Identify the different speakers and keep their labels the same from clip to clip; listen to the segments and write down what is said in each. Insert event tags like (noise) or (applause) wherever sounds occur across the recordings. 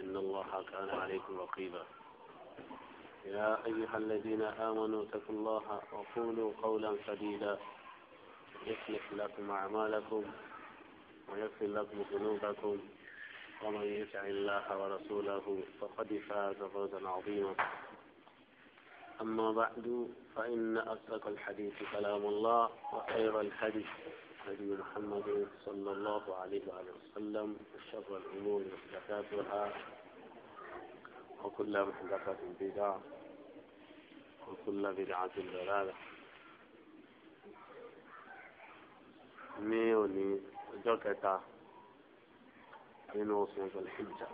Speaker 1: إن الله كان عليكم رقيبا يا أيها الذين آمنوا اتقوا الله وقولوا قولا سديدا يصلح لكم أعمالكم ويغفر لكم ذنوبكم ومن يطع الله ورسوله فقد فاز فوزا عظيما أما بعد فإن أصدق الحديث كلام الله وخير الحديث هدي محمد صلى الله عليه وآله وسلم وشر الأمور محدثاتها وكل محدثات بدعة وكل بدعة ضلالة ميوني جوكتا من وصول الحجة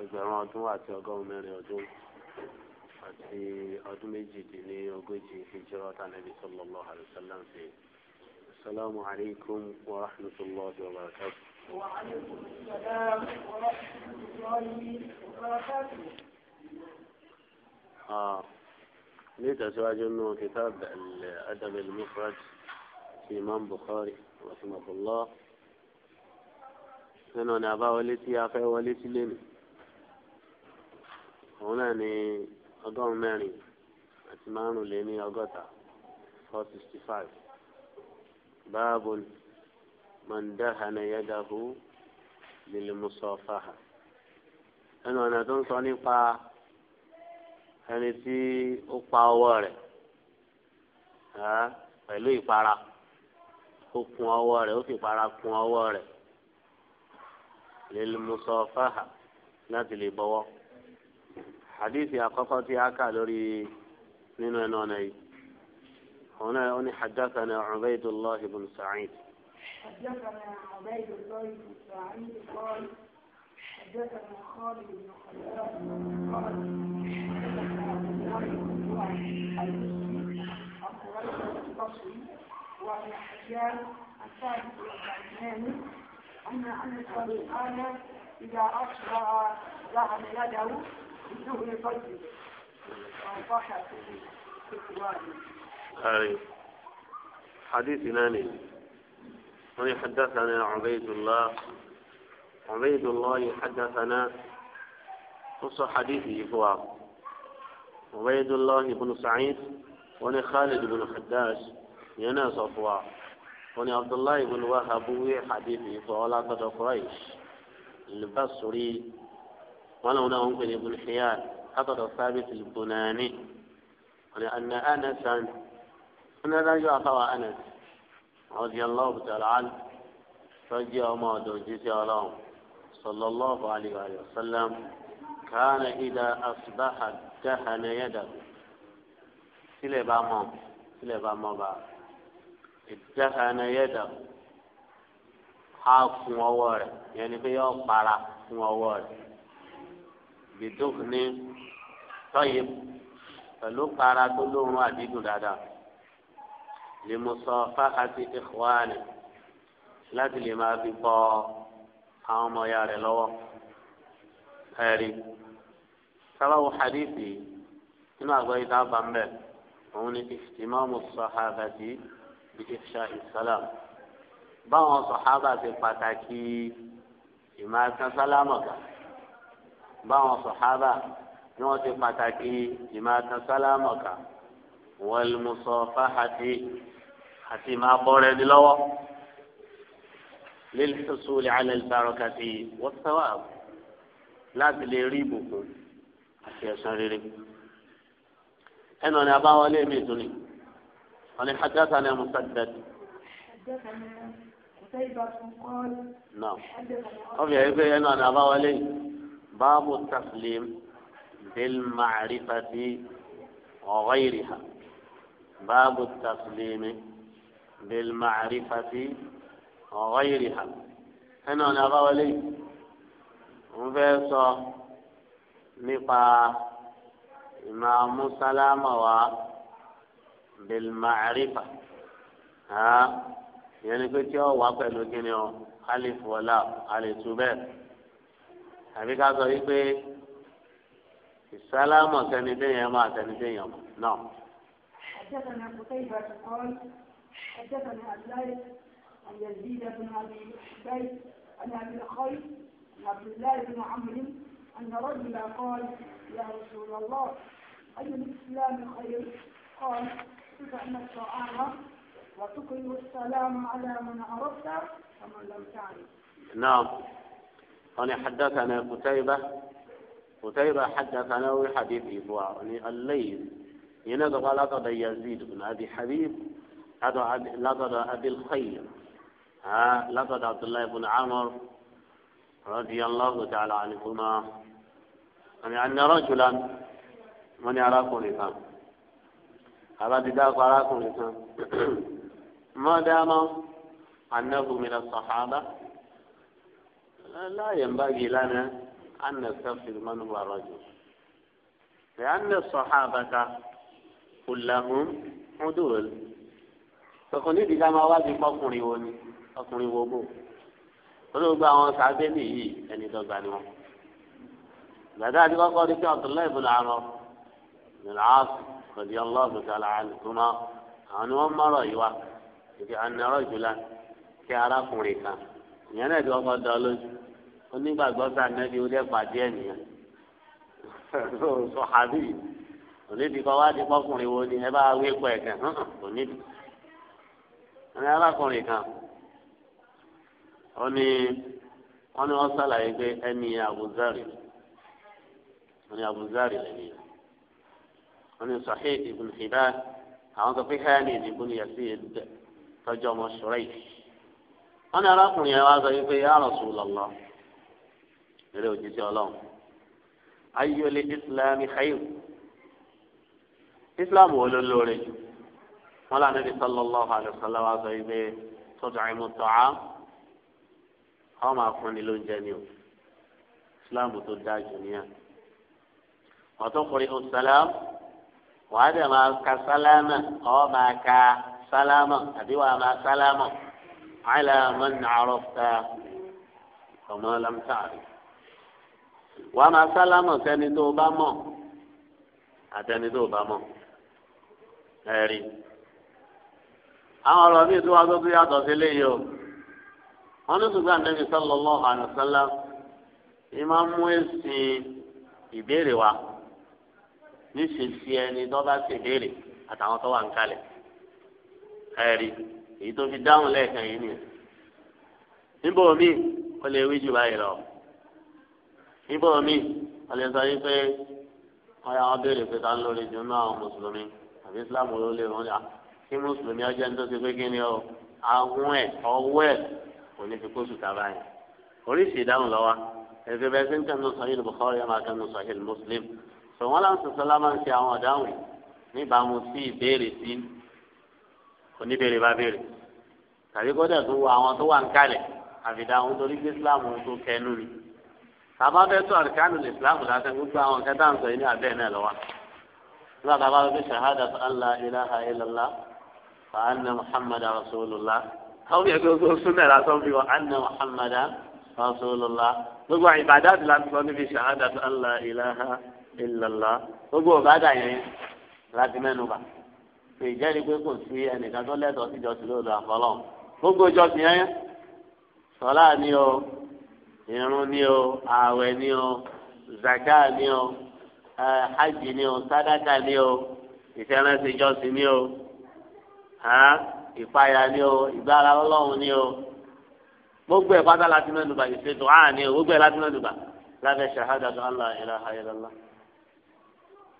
Speaker 1: ẹgbẹ̀rún ọdún àti ọgọ́rùn mẹ́rin ọdún àti ọdún méjìdínlógójì hijrata Nabi sallallahu alaihi wasallam fi. السلام عليكم ورحمة الله وبركاته
Speaker 2: وعليكم السلام ورحمة
Speaker 3: الله وبركاته
Speaker 1: آه ليت لتزواج أنه كتاب الأدب المفرد في إمام بخاري رحمه الله أنا أنا أبا وليتي يا أخي وليتي لين هنا ني أقوم ماني أتمانو ليني أقوتا 465 باب من دهن يده للمصافحة ẹnu ọ̀nà tó ń sọ nípa ẹni tí ó pa ọwọ́ rẹ̀ pẹ̀lú ìpara ó kùn ọwọ́ rẹ̀ ó fi ìpara kùn ọwọ́ rẹ̀ lilmusafaha láti lè bọ́wọ́ hadithi àkọ́kọ́ tí a kà lórí nínú ẹnu ọ̀nà yìí. هنا يقولني حدثنا عبيد الله بن سعيد
Speaker 2: حدثنا عبيد الله بن سعيد قال حدثنا خالد بن خلاف قال حدثنا عبد الله بن سعيد البصري وعن حجاج الثالث والعثماني أن أنس قال إذا أصبح ذهب يده بدون فضله وانضحك في الوادي
Speaker 1: أي حديث ناني من حدثنا عبيد الله عبيد الله حدثنا قص حديثه فوا عبيد الله بن سعيد وني خالد بن حداش ينا صفوا وني عبد الله بن وهب حديثه فولا قد قريش البصري ولو لهم ابن حيان حضر ثابت البناني ولأن أنسا fúnẹ́ dájọ́ afáwa anas radiyallahu ta'ala anhu tọ́jú ọmọ ọ̀dọ̀ òjíṣẹ́ ọlọ́run sallallahu alayhi wa sallam kana idha asbaha dahana yadahu sílẹ̀ bá mọ̀ sílẹ̀ bá mọ̀ bá dahana yadahu á fún ọwọ́ rẹ̀ yẹn ni pé yọ para fún ọwọ́ rẹ̀ bìdókùnrin tọ́yìn pẹ̀lú para tó lóorun àdídùn dáadáa limusafahati ikhwani láti lè máa fi bọ àwọn ọmọ ya rẹ̀ lọ́wọ́ ẹ̀rí sábàwò hadithi nínú àgbáyé tá a bá ń bẹ̀ òun ni ìfìtìmọ́mù sọ̀hábàtì bí ìfṣà ìsálàm báwọn sọ̀hábà ti pàtàkì ìmáàtàn sálámọ̀ kan báwọn sọ̀hábà ni wọ́n ti pàtàkì ìmáàtàn sálámọ̀ kan wal musafahati àti máa bọ́rẹ́ ní lọ́wọ́ lílùsùlù alẹ́ ìbárọ̀kàtì wọ́sẹ̀wà láti lè rí ìbùkún àti ẹ̀sán rere. ẹnu ni abáwọlé mi tún ni wọn ni hajjata ni musaddad.
Speaker 2: نعم طبعا يبقى أنا أنا
Speaker 1: أبغى باب التسليم بالمعرفة وغيرها باب التسليم بالمعرفة وغيرها هنا أنا قولي مفيسا نقا إمام سلام بالمعرفة ها يعني كنت واقع لكني ألف ولا ألف سبب أبي كذا يبي السلام سنتين يا ما سنتين يا ما نعم
Speaker 2: حدثنا قتيبة قال حدثنا الليث عن يزيد بن ابي حبيب عن ابي الخير عن عبد الله بن عمرو ان رجلا قال يا رسول الله اي الاسلام خير؟ قال تطعم الطعام وتقيم السلام على من عرفت ومن لم تعرف. نعم.
Speaker 1: أنا حدثنا قتيبة قتيبة حدثنا حديث إبواء يعني الليل ينقل لقد يزيد بن أبي حبيب هذا لقد أبي الخير ها لقد عبد الله بن عمر رضي الله تعالى عنهما يعني أن رجلا من يراك لسان هذا إذا يراكم لسان ما دام أنه من الصحابة
Speaker 4: لا
Speaker 3: ينبغي لنا
Speaker 1: أن نستفسر من هو الرجل لأن الصحابة كلهم عدول kọ̀ọ̀kan nídìí ká máa wá bí ọkùnrin wo ni ọkùnrin wo bò olóògbé àwọn sábẹ́ nìyí ẹni dọ́gba ni wọn. gbàdá àti kọ́kọ́ ní kí Abdullahi ibn Amr ibn Al-As radiyallahu ta'ala anhuma àwọn ni wọ́n mọ̀rọ̀ yìí wá ìdí anarọ̀ jùlá kí arákùnrin kan ìyẹn náà ti kọ́kọ́ dá lójú onígbàgbọ́ sáà nẹ́bí ó dẹ́ pàdé nìyẹn sọ hàbí onídìí wá di wo ni ẹ bá wí pẹ̀kẹ́ onídìí ẹni alákùnrin kan ó ní wọ́n ní wọ́n sàlàyé pé ẹni àbúzárì ẹni àbúzárì lẹ́yìn wọ́n ní Sahih ibn Hibban àwọn sọ pé hẹ́ẹ́nì ibn Yazid tọ́jú ọmọ Shuraih wọ́n ní alákùnrin yẹn wá sọ pé ya Rasulullah eré òjíṣẹ́ ọlọ́run ayyul islam khayr islam wo ló lóore wọn lànà bí sallallahu alaihi wasallam wa sọ yìí pé tọ́jú àìmọ̀ tọ́á àwọn máa fún ni lóúnjẹ ni o islam tó dáa jù nìyẹn ọ̀tọ́kùnrin ọ̀sálàm wàá dẹ̀ máa ka sálámà ọ̀ máa ka sálámà àbí wàá máa sálámà àìlà mọ́ nàárọ̀ ta ọmọ lamtaari wàá máa sálámà sẹ́ni tó bá mọ̀ àtẹni tó bá mọ̀ ẹ̀rí àwọn ọ̀rọ̀ bíi tí wọ́n tó tó yàtọ̀ sí léyìí o wọ́n ní ṣùgbọ́n ànábì sallallahu alaihi wasallam ni máa ń mú èsì ìbéèrè wa níṣìṣì ẹni tó bá ṣe béèrè àtàwọn tó wà ń kalẹ̀ ẹ̀rí èyí tó fi dáhùn lẹ́ẹ̀kan yìí nìyẹn níbo mi ó lè wí jù báyìí lọ níbo mi ó lè sọ yín pé wọ́n yà béèrè pé ta ń lórí jù náà mùsùlùmí àbí islam ló lè wọ́n yà á kí mùsùlùmí ọjọ́ ní tó ti pé kí ni ọ àwọn ẹ̀ ọwọ́ ẹ̀ kò ní fi kóṣù tàbá yẹn oríṣi ìdáhùn lọ́wọ́ ẹ̀fẹ̀ bẹ́ẹ̀ sí ń kẹ́nu sahih bukhari ẹ̀ máa kẹ́nu sahih muslim sọ wọn láwọn sọ sọlá máa ń ṣe àwọn ọ̀dáhùn níbàámu sí ìbéèrè sí oníbèrè bá béèrè tàbí kọ́dà tó wọ àwọn tó wà ń kalẹ̀ àfìdáhùn torí pé islam tó kẹnu ni tàbá fẹ́ tó àrùkánù islam lásán gbogbo àwọn kẹta ń sọ yìí ní abẹ́ náà lọ́wọ́ nígbà tàbá fẹ́ ṣahada فأن محمد رسول الله أو يقول سنة لا تنفي أن محمد رسول الله نقول عبادات لا تكون في شهادة أن لا إله إلا الله نقول بعد يعني لا تمنوا في جاري كل في أن كذول لا تأتي جسلو لا فلان نقول جس يعني صلاة نيو irun ni o ààwẹ̀ ni o zaka ni o hajj ni o sadaka ni o ìfẹ́ránṣẹ́ jọ́sìn ni o ìpayà ni o ìgbára ọlọ́run ni o gbogbo ẹ̀ pátá láti mẹ́nu bà ìṣètò àá ni o gbogbo ẹ̀ láti mẹ́nu bà lábẹ́ ṣahada tó allah ilaha illallah.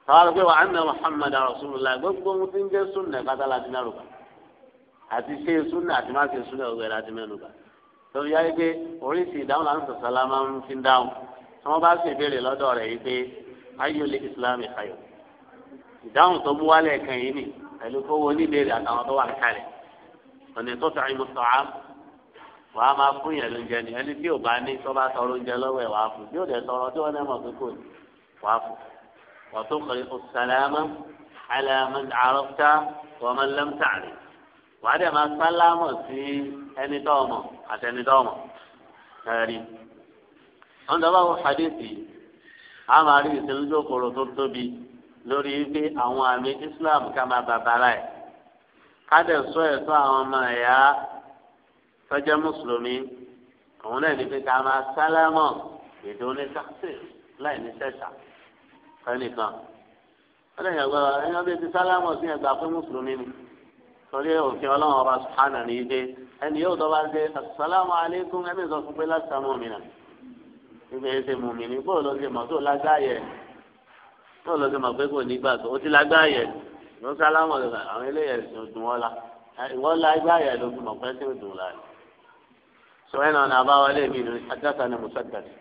Speaker 1: sọ́wọ́n pé wàá nà muhammad rasulullah gbogbo ohun tí ń jẹ́ sunna pátá láti mẹ́nu bà àti ṣe sunna àti má ṣe sunna gbogbo ẹ̀ láti mẹ́nu bà. lórí yáyé pé oríṣi ìdáhùn láti sọ̀sọ́lá máa ń fi dáhùn tí wọ́n bá sì béèrè lọ́dọ̀ rẹ̀ yìí pé ayọ̀lẹ̀ islam ìhayọ̀ ìdáhùn tó mú wálẹ̀ kan yìí nìyí pẹ̀lú kówó oníbèrè àtàwọn tó wà kálẹ̀ ọ̀nà tó tọ́ ìmú sọ̀ á wà á máa fún yẹn lóúnjẹ ni ẹni tí ò bá ní tó bá tọrọ oúnjẹ lọ́wọ́ ẹ̀ wà á fún bí ó dẹ̀ tọrọ tí wọ́n náà mọ̀ pé kò ní wà á fún wà tó kọ̀ ọ̀sálàmà àlàmà àrọ́tà wọ́n máa lẹ́m tààrí wà á dẹ̀ máa sálámọ̀ sí ẹni tó ọmọ àtẹni tó ọmọ ẹ̀rí. wọ́n dábàá wọ lórí pé àwọn àmì Islam ká máa bàbára ẹ̀ ká dẹ̀ sọ ẹ̀tọ́ àwọn ọmọ ẹ̀yà tọ́jú mùsùlùmí òun náà ní pé ká máa sálámọ̀ èdè oníṣàṣì láì ní sẹ́sà fẹ́nìkan wọ́n lè yàgbọ́ ẹni ọdún ti sálámọ̀ sí ẹgbàá fún mùsùlùmí ni torí òfin ọlọ́run ọba sùhánà ní ilé ẹni yóò dọ́ba ṣe asàlámù alẹ́kùn ẹni sọ fún pé lásàmù mi nà ìgbẹ́ ẹsẹ̀ mú mi ní bóòlù ọ̀sẹ̀ mọ́tò lágbáyé náà lọ́sẹ̀ máa pẹ́ kò ní gbà tó o ti lágbá yẹn ló sálámù ọ̀dọ̀ àwọn eléyẹ̀ sì dùn wọ́n la ìwọ́n la gbá yẹn ló fi mọ̀ pẹ́ sí òdùn la ni. sọ ẹ̀ náà nàbá wọlé mi ni ajáta ni mo sọ̀tà sí.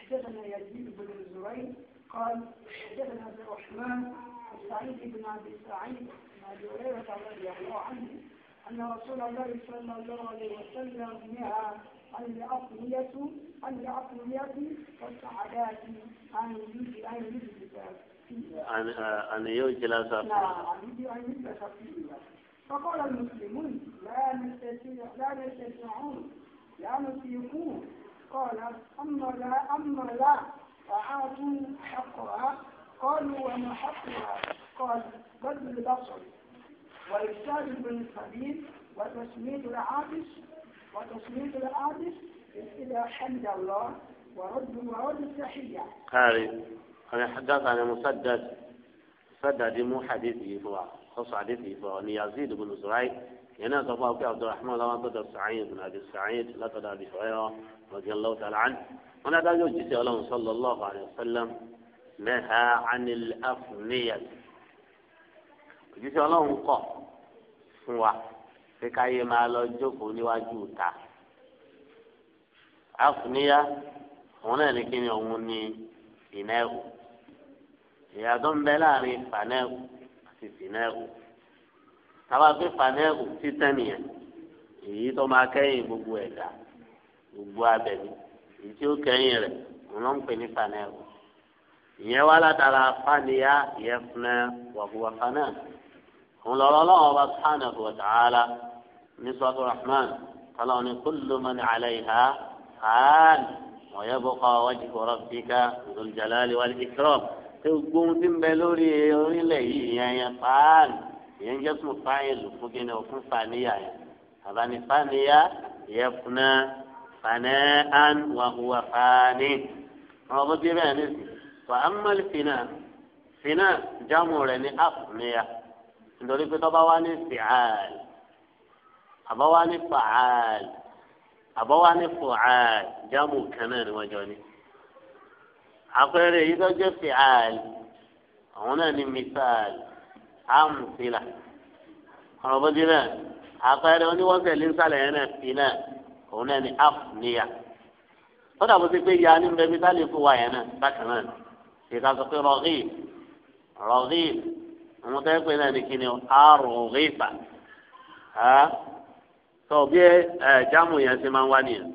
Speaker 2: حدثنا يزيد رسول الله صلى الله عليه وسلم نهى العقلية العقلية والسعادات أن يجلس أن
Speaker 1: أن لا نعم
Speaker 2: أن يجلس فيها فقال المسلمون لا نستطيع لا نستطيعون لا نطيقون قال أما لا أما لا فأعطوا حقها قالوا وما حقها قال بذل البصر وإفساد بن السبيل وتسميد العابس وتصميت العابد إلى حمد الله ورد ورد التحية
Speaker 1: قاري أنا حدث عن مسدد مسدد مو حديثه هو خص حديثه هو يزيد بن زرعي هنا تفاو في عبد الرحمن لما بدر سعيد بن أبي سعيد لا تدع أبي هريرة رضي الله تعالى عنه هنا دا يوجد الله صلى الله عليه وسلم نهى عن الأفنية يوجد الله قال فوا pé káyé máa lọ jókòó níwájú ìta àfúníyá òun náà ní kíni òun ní ìnẹ́rù ìyàtọ̀ ń bẹ láàrin fanẹ́rù àti fìnẹ́rù táwa pé fanẹ́rù títẹ́ nìyẹn èyí tó máa kẹ́yìn gbogbo ẹ̀dá gbogbo abẹ̀mí èyí tí ó kẹ́yìn rẹ̀ òun ló ń pè ní fanẹ́rù ìyẹn wá látara faniya ìyẹn fúnẹ wàhùwà fanẹ́rù òun lọ́rọ́ lọ́wọ́ bá sànà wọ̀tàhálà. نسوة الرحمن قالوا كل من عليها فان ويبقى وجه ربك ذو الجلال والإكرام تقوم تنبلوري إليه يعني فان ينجس مفاعل فكين وفن فانية هذا فانية يفنى فناء وهو فان رضي بيان وأما الفناء فناء جمع لني أفنية ندرك طبعا استعال àbáwá ní fàáàl àbáwá ní fàáàl jáàmù kan náà ni wọ́n jọ ní. àpẹẹrẹ yìí lọ́jọ́ fàáàl àwọn náà ní mìsáàl àmùsílà ọ̀rọ̀ bọ́dí náà àpẹẹrẹ oníwọ́sẹ̀ línsàlẹ̀ yẹn náà fi náà òun náà ní àfúníyà kódà bó ti pé ya ní bẹbí tá lè fún wa yẹn náà bákan náà ìka sọ pé rọgìb rọgìb òun tẹ́ pé náà ní kíni àrùn rìbà sọ bí ẹ eh, jáàmù yẹn ti máa ń wá nìyẹn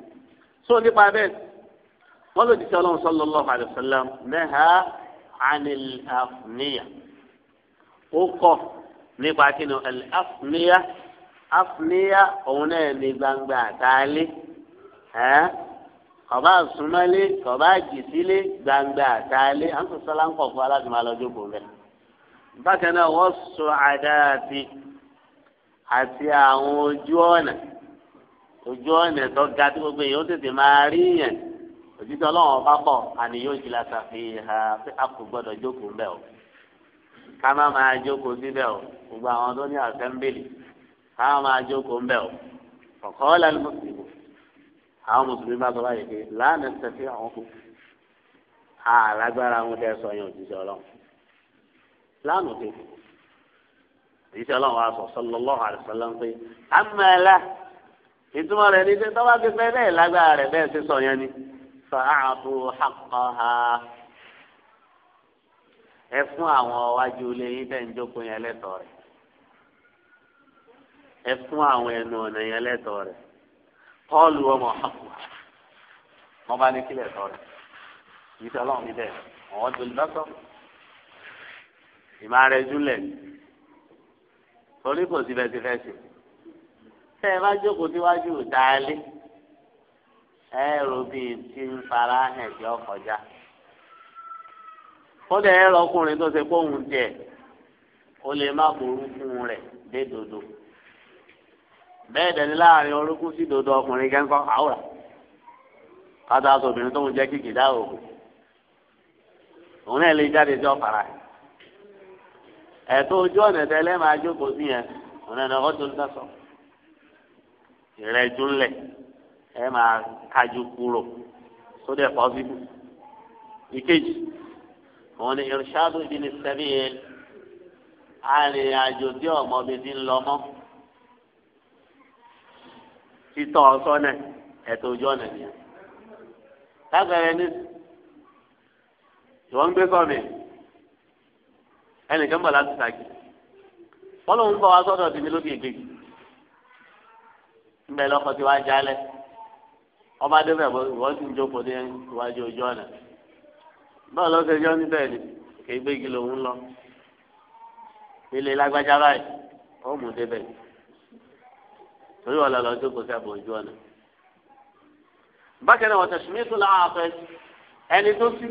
Speaker 1: so nípa bẹ́ẹ̀ wọn lò ti sọ Ọlọ́run sallallahu alaihi wasallam nẹhà anil afniya ó kọ nípa kí ni al afniya afniya òun náà ní gbangba àtàlẹ ẹ kọba àsúnmọlé kọba àjìsílẹ gbangba àtàlẹ à sọlá ń kọ fún aláàbí máa lọ jókòó bákan náà wọ́n sọ àdáàtì àti àwọn ojú ọ̀nà ojú ọ̀nà tó ga tí gbogbo èèyàn tètè máa rí yẹn òtítọ́ ọlọ́run ọba pọ̀ àníyó jì láta fi ha pé a kò gbọ́dọ̀ jókòó bẹ́ẹ̀ o ká má máa jókòó síbẹ̀ o gbogbo àwọn tó ní àsẹ́ńbìlì ká má máa jókòó bẹ́ẹ̀ o ọ̀kọ́ lẹ́nu mùsùlùmí àwọn mùsùlùmí bá sọ báyìí pé láàánú tẹ̀sí àwọn kù àlágbára wọn tẹ̀ sọ yẹn òtítọ́ ọlọ́run láàánú tẹ̀sí. èyí ọlọ́run sọ sallallahu alaihi wasallam pé amẹ́lá ìtumọ̀ rẹ̀ ní pé tọ́wọ́ ti pẹ́ bẹ́ẹ̀ lágbára sọ yẹn ni fa'atu haqqaha ẹ fún àwọn wájú ilé yín tẹ̀ ń jókòó yẹn lẹ́tọ̀ọ́ rẹ̀ ẹ fún àwọn ọmọ hàkùn wọ́n torí kò sí bẹ́ẹ̀ ti fẹ́ ṣe tẹ́ ẹ bá jókòó síwájú ìdálé ẹ rò bíi ti ń fara hàn tí kọjá kódà ẹ rọ tó ṣe pé òun tiẹ̀ ó lè má borúkún rẹ̀ dé dodo bẹ́ẹ̀ dẹ̀ ni láàrin orúkún sí dodo ọkùnrin kẹ́ńkọ́ àwòrán kátà sọ tó ń jẹ́ kìkì dá òun náà lè jáde tí ó fara ẹ̀tọ́ ojú ọ̀nà tẹ́lẹ̀ máa jókòó sí yẹn ọ̀nà ẹ̀nà ọ̀dọ́ ń dásọ. ìrẹ́jú ńlẹ̀ ẹ máa kájú kúrò sódì ẹ̀fọ́ bíbù. ìkejì òun ni irṣadu ibi ni sẹ́mi yẹn arìnrìnàjò tí ọmọ mi ti ń lọ mọ́. títọ́ sọ́nà ẹ̀tọ́ ojú ọ̀nà nìyẹn. lágbẹ̀rẹ̀ ní ìwọ́n ń gbé sọ́mi ẹnìkan bọ̀ láti sàgì wọn lòun bọ̀ wá sọ́dọ̀ tèmi lókè kejì ńbẹ lọkọ tí wàá jalè ọba débẹ̀ wọ́n ti ń jókòó ní iwájú ojú ọ̀nà báwo ló ṣe níbẹ̀ ni kìí gbégi lòun lọ ilé lágbájá báyìí ó mú débẹ̀ torí wọn lọ lọ jókòó sẹ́bù ojú ọ̀nà bákan náà wọ́n tẹ̀sùn mí tún láwọn afẹ́ ẹni tó sí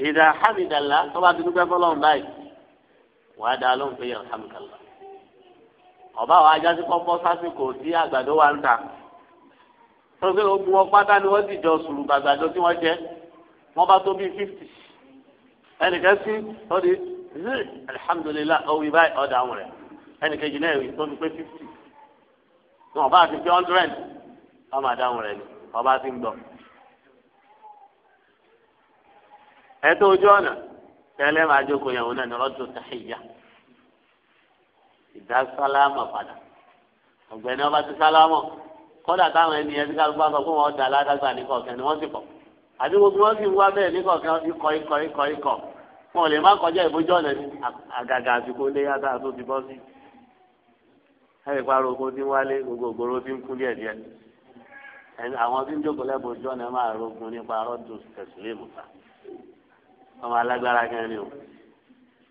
Speaker 1: ìdá hamidala tó bá ti dúpẹ́ fọlọ́run báyìí wàá dá lóhùn pé alhamdulillah ọba àwọn ajá sí pọ́npọ́ sásìkò tí àgbàdo wa ń ta tó pé gbogbo wọn pátá ni wọ́n ti jọ sùrù gbàgbàdo tí wọ́n jẹ wọ́n bá tó bíi fifty ẹnìkan sí ó di zi alihamdulilayi ọwọ ibà ọdọ àwọn rẹ ẹnìkejì náà rí tó fi pé fifty wọn bá fi hundred ọmọ àdáwọn rẹ ni ọba ti ń gbọ́. ẹtọ ojú ọ̀nà tẹ́lẹ̀ máa jókòó yẹn wọn náà ní rọ́dù tàhíyà ìdásálámà padà ọ̀gbẹ́ni ọba ti sálámọ̀ kọ́dà táwọn ẹni ẹni ká gbọ́ sọ fún wọn ọ̀dà aládàgbà nìkọ̀ọ̀kan ni wọ́n ti kọ̀ àti gbogbo wọn sì ń wá bẹ́ẹ̀ nìkọ̀ọ̀kan ikọ̀ ikọ̀ ikọ̀ ikọ̀ wọn ò lè má kọjá ìbójú ọ̀nà ní àgàgà àsìkò ilé yàtọ̀ àti òtí bọ́ sí ẹ̀rì parọ́ oko ti wálé gbogbo ògbóró ti ń kú díẹ̀ díẹ̀ àwọn tí ń jókòó lẹ́bùn ojú ọ̀nà máa rogun nípa rọ́dù tẹ̀sílẹ̀ mùsà ọmọ alágbára kan ni o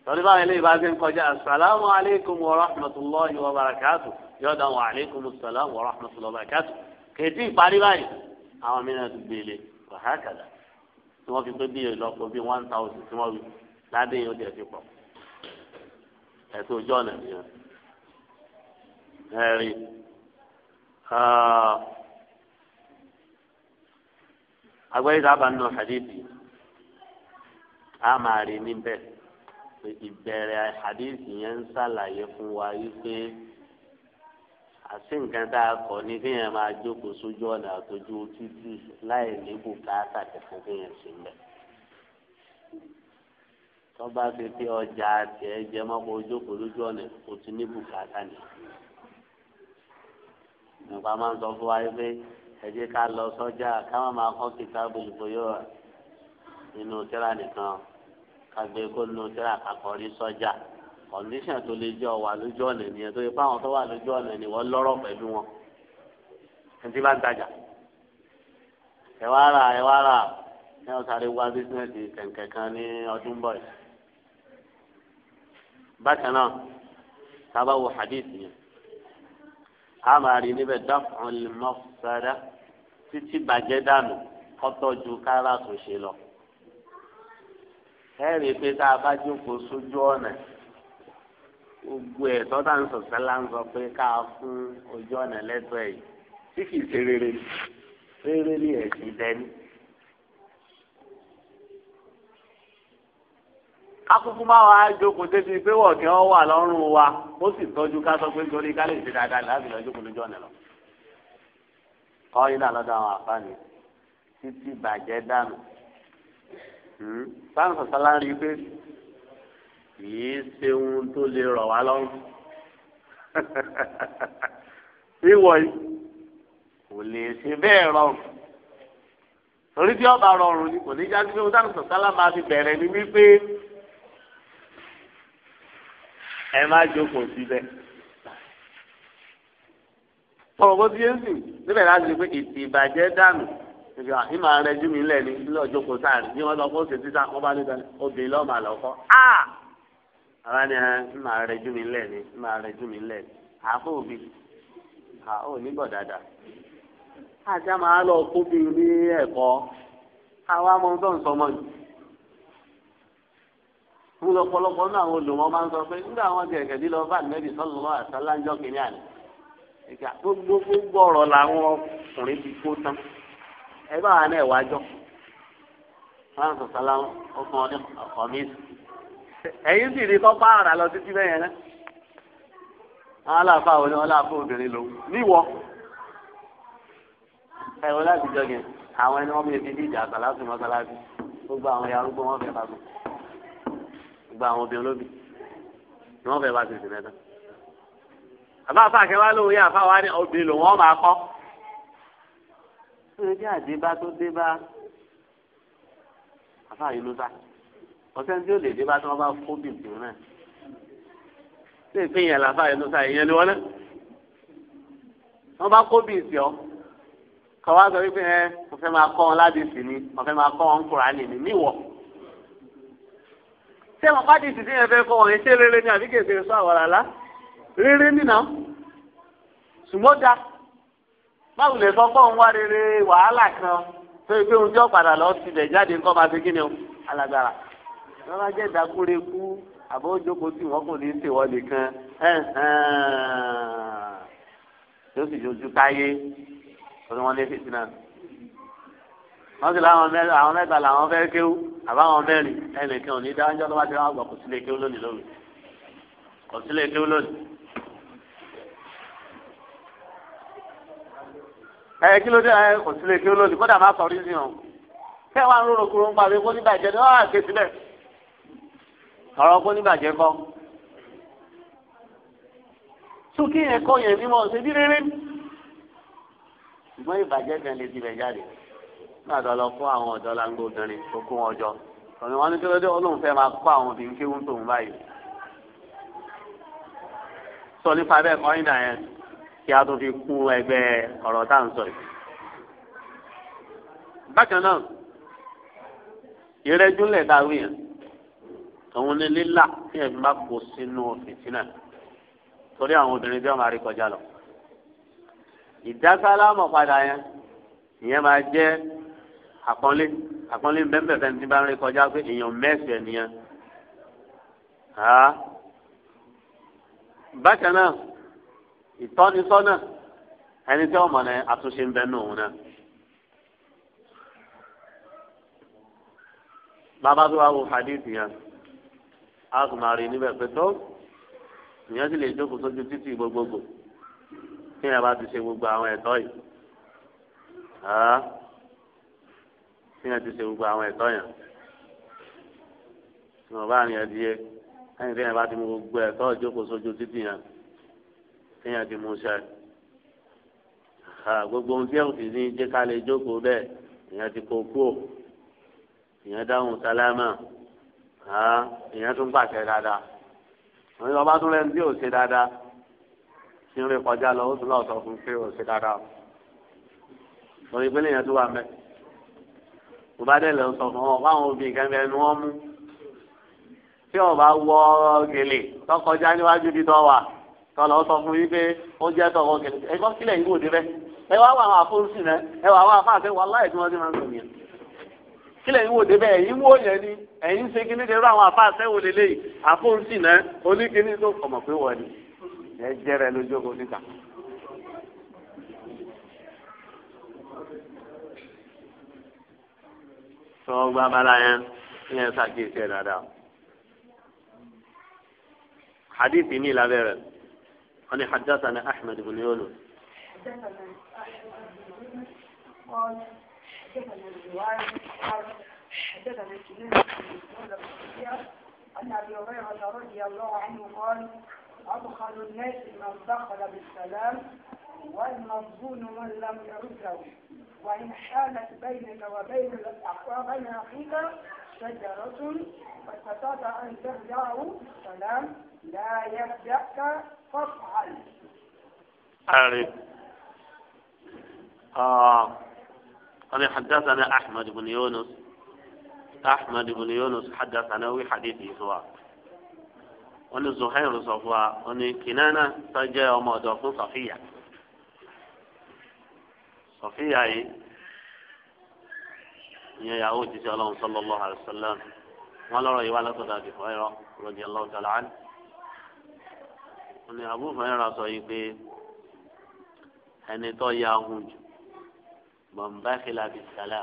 Speaker 1: torí báwọn eléyìí bá ti ń kọjá asalaamu aleykum wa rahmatulahi wa barakatu yọ̀dọ̀ àwọn aleykum salaam wa rahmatulahi wa barakatu kèétí ìparí báyìí àwọn mìíràn ti gbélé wàhákàdà tí wọ́n fi pé bí ìlọ́pọ̀ bíi one thousand tí wọ́n wí ládé yìí ó jẹ́ pọ̀ ẹ̀sùn ojú ọ̀nà nìyẹn ẹ̀rí ah. agbẹ́yìí sábà ń nọ hadithi a máa rí níbẹ̀ ìbẹ̀rẹ̀ àdéhùn yẹn ń ṣàlàyé fún wa wípé àti nǹkan tá a kọ ni kéèyàn máa jókòó sójú ọ̀nà àtọ́jú títì láì ní bùkátà kẹfún kéèyàn sí mbẹ. tọ́ba ti fi ọjà tiẹ̀ jẹ mọ́kọ́ ojókòó lójú ọ̀nà kò ti ní bùkátà ni. nípa máa ń sọ fún wa pé ẹ ká lọ sọ́jà ká má máa kọ́ kìtàbù ìfòyọ́ rẹ̀ nínú tíra nìkan kagbe kó nínú tíra kakọrí sọ́jà kọ̀ndíṣàn tó lè jẹ́ ọ̀wà lójú ọ̀nà nìyẹn tó yẹ pé àwọn tó wà lójú ọ̀nà ni wọ́n lọ́rọ̀ pẹ̀lú wọn ẹtí bá ń tajà ẹ wá rà ẹ wá rà ẹ ọ sáré wá bísíǹsì kẹ̀kẹ́ kan ní ọdún bọ̀ yìí bákan náà sábà wo hadith yẹn a máa rí níbẹ̀ dáfọ̀n lè mọ́ sára títí bàjẹ́ dànù kọ́tọ́jú kára tó ṣe lọ ẹ rí i pé tá a bá jókòó sójú ọ̀nà gbogbo ẹ̀ tọ́ta ń sọ̀tẹ́ la ń sọ pé ká fún ojú ọ̀nà lẹ́tọ̀ọ́ yìí tí kìí ṣe rere ni rere ni ẹ̀sìn dẹni. akúkú máa wá jókòó débi pé wọ̀kí ọ wà lọ́rùn wa ó sì tọ́jú ká sọ pé torí ká lè ṣe dáadáa láti lọ jókòó lójú ọ̀nà lọ. kọ́ iná lọ́dọ̀ àwọn àfáàní títí bàjẹ́ dànù sáà sọ̀sálà rí i pé kìí ṣe ohun tó lè rọ̀ wá lọ́rùn (laughs) ìwọ yìí kò lè ṣe bẹ́ẹ̀ rọrùn torí tí ọba rọrùn ni kò ní já sí pé sáà sọ̀sálà máa fi bẹ̀rẹ̀ ni wípé ẹ má jókòó síbẹ̀ ọ̀rọ̀ bó ti yé sìn níbẹ̀ láti ṣe pé ìtì ìbàjẹ́ dànù ìgbà ìmọ̀ rẹ jú mi lẹ̀ ní ilé ọjọ́ kò sáà ní wọ́n lọ fún ṣe títà wọ́n bá níta obìnrin lọ́ọ́ máa lọ kọ́ ara ni ìmọ̀ rẹ jú mi lẹ̀ ní ìmọ̀ rẹ jú mi lẹ̀ àáfò òbí àó nígbọ̀ dáadáa àti àmọ́ àlọ́ kóbi ní ẹ̀kọ́ àwa mọ tó sọ mọ́ ni fún lọ́pọ̀lọpọ̀ náà àwọn olùmọ̀ máa ń sọ pé nígbà àwọn kẹ̀kẹ́ dín lọ bá nẹ́bí sọ́lọ́lọ́ àtàlájọ́ ẹ bá wa náà wájọ fáwọn sọsọlá ó fún ọ ní ọkọ mi ẹyin sì ní kọ pààrà lọ títí bẹ́ẹ̀ yẹn náà àwọn aláàfáà wọn ni wọn láàfọ obìnrin lò níwọ ẹ wọn láti jọ yẹn àwọn ẹni wọn bí ebi ní ìjà àtàlásì mọ́sálásì gbogbo àwọn ya arúgbó wọn fẹ́ bá gùn gbogbo àwọn obìnrin lóbi ni wọn fẹ́ bá tètè mẹ́ta àbá àfa àkẹwà lóhùn àfa wa ni obìnrin lòun wọn máa kọ́ tó yẹ kí àdébá tó débá afa yìí ló sá ọ̀sẹ̀ tí ó lè débá tó wọn bá fó bìbìrì náà ṣé ìpínyà làfa yìí ló sá ìyẹn ni wọn náà bá kó bìbìrì ọ kọ́wá sọ wípé ẹ mo fẹ́ máa kọ́ wọn láti sì ni mo fẹ́ máa kọ́ wọn Kùránì ni níwọ̀. ṣé wọn pàdé ìsìsí yẹn fẹ́ kọ́ wọn ṣé rere ni àbí kèsì sọ àwàrà lá rere nìna ṣùgbọ́n da báwo lè sọ pé òun wá rere wàhálà kan tó ibi ohun tí ó padà lọ sílẹ̀ jáde nǹkan máa fi kí o alágbára wọn bá jẹ́ ìdákúrekú àbọ̀ ojókòó tí wọ́n kò ní í ṣèwọ́lé kan yóò sì yọjú táyé ọdún wọn lé fìtí náà sì láwọn mẹ́rin àwọn mẹ́ta làwọn fẹ́ kéwú àbáwọn mẹ́rin ẹnìkan ò ní dáhùn jọ́dọ̀ bá ti wọn gbọ́ kò sílé kéwú lónìí lónìí kò sílé kéwú lónìí. ẹ kí ló dé ẹ kò sílé kí ló lòdì kódà má sọ rí sí o kẹ wàá rúro kúrò ń parí kó níbàjẹ́ ni wọn á ké sílẹ̀ ọ̀rọ̀ kó níbàjẹ́ kọ. sókè yẹn kọ
Speaker 3: yẹn mímọ ṣe bí rere
Speaker 1: ṣùgbọ́n ìbàjẹ́ kan lè tilẹ̀ jáde náà lọ fún àwọn ọ̀dọ́ láńgbó obìnrin tó kún ọjọ́ tọ̀nù wọn ní kí ló dé olóhùn fẹ́ máa kó àwọn obìnrin kéwú tòun báyìí sọ nípa bẹ́ẹ̀ kọ́ kí a tó fi kún ẹgbẹ́ ọ̀rọ̀ tá à ń sọ yìí. bákan náà ìrẹ́júlẹ̀ dáwé yẹn òun ni lílà tí ẹ̀ má kó sínú fìtínà torí àwọn obìnrin bí wọ́n máa rí kọjá lọ. ìdásálámọ̀ padà yẹn ìyẹn máa jẹ́ àpọ́nlé àpọ́nlé bẹ́ẹ̀bẹ́ẹ̀ tí bá ń rí kọjá pé èèyàn mẹ́sẹ̀ nìyẹn. bákan náà ìtọ́nisọ́nà ẹni tí wọ́n mọ̀ ní àtúnṣe ń bẹ nù òun náà. bàbá tó wá wo hadithi yẹn a sì máa rí níbẹ̀ pé tó ìyẹn sì lè jókòó sójú títì gbogbogbò tí yẹn bá ti ṣe gbogbo àwọn ẹ̀tọ́ yìí tí yẹn ti ṣe gbogbo àwọn ẹ̀tọ́ yẹn tí wọ́n díẹ̀ ẹ̀yìn tí yẹn bá ti mú gbogbo ẹ̀tọ́ ìjókòó sójú títì yẹn kéèyàn ti mú sẹ gbogbo ohun tí ẹ fi ní jẹ ká lè jókòó bẹ́ẹ̀ èèyàn ti kó kú ò èèyàn dáhùn sálámà èèyàn tún pàṣẹ dáadáa wọn lọ bá tún lẹnu tí ò ṣe dáadáa tí ń rí kọjá lọ ó tún lọ sọ fún pé ò ṣe dáadáa lórí ìpínlẹ̀ yẹn tó wà mẹ́ kò bá dẹ̀ lọ sọ fún ọ báwọn obìnrin kan bẹ́ẹ̀ ni wọ́n mú tí ọba wọ gèlè tọkọjá níwájú bí tọ́ wà tọ́lọ̀ ọ sọ fún yín pé ó jẹ́ tọ̀wọ́ kẹlẹ́ ẹ gbọ́ sílẹ̀ yìí wò dé bẹ́ ẹ wá wà àwọn afọ́nsìn náà ẹ wà àwọn afáàfẹ́ wà láì tí wọ́n ti máa ń sọ yẹn kílẹ̀ yín wò dé bẹ́ ẹ̀yin wò yẹn ni ẹ̀yin ṣe kíní de rú àwọn afáàfẹ́ wò lélẹ̀ yìí afọ́nsìn náà oníkíní tó ọmọ pé wọ́n ni ẹ jẹ́rẹ lójú ogun níta. sọ gba abala yẹn yẹn ṣàkíyèsí ẹ̀ dáadáa hadith mi lábẹ́ أنا حدثنا أحمد بن يونس
Speaker 2: حدثنا أحمد قال حدثنا حدثنا أبي هريرة رضي الله عنه قال أبخل الناس من دخل بالسلام والمظلوم من لم يرده وإن حالت بينك وبين بين أخيك شجرة فاستطعت أن ترجعه السلام لا يبدأك
Speaker 1: أعرف آه حدثنا أحمد بن يونس أحمد بن يونس حدثنا وي حديثي سوا وأن زهير صفوا وأن كنانة تجا وما دوفن صفية صفية هي يا يهود صلى الله عليه وسلم ولا رأي ولا تدافع رضي الله تعالى عنه ni abúfẹ́ra sọ yìí pé ẹni tó ya ahun jù bọ̀m̀bákìlá bíi sálà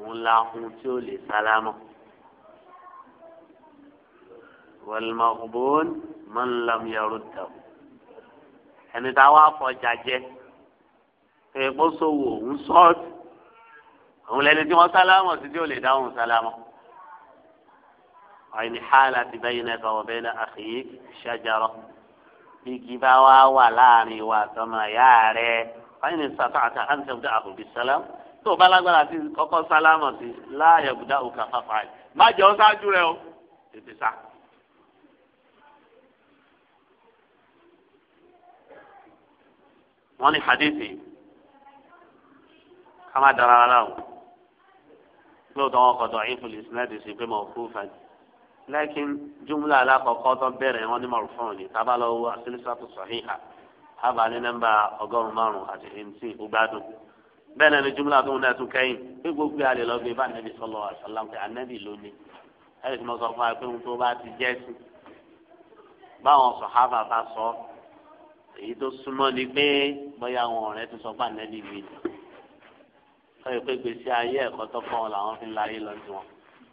Speaker 1: òun la ahun tí ó lè sálámọ̀ wàlmàkùbọ́n mọ́nlámiyàrúdà ẹni tá a wá fọjà jẹ ẹ̀ẹ́dẹ́gbọ́sowó òun sọ́ọ̀tù òun lẹni tí wọ́n sálámọ̀ sí tí ó lè dáhùn sálámọ̀ ọ̀yìn xaala ti bẹ́yìn náà kọ́ ọ̀bẹ́ náà àkìyí ṣàjàrọ̀ bí gíba wá wà láàrin wa tọ́mọ ya rẹ̀ ọ̀yìn sàtọ̀ àti àǹtẹ̀ bùdá àbùbí sálám tó o bá lágbára ti kọ́kọ́ sálámọ̀ sí láàyè bùdá òkà fàfà yìí má jẹ́ ọ sáájú rẹ o tètè sá. wọ́n ní hadithi kama dara aláwọ̀ lóòótọ́ wọn kọ́ dọ̀ ìfúlì sinẹ́dì sí pé mọ̀ fún fàájì lẹ́kìn jumla alákọ̀ọ́kọ́ tó bẹ̀rẹ̀ wọn ní marufọ́n ni tábàlọ́wọ́ asilisatu sahiha haba ní nọ́mbà ọgọ́rùn-ún márùn-ún àti ẹ̀ǹtì ọgbádùn bẹ́ẹ̀ náà ni jumla tó ń náà tún kẹ́yìn pé gbogbo àlè lọ bí bá nẹ́bí sọlọ àṣàlám pé ànẹ́bí ló ní ẹ̀rí tí mo sọ fún wa pé ohun tó bá ti jẹ́ sí báwọn sọ̀hábà bá sọ èyí tó súnmọ́ ni pé bóyá àwọn ọ̀rẹ́ ti sọ pé ànẹ́bí mi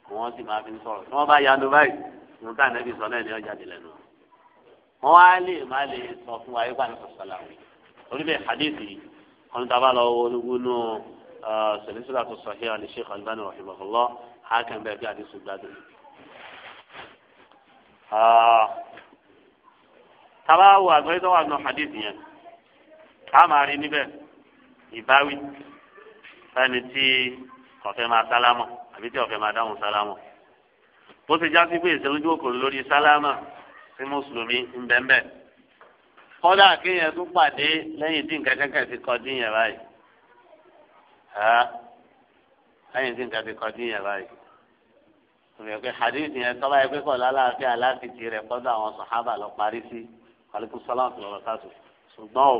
Speaker 1: wọn sì máa fi ń sọ̀rọ̀ tí wọn bá yanu báyìí nǹkan ànábì sọ náà ni ọjà di lẹ́nu wọn á lè má lè sọ fún wa yípa ní sọsọlá wọn torí bẹ́ẹ̀ hadithi ọdún tá a bá lọ wọ olúgbónú sọlẹsọlá tó sọ hẹ ọlẹ sheikh alibani rahimahulọ ha kàn bẹ́ẹ̀ bí adéṣù gbádùn. tábà wo àgbẹ̀ wà nù hadithi yẹn ká máa rí níbẹ̀ ìbáwí fẹ́ni tí kò máa sálámọ̀ àbí tí ọ̀fẹ́ máa dáhùn sálámù bó ti já sí pé ìṣẹ́lójú òkòrò lórí sálámà sí mùsùlùmí ń bẹ́ńbẹ́ kọ́dà kéèyàn tún pàdé lẹ́yìn tí nǹkan kẹ́kẹ́ ti kọ́ dín yẹn báyìí lẹ́yìn tí nǹkan ti kọ́ dín yẹn báyìí òmìnira pé hadith yẹn tọ́lá yẹn pé kọ́ lálàáfíà aláfìtì rẹ̀ kọ́dà àwọn sàhábà lọ parí sí alaikum salaam tó lọ́wọ́ káàtó ṣùgbọ́n ò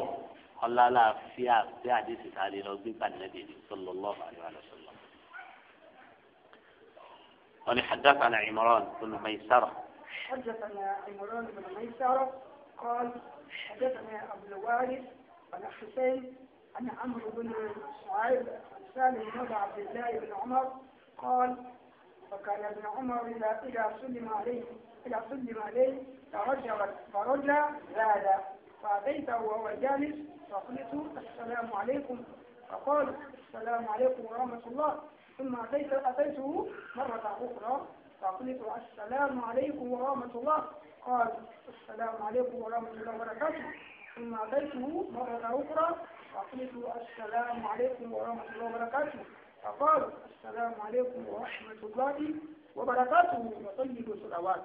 Speaker 1: ọlọ́láàfíà bí hadith ta lè lọ gbé gbàdúrà dèdè sallallahu alaihi wa sallam. قال حدثنا عمران بن ميسرة
Speaker 2: حدثنا عمران بن ميسرة قال حدثنا أبو الوارث عن حسين عن عمرو بن سعيد عن سالم بن عبد الله بن عمر قال فكان ابن عمر إذا إذا سلم عليه إذا سلم عليه ترجل فرجل زاد فأتيته وهو جالس فقلت السلام عليكم فقال السلام عليكم ورحمة الله ثم أتيت أتيته مرة أخرى فقلت السلام عليكم ورحمة الله قال السلام عليكم ورحمة الله وبركاته ثم أتيته مرة أخرى فقلت السلام عليكم ورحمة الله وبركاته فقال السلام عليكم ورحمة الله وبركاته وطيب الصلوات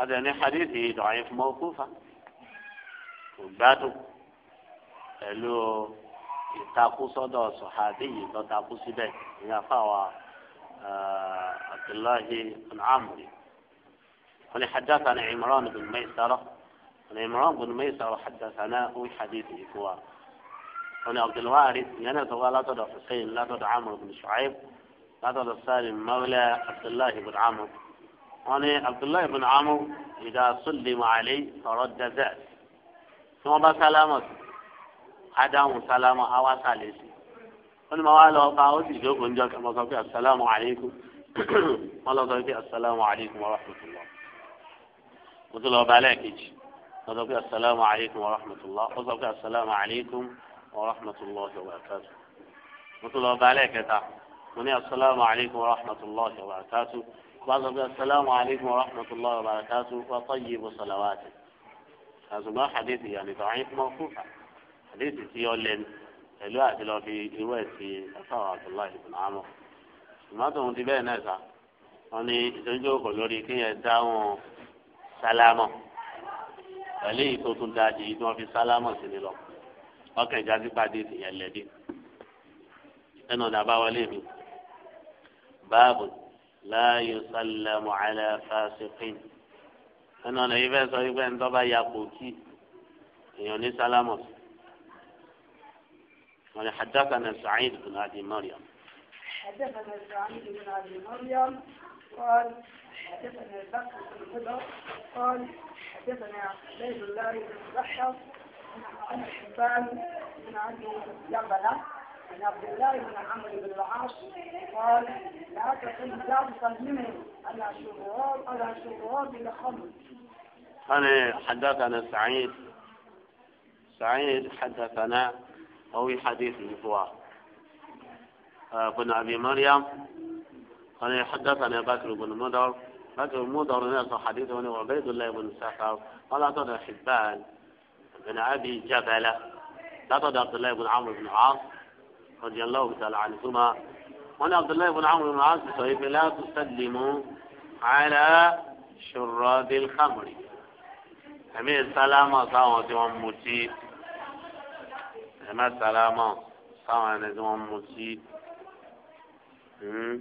Speaker 1: هذا يعني حديثه ضعيف موقوفا وبعده قالوا تاقوصو دو صحابي دو تاقوصي بي يا فاوا عبد الله بن عمري قلي حدثنا عمران بن ميسرة أنا عمران بن ميسرة حدثنا هو حديثي فوا أنا عبد الوارث أنا لا تدع حسين لا تدع عمر بن شعيب لا تدع سالم مولى عبد الله بن عمرو أنا عبد الله بن عمرو إذا سلم علي فرد ذات ثم بسلامته adáhùn sálámù awásà lè sí wọn ni mo wá lọ bá ó sì jókòó njọ kí mo sọ pé asalaamu aleykum wọn (clears throat) lọ sọ pé asalaamu aleykum wa rahmatulah mo tún lọ bá lẹ́ẹ̀kejì mo sọ pé asalaamu aleykum wa rahmatulah mo sọ pé asalaamu aleykum wa rahmatulah wa barakatu mo tún lọ bá lẹ́ẹ̀kẹta mo ní asalaamu aleykum wa rahmatulah wa barakatu mo sọ pé asalaamu aleykum wa rahmatulah wa barakatu wa tayyibu salawati. هذا ما حديث يعني ضعيف موقوفا àdéhùn tí ó lẹ́nu pẹ̀lú àti lọ fi irú ẹ̀ sí ọ̀sán Abdullahi ibn Amr ṣùgbọ́n tóun ti bẹ́ẹ̀ náà sá wọn ní ìtọ́jú òkò lórí kéèyàn dáhùn sálámọ̀ pẹ̀lú èyí tó tún dáa jù yìí tí wọ́n fi sálámọ̀ sí ni lọ ọkàn ìjà sí pàdé ìyẹn lẹ́dí ẹnu ọ̀dà àbáwọlé mi báàbù láàyò sálámù alẹ́ fásitì ẹnu ọ̀nà yìí fẹ́ sọ wípé ẹni tó bá ya kò kí èèyàn ní sálámọ̀ sí. قال حدثنا سعيد بن
Speaker 2: أبي مريم حدثنا سعيد بن أبي مريم قال حدثنا البكر بن هدى قال حدثنا عبيد الله بن ضحى عن حبان بن عبد يقبله عن عبد الله بن عمرو بن العاص قال لا تقل لا تصلمني على شراب على شراب الخمر
Speaker 1: قال حدثنا سعيد سعيد حدثنا وهو حديث الفوار آه، بن أبي مريم قال حدثنا بكر بن مدر بكر بن مدر ناس حديث عن عبيد الله بن سحر قال أعطانا حبان بن أبي جبلة أعطانا عبد الله بن عمرو بن العاص رضي الله تعالى عنهما قال عبد الله بن عمرو بن العاص صحيح لا تسلموا على شراب الخمر امين سلامة صاوة ومتي ẹ má sálámọ̀ sáwọn ẹni tí wọ́n mú sí. Hmm.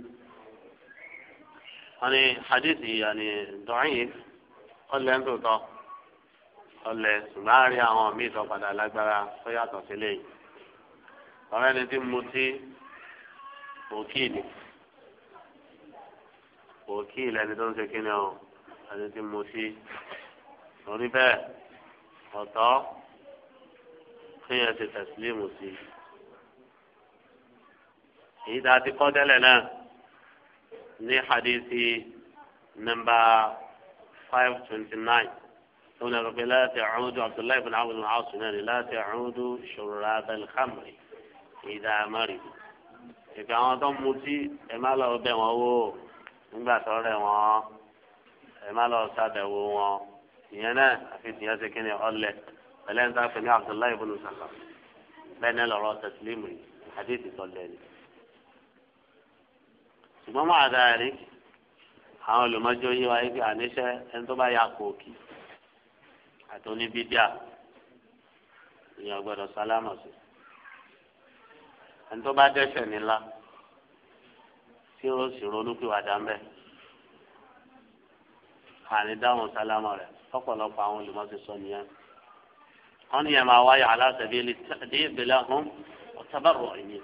Speaker 1: wọ́n ní hadithi yanni dọ̀yìn ọ̀lẹ́ ń tòótọ́ ọ̀lẹ́ ṣùgbọ́n a rí àwọn míì tó padà lágbára tó yàtọ̀ sílẹ̀ yìí. ọ̀rẹ́ ni tí mo ti òkìlì òkìlì ẹni tó ń ṣe kíni o ẹni tí mo ti lórí bẹ́ẹ̀ ọ̀tọ̀ kéèyàn ṣe tẹ̀sílímù sí i. èyí tá a ti kọ́ tẹ́lẹ̀ náà ní hadithi nọ́mbà five twenty nine tó ní ọ̀rọ̀pẹ̀ láti ọ̀húndú abdullahi bin abu al aṣù náà ní láti ọ̀húndú ṣòro abẹ́lẹ́kàmì ìdá amárì. ìpè àwọn tó ń mutí ẹ má lọ bẹ̀ wọ́n wò nígbà tó rẹ̀ wọ́n ẹ má lọ ṣàbẹ̀wò wọn ìyẹn náà àfi tìyẹn ṣe kí ni ọ̀lẹ́ pẹ̀lẹ́ ń sáfẹ́ ní abdullahi ibn sàkà bẹ́ẹ̀ náà lọ́rọ́ tẹ̀sílímù àdéhìí tọ́lẹ̀ ni. ṣùgbọ́n máa dáa rí àwọn olùmọ́jọ́ yé wa yíkí àníṣe ẹni tó bá yà kó òkì àti oníbídíà ìyẹn gbọ́dọ̀ sálámà sí ẹni tó bá dẹ́ṣẹ̀ nílá tí ó sì ronú pé wàdà ń bẹ́ẹ̀ àní dáhùn sálámà rẹ̀ ọ̀pọ̀lọpọ̀ àwọn olùmọ́ ti sọ nìyẹn wọn yẹn máa wáyà aláṣẹbí lè tẹ̀lé ìbílẹ̀ hàn ọ̀tẹ́bẹ̀rọ̀ yìí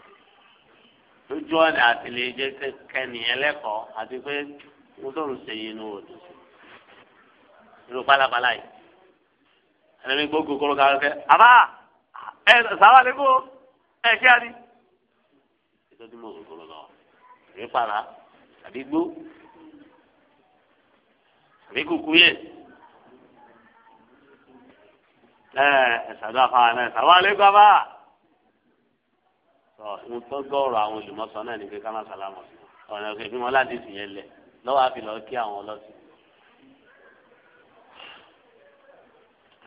Speaker 1: lójú ọ̀nà àti lè jẹ́ kẹ́ni ẹlẹ́kọ̀ọ́ àti pé mọ́tòrò ṣe yìí ní òòlù irú pálapàla yìí ẹni gbogbo kóró ká fẹ́ àbá ẹ sàwálẹ́kọ̀ ẹ kí á ní. ìtọ́jú mọ̀ òkòrò lọ rí para àbí gbó àbí kùkú yẹn ẹ̀sàdúrà fáwọn náà sàwọn àlékún àbá. sọ ohun tó gbọ́ọ̀rọ̀ àwọn olùmọ̀sọ náà ní pé ká má sàlámọ̀ ọ̀nà òkè bí wọn láti sìn yẹn lẹ̀ lọ́wọ́ àfi lọ́ọ́ kí àwọn ọlọ́sìn.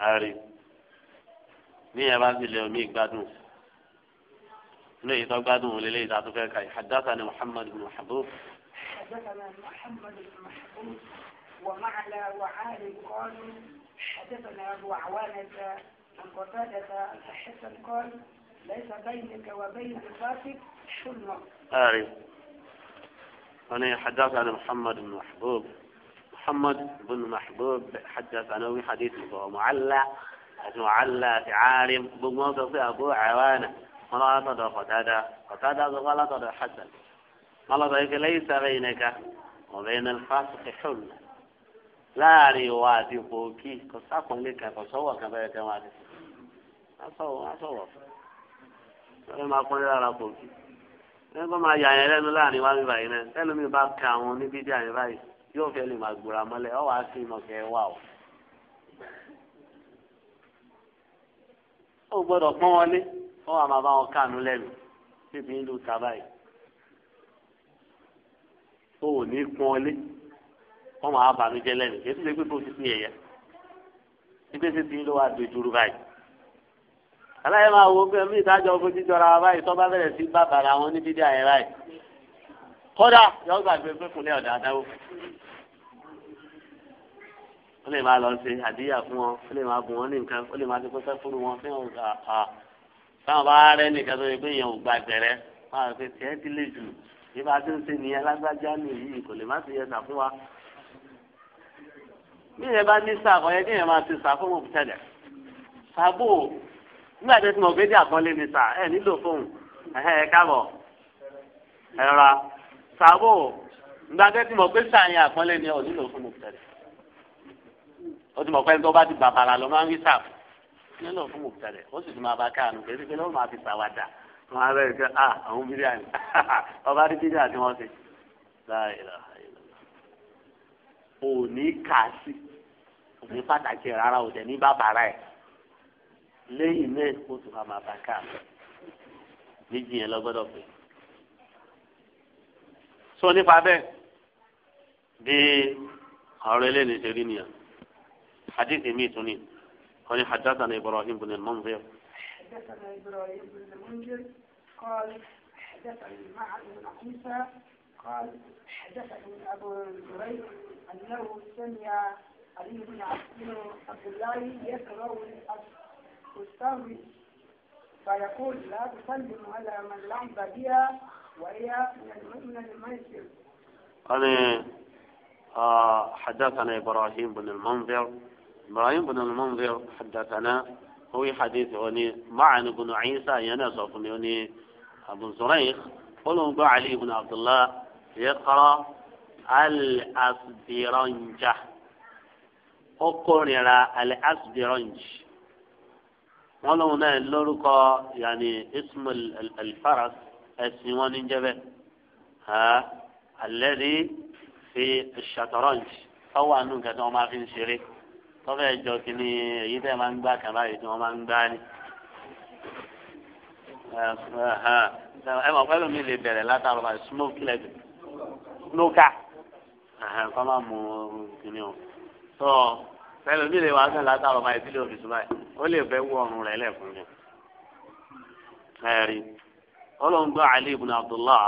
Speaker 1: ààrẹ ní ẹ bá ti lè omi ìgbádùn inú èyí tó gbádùn òun lélẹ́yìí tó fẹ́ ka ìhàdáta ni muhammadu bin mahabub.
Speaker 2: حدثنا محمد بن محبوب ومعلى وعالي قالوا حدثنا أبو عوانة عن قتادة الحسن قال ليس بينك وبين الفاسق حلم
Speaker 1: أعرف أنا حدث عن محمد بن محبوب محمد بن محبوب حدث عن حديث أبو معلى اسمه على بن بموقف أبو عوانة ولا هذا قتادة قتادة ولا هذا حسن الله ليس بينك وبين الفاسق حلم láàrin ìwà àti bòókì kò sápọnlé kan kò sọwọ kan bẹ̀rẹ̀ tẹ wọn àti sọwọ wọn sọwọ lórí máa pọnlé lára bòókì lórí kó máa yà yẹn lẹ́nu láàrin wá mi báyìí náà lẹ́nu mi bá ka àwọn oníbí dí àyè báyìí yóò fẹ́ lè máa gbòòrà mọ́lẹ̀ ọ wàá sí inú kẹ wà o. ó gbọ́dọ̀ pọ́n wọlé ó wà máa bá wọn kànú lẹ́nu níbi ìlú tàbáyì ó ò ní pọ́n wọlé wọ́n máa bànújẹ́ lẹ́nu kí ẹ ti ṣe pé bó ti fi ẹ̀yẹ ìgbésí ti ń lọ wá dojú rú báyìí aláyẹ máa wo pé mí ìdájọ́ fojú jọra wa báyìí tó bá bẹ̀rẹ̀ sí bá bàrà wọn níbi dí àyẹ̀ báyìí kódà yọ gbàgbé pé kùnlẹ̀ ọ̀dà àdáwó ó lè máa lọ sí àdíyà fún wọn ó lè máa bùn wọn ní nǹkan ó lè máa ti pẹ́pẹ́ fúru wọn fún wọn gbà á táwọn bá rẹ nìkan tó yẹ pé èèyàn ò gba gbẹ̀rẹ́ wọn àgbẹ̀ tiẹ̀ ti lè jù bí bá ti ń ṣe nìyẹn lágbájá nìyí kò lè má ti yẹ sàfún wa bí yẹn bá ní sàkọ yẹn kí yẹn máa ti sà fún òun tẹ́lẹ̀ sàbò nígbà tí mo gbé dé àkọlé ni sà ẹ nílò fóun ẹ káàbọ̀ ẹ rà sàbò nígbà tí mo gbé sà yẹn àkọlé ni ọ nílò fún òun tẹ́lẹ̀ ó ti mọ̀ pé tó bá ti bàbàrà lọ máa ń rí sà nílò fún òun tẹ́lẹ̀ ó sì ti máa bá káàánú kí ẹni pé máa fi sàwádà wọn á bẹ̀rẹ̀ kí ah, àwọn bíríà ni (laughs) ọba rí bíríà tí wọ́n ti láì láì o ò ní kà á sí o ní pàtàkì rárá o dẹ̀ ní bàbàrà ẹ̀ lẹ́yìn náà o tún máa bá ká méjì yẹn lọ́gbọ́dọ̀ pé sọ nípa bẹ́ẹ̀ bí ọ̀rọ̀ eléyìí ṣe rí nìyẹn hadith mi tún ni wọ́n ní Ibrahim bin al-Munzir.
Speaker 2: حدثنا إبراهيم بن المنذر قال حدثني معاذ بن عيسى قال حدثني أبو زريق أنه سمع علي بن عبد الله يكره الأستاذ فيقول لا تسلم على من لعب بها وهي من المؤمن الميسر
Speaker 1: أنا حدثنا إبراهيم بن المنذر إبراهيم بن المنذر حدثنا هو حديث وني معن بن عيسى ينسف وني أبو زريخ قلوا علي بن عبد الله يقرأ الأسبرنجة أقرر الأسبرنج ولو نال لورقا يعني اسم الفرس اسمه جبل ها الذي في الشطرنج هو أنه كان ما في شريك طبعا جو كني يبقى ما نبقى كما يتوى ما نبقى ها ها ها ها ها ها ها ها ها ها ها ها nuka. kọ́ máa mú kíní o tó pẹ̀lú mi lè wá sẹ́ni látàrọ̀ máa ìdílé òfìsì báyìí ó lè fẹ́ wọ ọ̀run rẹ̀ lẹ́ẹ̀kún ni. ẹ̀rí ọlọ́ngbọ́ Ali ibn Abdullah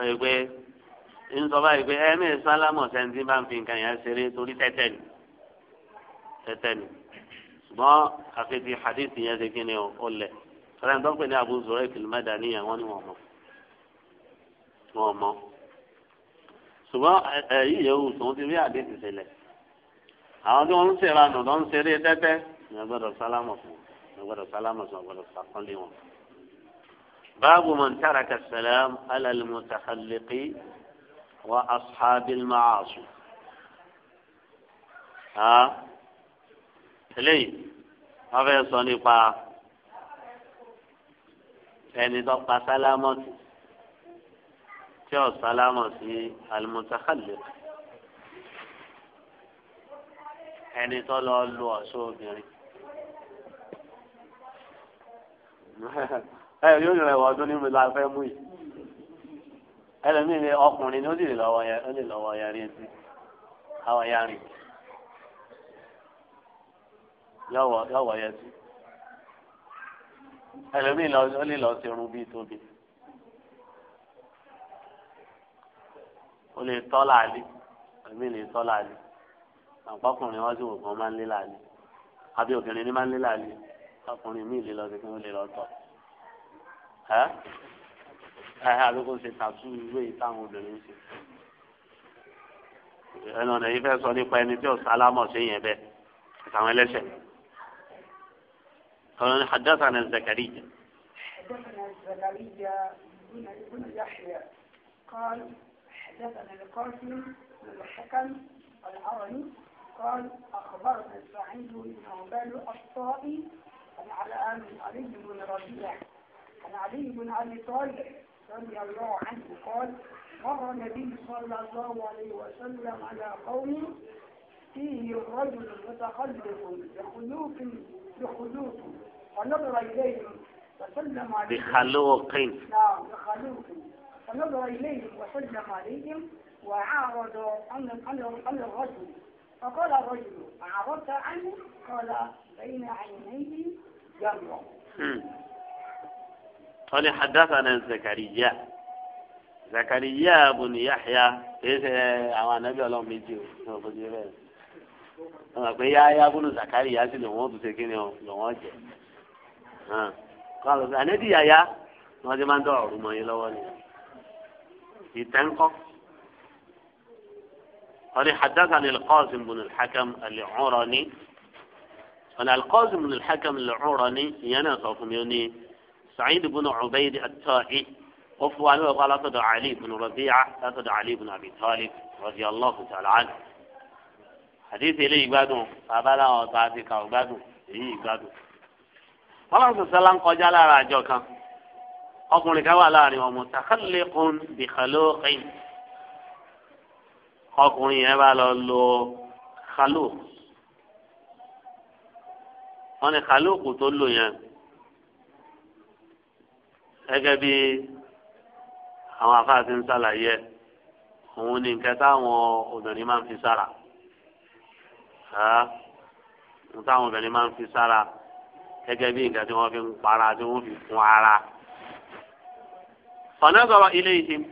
Speaker 1: ọ̀yẹ́ pé ń sọ báyìí pé ẹ̀mí sálámọ̀ sẹ́ńtì máa ń fi nǹkan yẹn ṣeré torí tẹ́tẹ́ ni tẹ́tẹ́ ni ṣùgbọ́n àfẹ́tì hadith yẹn ṣe kíni ó lẹ̀ ń ní Abu wọ́n ṣùgbọ́n èyí yòówù tòun ti rí àdéhùn sílẹ̀ àwọn tí wọ́n ń ṣèrà nù tó ń ṣeré tẹ́tẹ́ ìyẹn gbọ́dọ̀ sálámọ̀ fún ìyẹn gbọ́dọ̀ sálámọ̀ fún ọ̀gbọ́dọ̀ sàkọ́lé wọn. báàbù man taraka salam ala al-mutakhalliqi wa ashabil ma'asi. eléyìí wọ́n fẹ́ sọ nípa ẹni tó pa sálámọ̀ tì tí ó sálámọ̀ sí alimusakalẹ̀ ẹni tó lọ lu ọ̀ṣọ́ obìnrin. (laughs) ẹ yóò yọrọ ẹwà ọdún nínú la fẹ́ mú yìí ẹlẹ́mìí ni ọkùnrin ni ó sì lè lọ́wọ́ yẹn ó lè lọ́wọ́ yẹn rí etí àwọn yẹn yọ̀wọ̀ yẹn sí ẹlẹ́mìí ó lè lọ́ọ́ sí irun bíi tóbi. ó lè tọ́ làálí àbí lè tọ́ làálí àpapọ̀kùnrin wọn sì wò kán máa ń lé làálí àbí obìnrin ni máa ń lé làálí ọkùnrin míì lè lọ sí kí wọ́n lè lọ tọ̀ ẹ́ ẹ́ àlùkò ṣe tàtú ìwé ìtàwọn obìnrin ṣe ẹnu ọ̀nà yìí fẹ́ sọ nípa ẹni tí ọ̀sán alámọ̀ sí yẹn bẹ́ẹ̀ àtàwọn ẹlẹ́sẹ̀ قال حدثنا زكريا
Speaker 2: حدثنا زكريا بن يحيى قال حدثنا القاسم بن الحكم العرني قال أخبرنا سعيد بن عباد الأشطائي عن على علي بن ربيع عن علي بن أبي طالب رضي الله عنه قال مر النبي صلى الله عليه وسلم على قوم فيه رجل متخلف بخلوق بخلوق فنظر إليهم فسلم عليه بخلوق نعم بخلوق فنظر إليه وصدق عليهم وعارض عن الرجل فقال الرجل أعرضت عنه قال بين عينيه جمرة
Speaker 1: قال حدثنا زكريا زكريا بن يحيى ايه àwọn anabi Ọlọ́run méjì o ọmọ bójú bẹ́ẹ̀ ọmọ pé yáyá bùnú zakariya sí lòun tún ṣe kí ni lòun jẹ kọ́ àlọ́ anabi yáyá wọ́n ti máa ń dọ̀ ọ̀rùn mọ́ yín lọ́wọ́ nìyẹn ìtẹ́ńkọ́. قال حدثني القاسم بن الحكم العرني أن القاسم بن الحكم العرني ينصف مني سعيد بن عبيد التائي وفوان وقال تدع علي بن ربيعة تدع علي بن أبي طالب رضي الله تعالى عنه حديث إليه قادم فبلا وطاعتك وقادم إيه قادم فلا صلى الله عليه وسلم قجال ọkùnrin kan wà láàrin wọn mùtàkàlẹ́kùn bìkàlókìn ọkùnrin yẹn bá lọ lo kàló wọn ni kàló kù tó lò yẹn gẹ́gẹ́ bí àwọn afáàfin ń ṣàlàyé òun ni nǹkan táwọn obìnrin máa ń fi sára nǹkan táwọn obìnrin máa ń fi sára gẹ́gẹ́ bí nǹkan tí wọ́n fi ń para tí wọ́n fi kún ara fọ̀nàgọ̀rọ̀ ilé ìhìn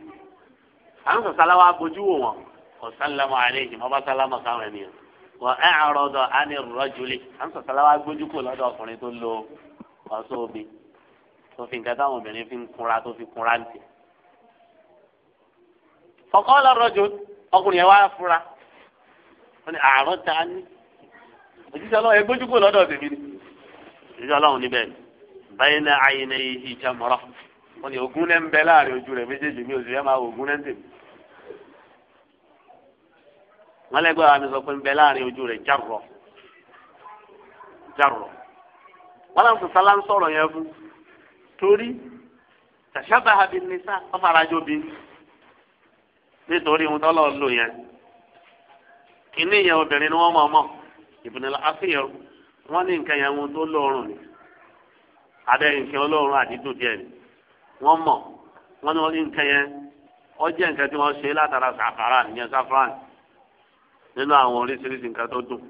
Speaker 1: àwọn sọ̀sáláwá bójú wò wọ́n ọ̀sánlámù àlẹ́yìn ọba sálámù sáwọn ènìyàn wọ́n ẹ̀ àròdọ̀ àní rọ́júlé àwọn sọ̀sáláwá gbójú kò lọ́dọ̀ ọkùnrin tó lo ọ̀ṣọ́ omi tó fi nǹkan táwọn obìnrin fi ń kunra tó fi kunra ń tì. ọ̀kọ́ lọ́rọ̀jò ọkùnrin yẹn wá fura wọ́n ní àárọ̀ ta ni òjíṣẹ́ ọlọ́run ẹ gbójú kò lọ́dọ̀ ni òjíṣẹ́ ọlọ́run níbẹ̀ báyìí náà àyìn náà yìí wọn ni ogun lẹ́ ń bẹ láàrin ojú rẹ̀ méjèèjì mi ò sì fẹ́ máa ogun lẹ́ ń tèmi. wọn lẹ́gbẹ́ wa mi sọ pé ń bẹ láàrin ojú rẹ̀ ń sọ̀rọ̀ yẹn fún torí tàṣàbà àbí nìsa bí nítorí tọ́lọ̀ lò yẹn yẹn ni wọ́n mọ̀ mọ̀ wọ́n ní nǹkan yẹn tó ni nǹkan wọ́n mọ̀ wọ́n ní nǹkan yẹn wọ́n nǹkan tí wọ́n ṣe látara sàfàrà nìyẹn sàfàrà nínú àwọn oríṣiríṣi nǹkan tó dùn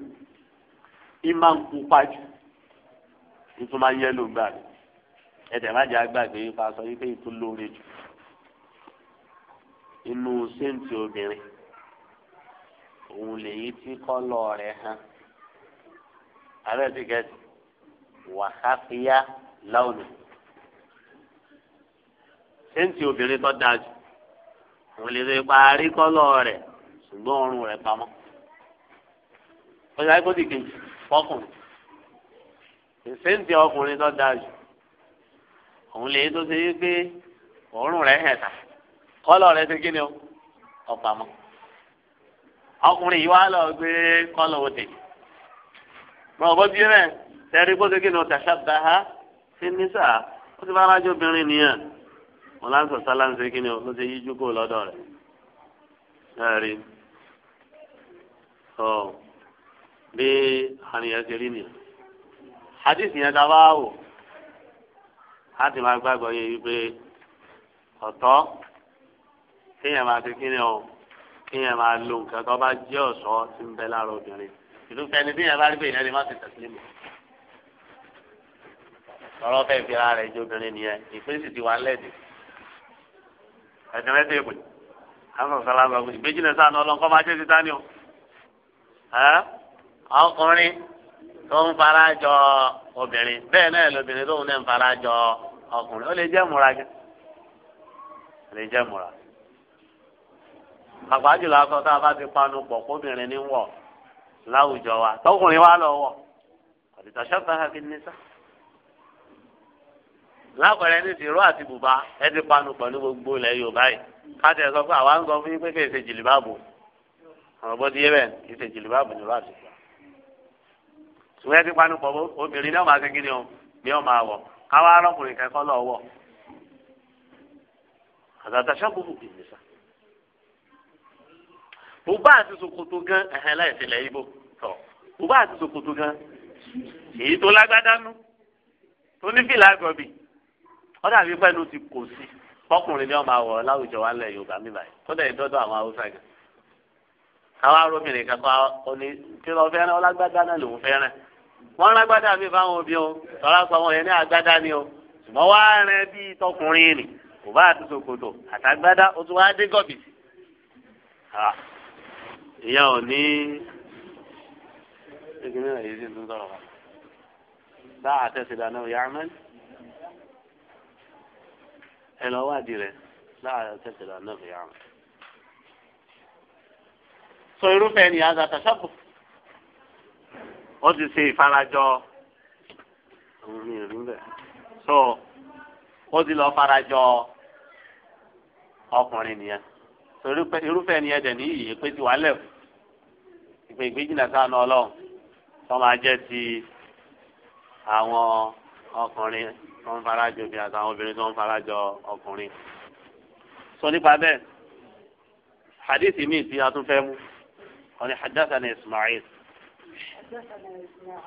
Speaker 1: ìmá ń kú pàjù ìtún máa yẹ ló gbà rẹ̀ ẹ̀dẹ̀ má jẹ́ agbàgbé ipa sọ wípé ìtún lóore jù inú séǹtì obìnrin òun lèyí tí kọ́lọ̀ rẹ̀ hàn ààrẹ ti kẹ́sì wàhálà láwùjọ sẹ́ǹtì obìnrin tó dáa jù òun lè rí parí kọ́lọ́ rẹ̀ ṣùgbọ́n ọrùn rẹ̀ pamọ́. ọjà ìkọ́sì kejì fọkùnrin sẹ́ǹtì ọkùnrin tó dáa jù òun lè tó ṣe pé ọrùn rẹ̀ hẹ̀ta kọ́lọ́ rẹ̀ ṣe kíni o ọ̀pamọ́. ọkùnrin yìí wá lọ gbé kọ́lọ́ òde mọ ọ̀bọ bí rẹ̀ tẹ́rí kó ṣe kíni o tàṣà bá a fi ní sáà ó ti bá arájọ́ obìnrin nìyẹn wọn láǹsọ sáláǹsẹ kí ni o ló ṣe yíjú kó lọ́dọ̀ rẹ̀ náà rí ọ bí àníyàn ṣe rí nìyẹn hadith yẹn ta bá wò láti máa gbàgbọ́ yẹ wípé ọ̀tọ̀ kéèyàn máa fi kí ni o kéèyàn máa lo nǹkan tó bá jẹ́ ọ̀ṣọ́ tí ń bẹ lára obìnrin ìlú fẹni bí yẹn bá rí pé ìyẹn lè má ti tẹ̀sílẹ̀ mọ́ ọ̀rọ̀ fẹ́ fi ara rẹ̀ jó obìnrin nìyẹn ìpín sì ti wà lẹ́dìí ẹ̀sìn rẹ̀ dẹ́gbẹ̀ àwọn sọ̀rọ̀ àgbà gbèsè méjì lẹ́sà náà ọlọ́nkọ́ máa jẹ́ títà ni o ọkùnrin tó ń fara jọ obìnrin bẹ́ẹ̀ náà lóbìnrin tó ń náà ń fara jọ ọkùnrin ó lè jẹ́ múra gẹ́ ó lè jẹ́ múra pàpà jùlọ akọ tá a bá ti panu pọ̀ kóbìnrin ní wọ̀ láwùjọ wa tọkùnrin wa lọ wọ̀ àdìtàṣọ́ fẹ́ hàbí nísà lápẹ̀rẹ̀ ní ti ró àti bùbá ẹ ti panu pẹ̀lú gbogbo ilẹ̀ yorùbá yìí káàtì ẹ̀ sọ pé àwa ń sọ fún yín pé kì í ṣe jìlìbáàbò ọ̀rọ̀ bó ti yé bẹ́ẹ̀ kì í ṣe jìlìbáàbò ní ró àti bùbá. ṣùgbọ́n ẹ ti panu pọ̀ obìnrin náà máa ṣe kí ni o bí wọ́n máa wọ̀ káwá arákùnrin kẹ́kọ́ lọ wọ̀ àtàtà ṣọ́kùnkùn kì í ṣe bùbá àti ṣòkòtò gan ẹ̀hẹ́n láìsílẹ̀ ibo tọ̀ bùbá àti ṣòkòtò ó dàbí pẹ́ẹ́nu ti kò sí fọkùnrin ni wọ́n máa wọ̀ láwùjọ wa lẹ̀ Yorùbá mi báyìí tó dẹ̀ dọ́dọ̀ àwọn Haúsá gan. àwọn arúbìnrin kan oní tí wọ́n fẹ́ràn ọlágbádá náà lòún fẹ́ràn wọ́n lágbádá mi fáwọn òbí o tọ́lá pa wọn yẹn ní àgbádá ni o ṣùgbọ́n wá rẹ bíi tọkùnrin nì kò bá àti ṣòkòtò àtàgbádá o tún wá dé gọ̀bì. ìyá ò ní ìgbìmọ̀ èyí ti ń tọrọ wa. sáà àtẹ̀sílẹ̀ náà yà á mẹ́rin. ẹ lọ wádìí rẹ láàrin tẹsán irúfẹ́ ni àgàtà sábò wọ́n ti ṣe ìfarajọ so ó ti lọ farajọ ọkùnrin nìyẹn so irúfẹ́ nìyẹn dẹ̀ ní ìyè pé ti wà lẹ̀ ìpè ìgbéjìnà sáànù ọlọ́run tó máa jẹ́ ti àwọn ọkùnrin tó ń farajọ bí àtàwọn obìnrin tó ń farajọ ọkùnrin. sọ nípa bẹ́ẹ̀ hadithi míì tí a tún fẹ́ mú wọn ni hadathana ismail. ismail
Speaker 2: kan hadathana sulaiman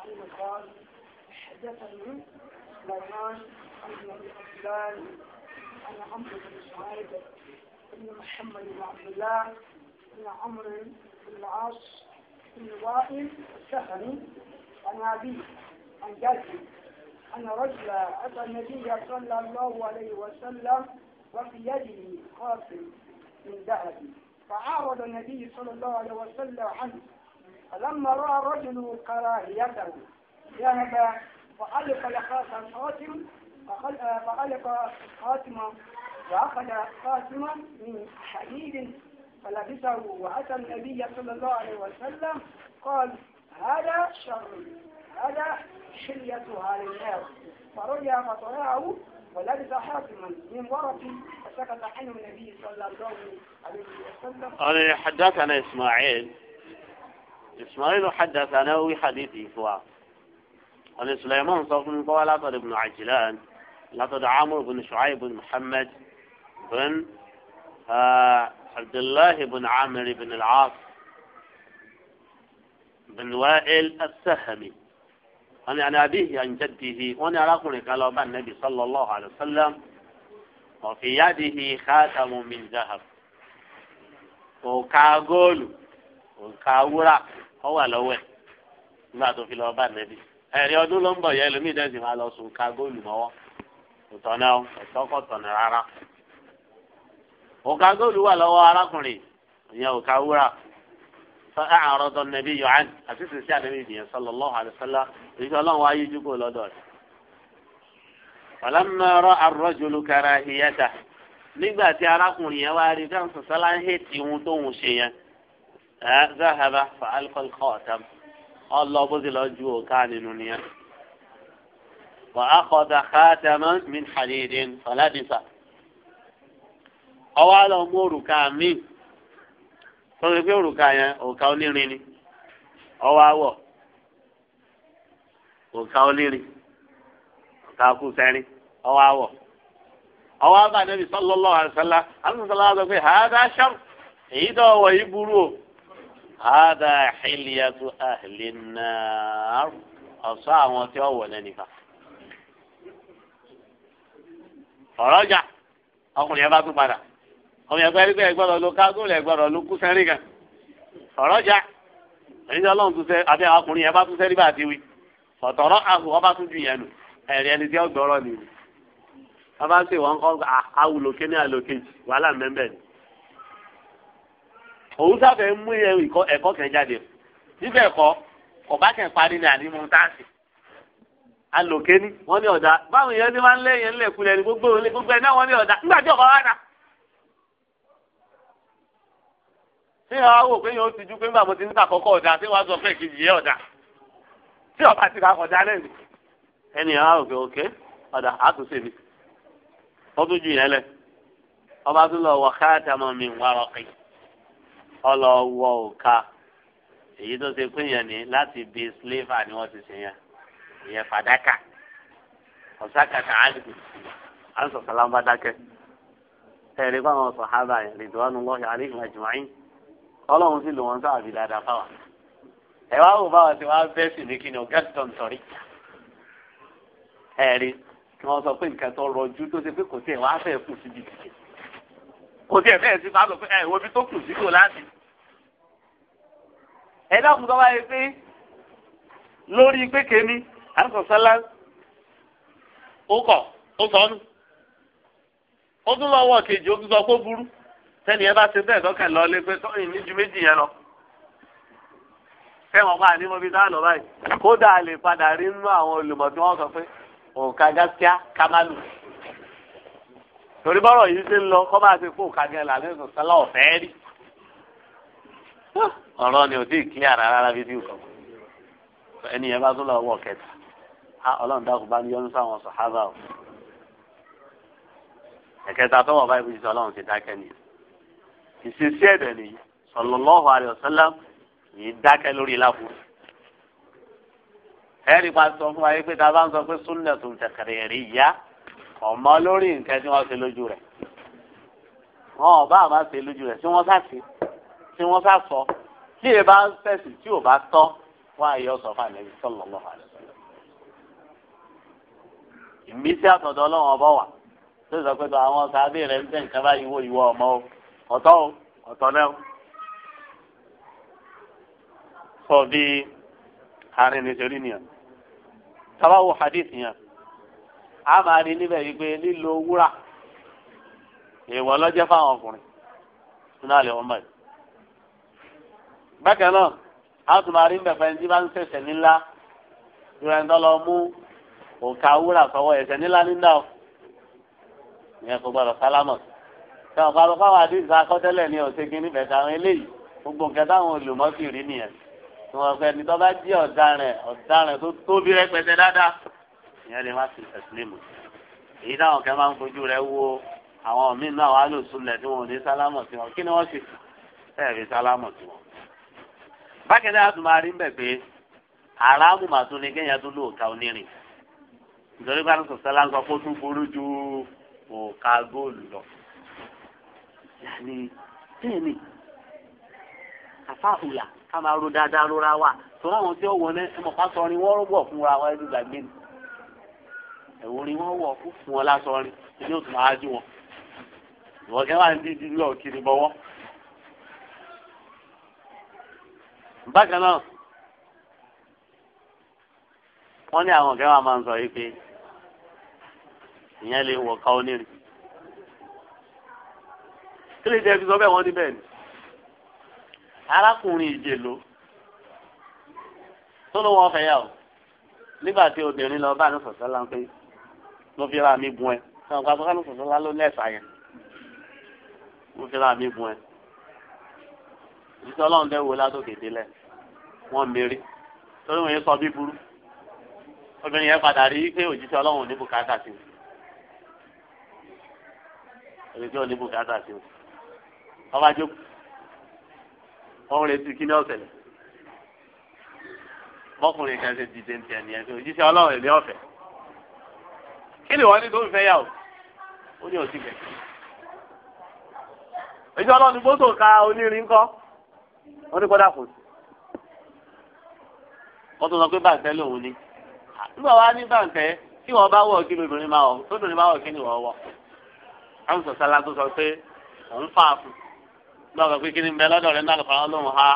Speaker 2: abdulrahman ana amr bin shuaib ibn muhammad bin abdullah عن أبي عن جدي أن رجلا أتى النبي صلى الله عليه وسلم وفي يده قاس من ذهب فعارض النبي صلى الله عليه وسلم عنه فلما رأى الرجل كراهيته ذهب فألق لخاص الخاتم فألق خاتما وأخذ خاتما من حديد فلبسه وأتى النبي صلى الله عليه وسلم قال هذا شر هذا حليتها للناس فرؤيا مطرعه ولبس حاكما من ورث فسكت عنه النبي صلى الله عليه وسلم أنا
Speaker 1: حدثنا اسماعيل اسماعيل أنا وحديثي سواء عن سليمان صوت من طوال بن عجلان لقد عمرو بن شعيب بن محمد بن آه، عبد الله بن عامر بن العاص بن وائل السهمي wọn ni anabi anjadihi wọn ni arákùnrin kan lọ bá nabi sallallahu alayhi wa sallam ọ̀fi yadihi khatamu min zahab òkà góòlù òkà wúrà ó wà lọ́wọ́ ẹ̀ nígbà tó fi lọ bá nabi ẹ̀rí ọdún ló ń bọ̀ yẹn lómi dẹ́sìn máa lọ sùn òkà góòlù mọ́wọ́ òtọ̀nà ẹ̀tọ́kọ̀tọ̀nà rárá òkà góòlù wà lọ́wọ́ arákùnrin ìyẹn òkà wúrà. فأعرض النبي عنه أفيس السعر النبي صلى الله عليه وسلم يقول الله وعي يقول أدار فلما رأى الرجل كراهيته nígbà tí arákùnrin yẹn wá rí dáhùn sọsọlá ń hètì ohun tó ń ṣe yẹn ẹ záhàbà fa alkọlkọ ọtá ọlọ bó ti lọ ju òká nínú nìyẹn wà á kọta káàtàmọ min hadidin faladisa ọwọ́ àlọ́ mú òrùka míì tọ́jú pé òrùka yẹn òrùka onírin ni ọwọ́ àwọ̀ òrùka onírin òrùka kú sẹ́rin ọwọ́ àwọ̀ ọwọ́ àbá nẹ́bí sọ́lọ́lọ́ àṣálá àṣálá sọ pé hàdá ṣam èyí tó wọ̀ yìí burú o hàdá xìlìyàtú àhìlì náà ọ̀ṣọ́ àwọn tí wọ́n wọ̀ lẹ́nu ìfà. ọ̀rọ̀ ọjà ọkùnrin yẹn bá tún padà ọmọ ẹgbẹ́ ẹgbẹ́ ẹgbọ́dọ̀ ló kágún lẹ̀ gbọ́dọ̀ kú sẹ́rí gan ọ̀rọ̀ jà ẹ̀yìn ọlọ́run tún sẹ́ àbí ọkùnrin yẹn bá tún sẹ́rí bá ti wí ọ̀tọ̀rọ̀ àhùn ọba tún ju yẹn nù ẹ̀rí ẹni tí ó gbọ́rọ̀ nìyí bàbá sì wọ́n kọ́ awùlókè ní àlòkejì wàhálà mẹ́mbẹ́ ni òun sáfẹ́ mú ẹ̀kọ́ kẹ́ jáde níbẹ̀ kọ́ ọba kẹ́ parí ní ànímú táàsì alòkè ni wọ́n ní ọ̀dà báwọn yẹn ní wọ́n lé yẹn lẹ̀kulẹ̀ ní gbogbo ẹ̀ náà wọ́n ní ọ̀dà nígbà tí ọ̀kọ́ wá ta. ṣé wàá wò pé yóò tijú pé nígbà mo ti ní kàkọ́kọ́ ọ̀dà ṣé wàá sọ pé kejì yẹ ọ̀dà tí ọba ti kàkọ́dá lẹ́nu ẹni àwọn òkè òkè ọ̀dà àtúnṣe mi wọ́n tún ju yẹn lẹ̀ ọba tún lọ wọ káàtà mọ́ mi wà rọ̀kì ọlọ wọ òka èyí tó ṣe pé yẹn ni láti bi slaver ni wọ́n ti ṣe yẹn ìyẹn fàdákà ọ̀sákàtà àlùkù àlùsọ̀sálàmbá dákẹ́ ẹ̀rí fáwọn sọ̀hábà ọlọ́run sì lò wọ́n sáà fi dáadáa fáwọn ẹ wá wò báwọn ti wá bẹ́ sí ní kíni ọ̀gá tó ń sọrí ẹ̀rí kí wọ́n sọ pé nǹkan tó rọjú tó ṣe pé kò tiẹ̀ wá fẹ́ kù síbi tìkẹ́ kò tiẹ̀ fẹ́ sí fáwọn pé ẹ̀wọ́ bí tó kù sí kò láti. ẹ dákun tó bá yẹ pé lórí pé kémi àǹsọ̀sálá ó kọ̀ ó sọnù ó tún lọ́wọ́ kejì ó tún sọ pé ó burú tẹ́ni ẹ bá ṣe bẹ́ẹ̀ lọ́kẹ̀ lọ lé pé tọ́yìn ní ju méjì yẹn lọ. fẹ́wọ̀n bá ní mọ́bí dáhùn báyìí kódà lè padà rí nínú àwọn olùmọ̀ tí wọ́n sọ pé òǹkà gáskíá kamalu. torí bọ́rọ̀ yìí ṣe ń lọ kọ́ bá ṣe fún òǹkà gẹ̀ lànà ìsọ̀ sálá ọ̀fẹ́ rí. ọ̀rọ̀ ni ò tí ì kílíà rárá bí tí ò sọ ẹni yẹn bá tún lọ wọ̀ kẹta ọlọ́run dákun bá ń ìṣesí ẹ̀dẹ̀ ni, sallallahu alaihi wasallam yìí dákẹ́ lórí láfu. ẹ̀rí pa sọ fún wa yìí pé tá a bá ń sọ pé sunnatun takririyyah ọmọ lórí nǹkan tí wọ́n ṣe lójú rẹ̀ wọn ò bá àmà ṣe lójú rẹ̀ tí wọ́n sá ṣe tí wọ́n sá sọ tí èyí bá ń fẹ̀sì tí ò bá tọ́ wọn àyè ọ̀sọ̀ fún àlẹ́ sallallahu alaihi wasallam. ìmísí àtọ̀dọ̀ ọ̀tọ̀ o ọ̀tọ̀ náà sọ bí arìnrìnṣẹ́rí nìyẹn tabawo hadith yẹn a máa rí níbẹ̀ yìí pé lílo wúrà èèwọ̀ lọ́jẹ́ fáwọn ọkùnrin nínú àlẹ́ wọn báyìí bákan náà a tún máa rí bẹ̀fẹ̀ ní bá ń ṣẹ̀ṣẹ̀ nílá ìrẹ̀ ń tọ́lọ mú òkà wúrà sọ́wọ́ ẹ̀ṣẹ̀ nílá nílá ìyẹn kò gbọdọ̀ sálámọ̀ ṣe ọ̀pọ̀lọpọ̀ káwọn àdìsí akọ́tẹ́lẹ̀ ni ọ̀sẹ̀ kìíní bẹ̀ta àwọn eléyìí gbogbo nǹkan táwọn olùmọ́sí rí nìyẹn tí wọ́n fẹ́ ni tó bá jẹ́ ọ̀daràn ọ̀daràn tó tóbi rẹpẹtẹ dáadáa ìyẹn lè má sí ẹ̀sìlẹ̀mù èyí táwọn kan máa ń fojú rẹ wo àwọn míì náà wà lóṣù lẹ̀ tí wọn ò ní sálámọ̀ sí wọn kí ni wọ́n sì fẹ́ẹ̀ fi sálámọ̀ sí wọn. bákẹ́lẹ́ a tún máa rí bẹ̀ pé aráàmù màá tún ní kéèyàn tún lò ká nítorí pé àwọn sọ̀sẹ́ láǹkọ́ kó tún burú ju òkà góòlù lọ yàní bẹ́ẹ̀ ni ká máa ro dáadáa lóra wa tòun àwọn tí ó wọlé ẹmọ̀ká sọrin wọ́n wọ̀ fúnra wọn ẹni gbàgbé ni ẹ̀wọ̀n ni wọ́n wọ̀ fún fún ọ lásọrin ní òtún máa jú wọn ìwọ̀n kẹ́ wà ní dídí lọ kiri bọ́wọ́. bákan náà wọ́n ní àwọn kẹ́ wà máa ń sọ yìí pé ìyẹn lè wọ̀ ká onírin kí lè jẹ́ fi sọ bẹ́ẹ̀ wọ́n ní bẹ́ẹ̀ ni arákùnrin ìjèlò tó ló wọ́n fẹ́ yà ó nígbà tí obìnrin lọ bá àlùfọ̀sọ́ la ń pè mo fi ra mi bun ẹ sọ pa bọ́ká àlùfọ̀sọ́ la ló lẹ́ẹ̀sà yẹn mo fi ra mi bun ẹ ìṣọ́ ọlọ́run dẹ́wò látòkè délẹ̀ wọ́n mérí torí wọ́n yẹn sọ bí burú obìnrin yẹn padà rí pé òjíṣẹ́ ọlọ́run ò ní bùkátà sí i òjíṣẹ́ ò ní bùkátà sí i ọba jókòó wọn retí kí ni ọ̀sẹ̀lẹ̀ mọkùnrin kan ṣe dìde ntẹ ni ẹsẹ òjíṣẹ́ Ọlọ́run ẹlẹ ọ̀fẹ́ kí ni wọn ní tó ń fẹ́ yà o ó ní òsì kẹkẹ òjíṣẹ́ Ọlọ́run gbóso ka onírin ńkọ́ wọn ní kódà kò sí wọn tó sọ pé bàǹtẹ lòun ni nígbà wa ní bàǹtẹ tí wọn bá wọ kí lóbìnrin máa wọ tóbìnrin máa wọ kí ni wọn wọ àwọn sọsọ alágbó sọ pé òun fà á fún un lọ́kọ̀ pé kí ni bẹ lọ́dọ̀ rẹ̀ náà lọ́kọ̀ àwọn lòun ha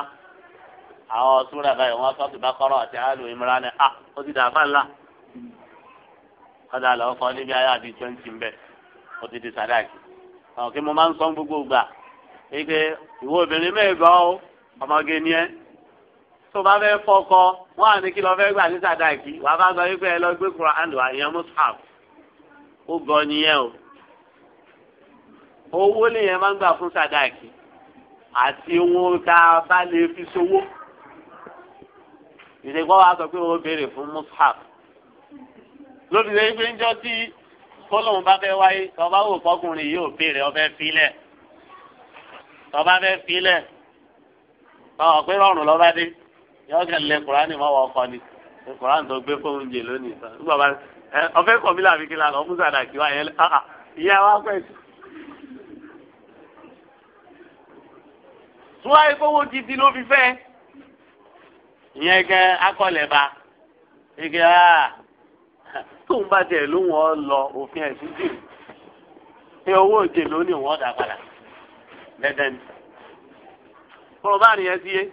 Speaker 1: àwọn súnra báyìí wọn sọ́ọ̀tù bá kọ́rọ̀ àti àlù ìmúra ni a ah, ó ti dàáfà ńlá kọ́dà lọ́wọ́ fọ́ níbi ayé àbí twenty mbẹ́ ó ti di sàdáàkì àwọn kí mo máa ń sọ gbogbo gbà wípé ìwọ obìnrin mẹ́ẹ̀gbọ́ o ọmọge ni ẹ́ tó bá fẹ́ fọkọ wọn à ní kí lọ fẹ́ gbà ní sàdáàkì wàá bá sọ wípé ẹ lọ gbé kura and wà ìyẹn mùsàf ó máa ń gbà fún sàdáàkì àti owó tá a bá lè fi ṣòwò ìṣègbọ́ wa sọ pé wọ́n béèrè fún mushaf lórí rẹ̀ pé ń jọ tí kọ́lọ́hún bá fẹ́ wáyé tọ́ba wò fọkùnrin yìí ò béèrè ọbẹ̀ filẹ̀ tọ́ba fẹ́ filẹ̀ tọ́wọ́ pé rọrùn lọ́ba dé yọ kẹ́ lẹ kùránì mọ́ wọ́n kọ́ ni kùránì tó gbé fóun jè lónìí ọbẹ̀ kọ̀mílà fi kí la lọ mú sàdàkì wáyé ah, ah, ìyá wa pẹ̀sì. tó wáyé kówó gidi ló fi fẹ́ ìyẹn gẹ akọlẹba ìgbẹ aa ah, tóun bá tiẹ̀ ló wọn lọ òfin ẹ̀sìn dì pé owó òde lónìí wọn dà padà dẹdẹn kúrò bá nìyẹn ti yé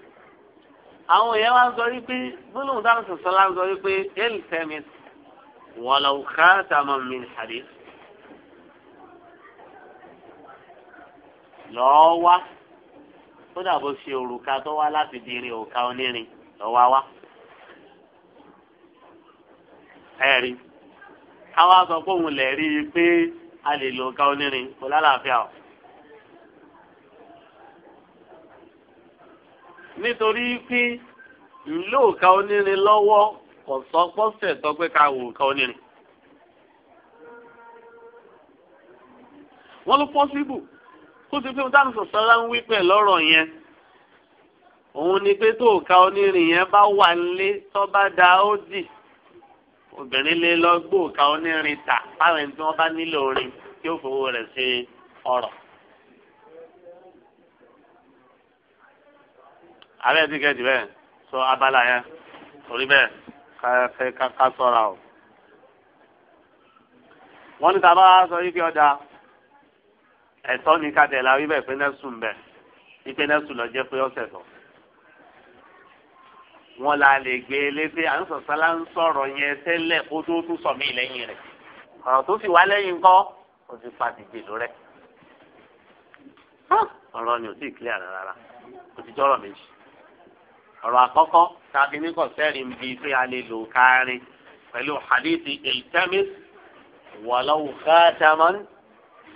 Speaker 1: àwọn èèyàn wá ń sọ wípé gbólóhùn táwọn sọ̀sọ́ la ń sọ wípé el fẹ́mi wọn lọ ká tàmọ̀ mi hàdí lọ́ọ́ wá. ó bó ṣe òrùka tó wá láti di irin òka onírin lọ́wọ́ wá. ẹ̀rí káwá sọ pé òun lè rí i pé a lè lo òka onírin kò lálàáfíà o. nítorí pé ìlú òka onírin lọ́wọ́ kò sọ pọ́sẹ̀ tó pé ká wò òka onírin. wọ́n ló pọ́sibù. tó ti fi ohun táwọn sọ̀sọ́ rá ń wí pẹ̀ lọ́rọ̀ yẹn òun ni pé tó ka onírin yẹn bá wà lé tó bá da ó dì obìnrin lè lọ gbóòka onírin tà báwọn ẹni tí wọ́n bá nílò orin tí ó fowó rẹ̀ ṣe ọrọ̀. abẹ́ ti kẹ́jì bẹ́ẹ̀ sọ abala yẹn torí bẹ́ẹ̀ ká sọ̀ra o. wọ́n ní tá sọ yí pé ọjà ẹ̀tọ́ ní kàtẹ́ la wíbẹ̀ pé nẹ́sùn bẹ̀ ìpè nẹ́sùn lọ jẹ́ pé ọ̀sẹ̀ tọ̀. wọn la lè gbé e létí à ń sọ sálá ń sọ̀rọ̀ yẹn tẹ́lẹ̀ kó tó tún sọ mí lẹ́yìn rẹ̀ ọ̀rọ̀ tó sì wá lẹ́yìn kọ́ ó ti pa dìde ló rẹ̀. ọ̀rọ̀ ni ò tí ì clear rárá ó ti jọ́rọ̀ méjì. ọ̀rọ̀ àkọ́kọ́ tàbí ní kọ̀sẹ́rì ń bi pé a lè lò kárin pẹ̀lú hadith iltamis wàlọ́wù khataman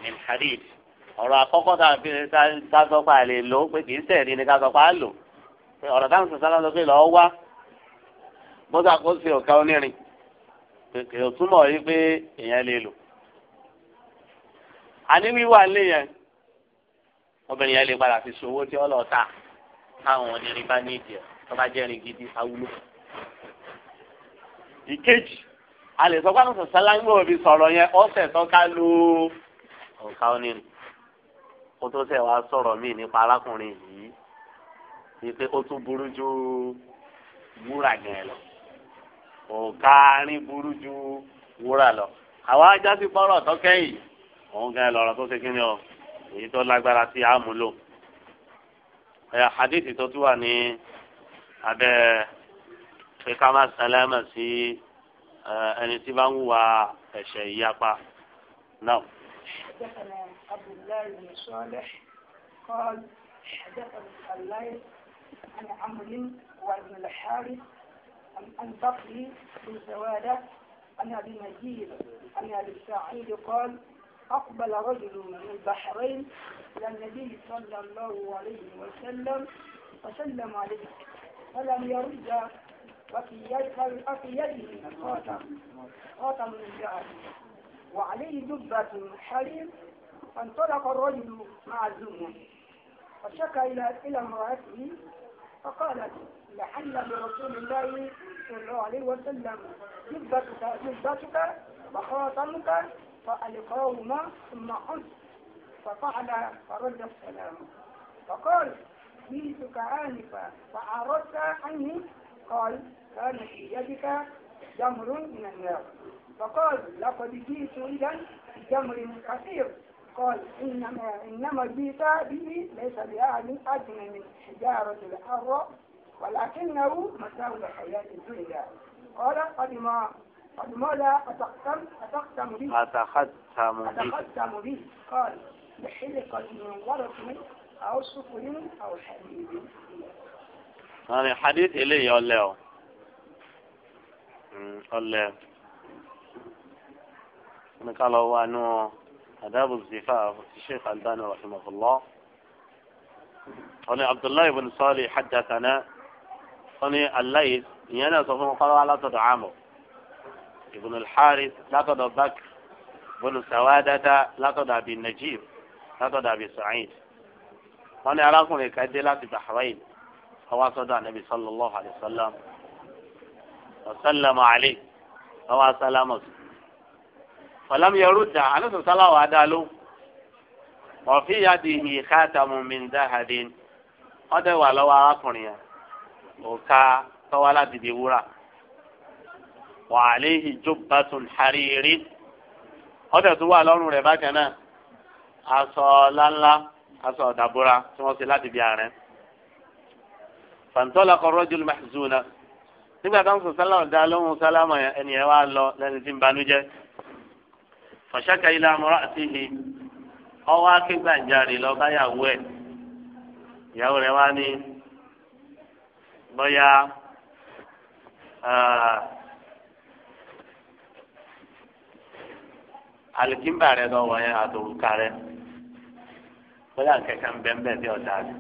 Speaker 1: min hadith ọ̀rọ̀ àkọ́kọ́ tá a fi ká sọ pé a lè lò ó pé kì í sẹ̀rí ni ká sọ pé a lò pé ọ̀rọ̀ táwọn sọ sálá lọ pé lọ́ọ́ wá bọ́sà kó ṣe ọ̀ka onírin kì í túmọ̀ yí pé èèyàn lè lò. àní wíwà lé yẹn obìnrin yẹn lè padà fi ṣòwò tí ọlọ́ọ̀ta táwọn onírin bá ní ìdí ẹ̀ tó bá jẹ́ irin gidi awúlò. ìkejì a lè sọ pé àwọn sọ sálá ń gbọ́ òbí sọ̀rọ̀ yẹn ọ̀sẹ̀ tó ká lo ọ̀ka onírin kó tó tẹ̀ wá sọ̀rọ̀ míì nípa arákùnrin yìí ni pé ó tún burú ju wúrà gan lọ òkaarin burú ju wúrà lọ àwa ajá sí fọ́rọ̀ tó kẹ́yìn òun gan lọ̀rọ̀ tó ṣe kí ni ọ èyí tó lágbára sí àmúlò ẹ̀ hadithi tó tún wà ní abẹ́ pé ká má sálámà sí ẹni tí bá ń wà ẹ̀ṣẹ̀ ìyapa náà.
Speaker 2: عبد الله بن صالح قال حدثني الليل عن عمرو وابن الحارث عن بقي بن سوادة عن أبي مجيد عن أبي سعيد قال أقبل رجل من البحرين إلى النبي صلى الله عليه وسلم فسلم عليه فلم يرد وفي يده خاتم خاتم من جعله وعليه دبة حرير فانطلق الرجل مع الزمن فشكى إلى إلى امرأته فقالت لحل برسول الله صلى الله عليه وسلم جبتك جبتك وخاتمك فألقاهما ثم خذ ففعل فرد السلام فقال جئتك آنفا فأردت عني قال كان في يدك جمر من النار فقال لقد جئت إذا جمر كثير قال إنما إنما جيت ليس بأهل أدنى من حجارة الأرض ولكنه مساو الحياة الدنيا قال قد ما قد لا أتختم أتختم به
Speaker 1: أتختم به أتختم
Speaker 2: به قال بحلقة من ورق أو سفر أو حديد
Speaker 1: يعني حديث إلي له ولا نقال هو أنه آداب الزفاف الشيخ الباني رحمه الله قال عبد الله بن صالح حدثنا قال الليث ينا صفون قال لا تدعمه ابن الحارث لا تدع بكر بن سوادة لا تدع أبي النجيب لا تدع أبي سعيد قال أراكم يكدي لا تبحرين هو صدع النبي صلى الله عليه وسلم وسلم عليه هو سلامه fọlámiyẹrù dà alẹ́sọ̀sálà wà dá ló ọ̀fí yàdì yìí káàtàmù mìndáhàdín wọ́n tẹ̀ wà lọ́wọ́ arákùnrin yẹn òka tọ́wọ́ aládìdí wúrà wà àléhì jubbatun hariri wọ́n tẹ̀ tún wà lọ́rùn rẹ̀ bákan náà aṣọ láńlá aṣọ ọ̀dàbúra tí wọ́n ṣe láti bí ààrẹ fàǹtọ́lá kọ́rọ́ jùlọ mahzuna nígbà táwọn sọ̀sálà ọ̀dà lóhùn sálámà ẹnìyẹn wà lọ lẹ́ni tí ń banújẹ́ fàṣàkà ilé amúra àti ìhì ọwọ́ akégbàjarì lọ́ba yàwó ẹ̀ ìyàwó rẹ̀ wá ní bóyá alikimba rẹ̀ lọ́wọ́ yẹn àtòrúkà rẹ̀ bóyá kẹ̀kẹ́ ń bẹ́ẹ̀ bẹ́ẹ̀ bí ọ̀dà rẹ̀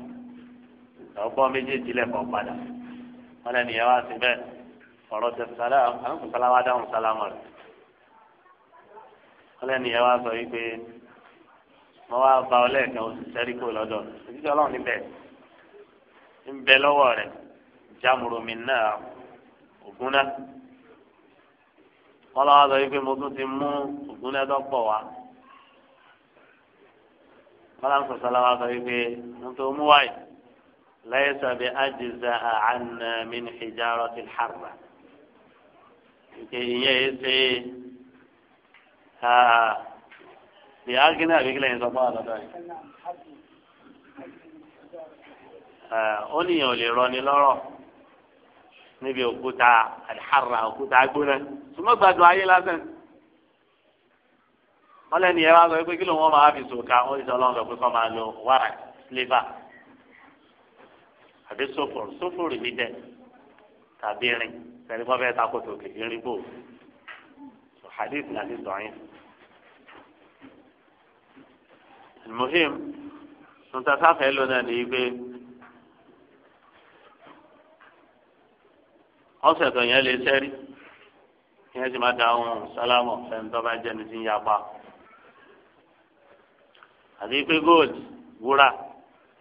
Speaker 1: ọgbọ́n méjèèjì lẹ́kọ̀ọ́ padà wọn lẹ́nu yẹn wá sí bẹ́ẹ̀ ọ̀rọ̀ tẹ̀sán láwọn sálámà dáhùn sálámà rẹ̀ ọlẹ́ni yẹn wá sọ wípé mo wá ba ọ lẹ́ẹ̀kan oṣù sẹ́ríkò lọ́dọ̀ òjijì ọlọ́run níbẹ̀ ń bẹ lọ́wọ́ rẹ̀ jámúrò mi náà ògùn náà wọ́n lọ́wọ́ sọ wípé mo tún ti mú ògùn náà dọ́pọ̀ wá wọ́n lọ́wọ́ sọ wípé mo tó mú wáyé lẹ́yìn sọ̀bẹ̀ àjẹsà àánà mi ní ìjà ọ̀rọ̀ ti hàrà ìkẹyìn yẹn ṣe lè á gé náà gbégbé lẹ́yìn sọ́kọ́ àlọ́dọ̀ yìí. ó níyàn ò lè rọni lọ́rọ̀ níbi òkúta àdìhàrà òkúta gbóná súnmọ́ gbàdùn ayé lásán. wọ́n lẹ́nu yẹn wá sọ pé kí ló wọ́n máa fi sòkà ó ti sọ ọlọ́run sọ pé kọ́ máa lo wàrà sílífà àbí sófòrò sófòrò mi dẹ tàbí irin tẹ̀lé wọ́n fẹ́ takò tòkè irin bò hadith nàbí sọ̀yìn. muhim tuntun sáfẹ́ ló náà ní pé ọ̀sẹ̀ tó yẹn lè sẹ́rí yẹn sì máa da ohun sálámù fẹ́ni tó bá jẹ́ ní ti ń yapa àti pé gold wúrà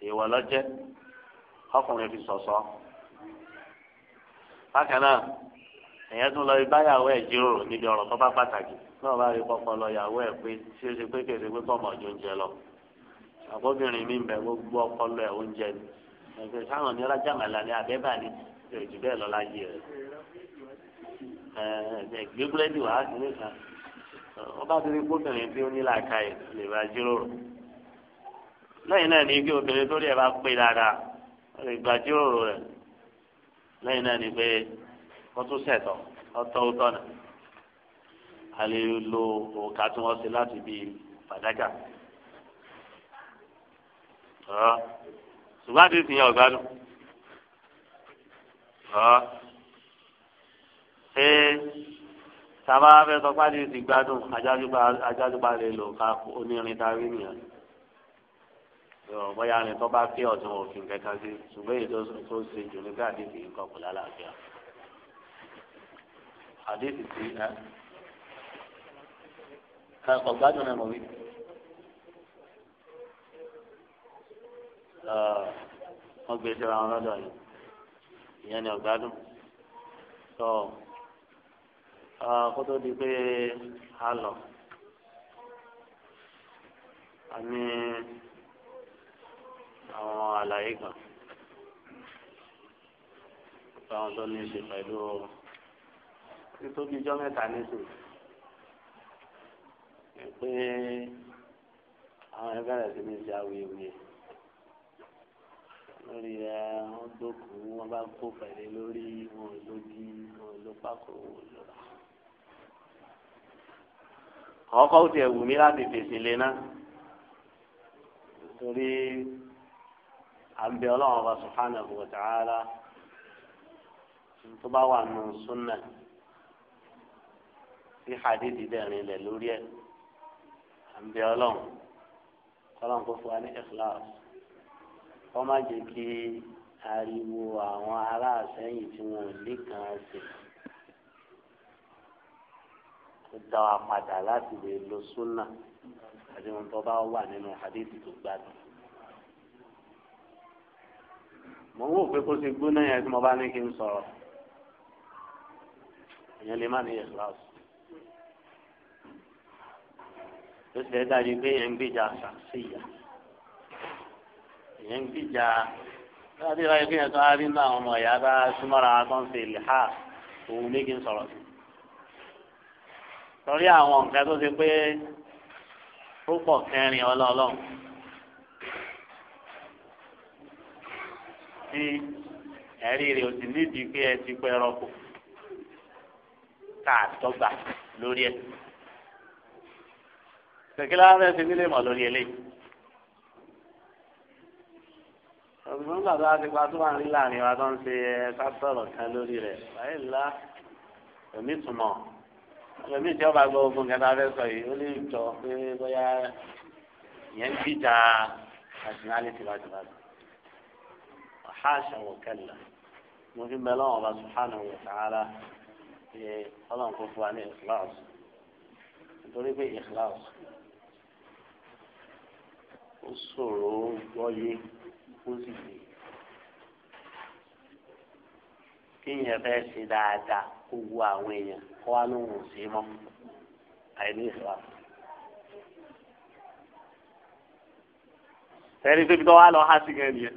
Speaker 1: ìwọ lọ́jẹ́ ọkùnrin fi sọ̀sọ́ bákan náà èyàn tún lọ jíròrò níbi tó bá pàtàkì náà bá rí lọ yàwó pé ṣe pé pé lọ. àbọ̀bìnrin mi ń bẹ gbogbo ọpọlọ ẹ̀ oúnjẹ ni ẹ̀fẹ̀ sáwọn ní ọlájàmàlà ni àbẹ́bà ni ìrètí bẹ́ẹ̀ lọ́la yìí rẹ̀ ẹ̀ gbé búrẹ́dì wàá sí nìkan ọba tó ní gbóbìnrin tí ó ní làákà yìí lè bá jíròrò lẹ́yìn náà ní kí obìnrin tó rí ẹ̀ bá pé dáadáa lè gba jíròrò rẹ̀ lẹ́yìn náà ní pé wọ́n tún ṣẹ̀tọ̀ ọtọ́ ó tọ́nà a lè lo òkà tí wọ́n ṣe láti bíi fàdákà ṣùgbọ́n àti ìsìn yẹn ọ̀gbádùn ṣé sábà fẹ́ sọ pé àti ìsìn gbádùn ajádùgbà lè lò ká onírin darí nìyẹn bóyá ni tó bá pé ọ̀tún òfin kankan sí ṣùgbọ́n èyí tó ṣe jù ní káàdì ìsìn nǹkan kò lálàáfíà àdéhùn ti ẹ ọ̀gbádùn náà mọ̀ wí. wọ́n gbé síra wọn lọ́dọ̀ yìí ìyẹn ni ọ̀gbádùn tó kó tó di pé a lọ a ní àwọn àlàyé kan táwọn tó ní í ṣe pẹ̀lú títóbi ijọ́ mẹ́ta nísìnyí pé àwọn ẹgbẹ́ rẹ̀ ti ní í ṣe awuyewuye lórí ẹ wọn dókòwò wọn bá kó pẹ̀lẹ́ lórí wọn ló bí wọn ló pákó wọn ló rà. àwọn kọ́ tiẹ̀ wù mí láti fèsì lé náà torí à ń bẹ ọlọ́run ọba subhanahu wa ta'ala tó bá wà nù súnà tí hadithi dẹ̀rin lẹ̀ lórí ẹ̀ à ń bẹ kò fún wa ní ikhlas wọ́n má jẹ́ kí ariwo àwọn ará àsẹ́yìn tí wọ́n ò lè kàn án sí kó dá wa padà láti lè lo súnà àti ohun tó bá wà nínú hadith tó gbádùn. mo ń wò pé kó ṣe gbóná yẹn tí mo bá ní kí n sọ̀rọ̀ èèyàn lè má ní ìkíláàsì ó sì ẹ́ dájú pé èèyàn ń gbèjà ṣàṣìyà ìyẹn ń gbìjà láti ìwáyé fi hàn tó á rí nínú àwọn ọmọ ìyá bá súnmọ́ra wọn tó ń ṣe lè ha òun ní kí n sọ̀rọ̀ sí. torí àwọn nǹkan tó ṣe pé ó pọ̀ kẹrin ọlọ́ọ̀lọ́hùn tí ẹ̀rí rẹ̀ ò sì nídìí pé ẹ ti pẹ́ rọ́pò káàtọ́gbà lórí ẹ̀. kẹ̀kẹ́ láwọn fẹ́ẹ́ nílé mọ̀ lórí eléyìí. ṣùgbọ́n nígbà tó a ti pa tó wà ní láàrin wa tó ń ṣe ká sọ̀rọ̀ kan lórí rẹ̀ báyìí ńlá èmi túmọ̀ èmi tí ọba gbọ́ ogun kẹta fẹ́ sọ yìí ó lè jọ pé bóyá ìyẹn ń gbìjà nationality bàtìbàtì ọ̀háṣà wọ̀ kẹlẹ̀ mo fi bẹ lọ́wọ́ ọba subhanahu wa ta'ala ṣe ọlọ́run kó fún wa ní ikhlas nítorí pé ikhlas ó ṣòro gbọ́yé ó sì lè kéèyàn fẹ́ ṣe dáadáa kó wo àwọn èèyàn kó wá lóhùn sí mọ́ àìní ìsọ̀rọ̀. sẹ́ni tóbi tó wá lọ há sí gan nìyẹn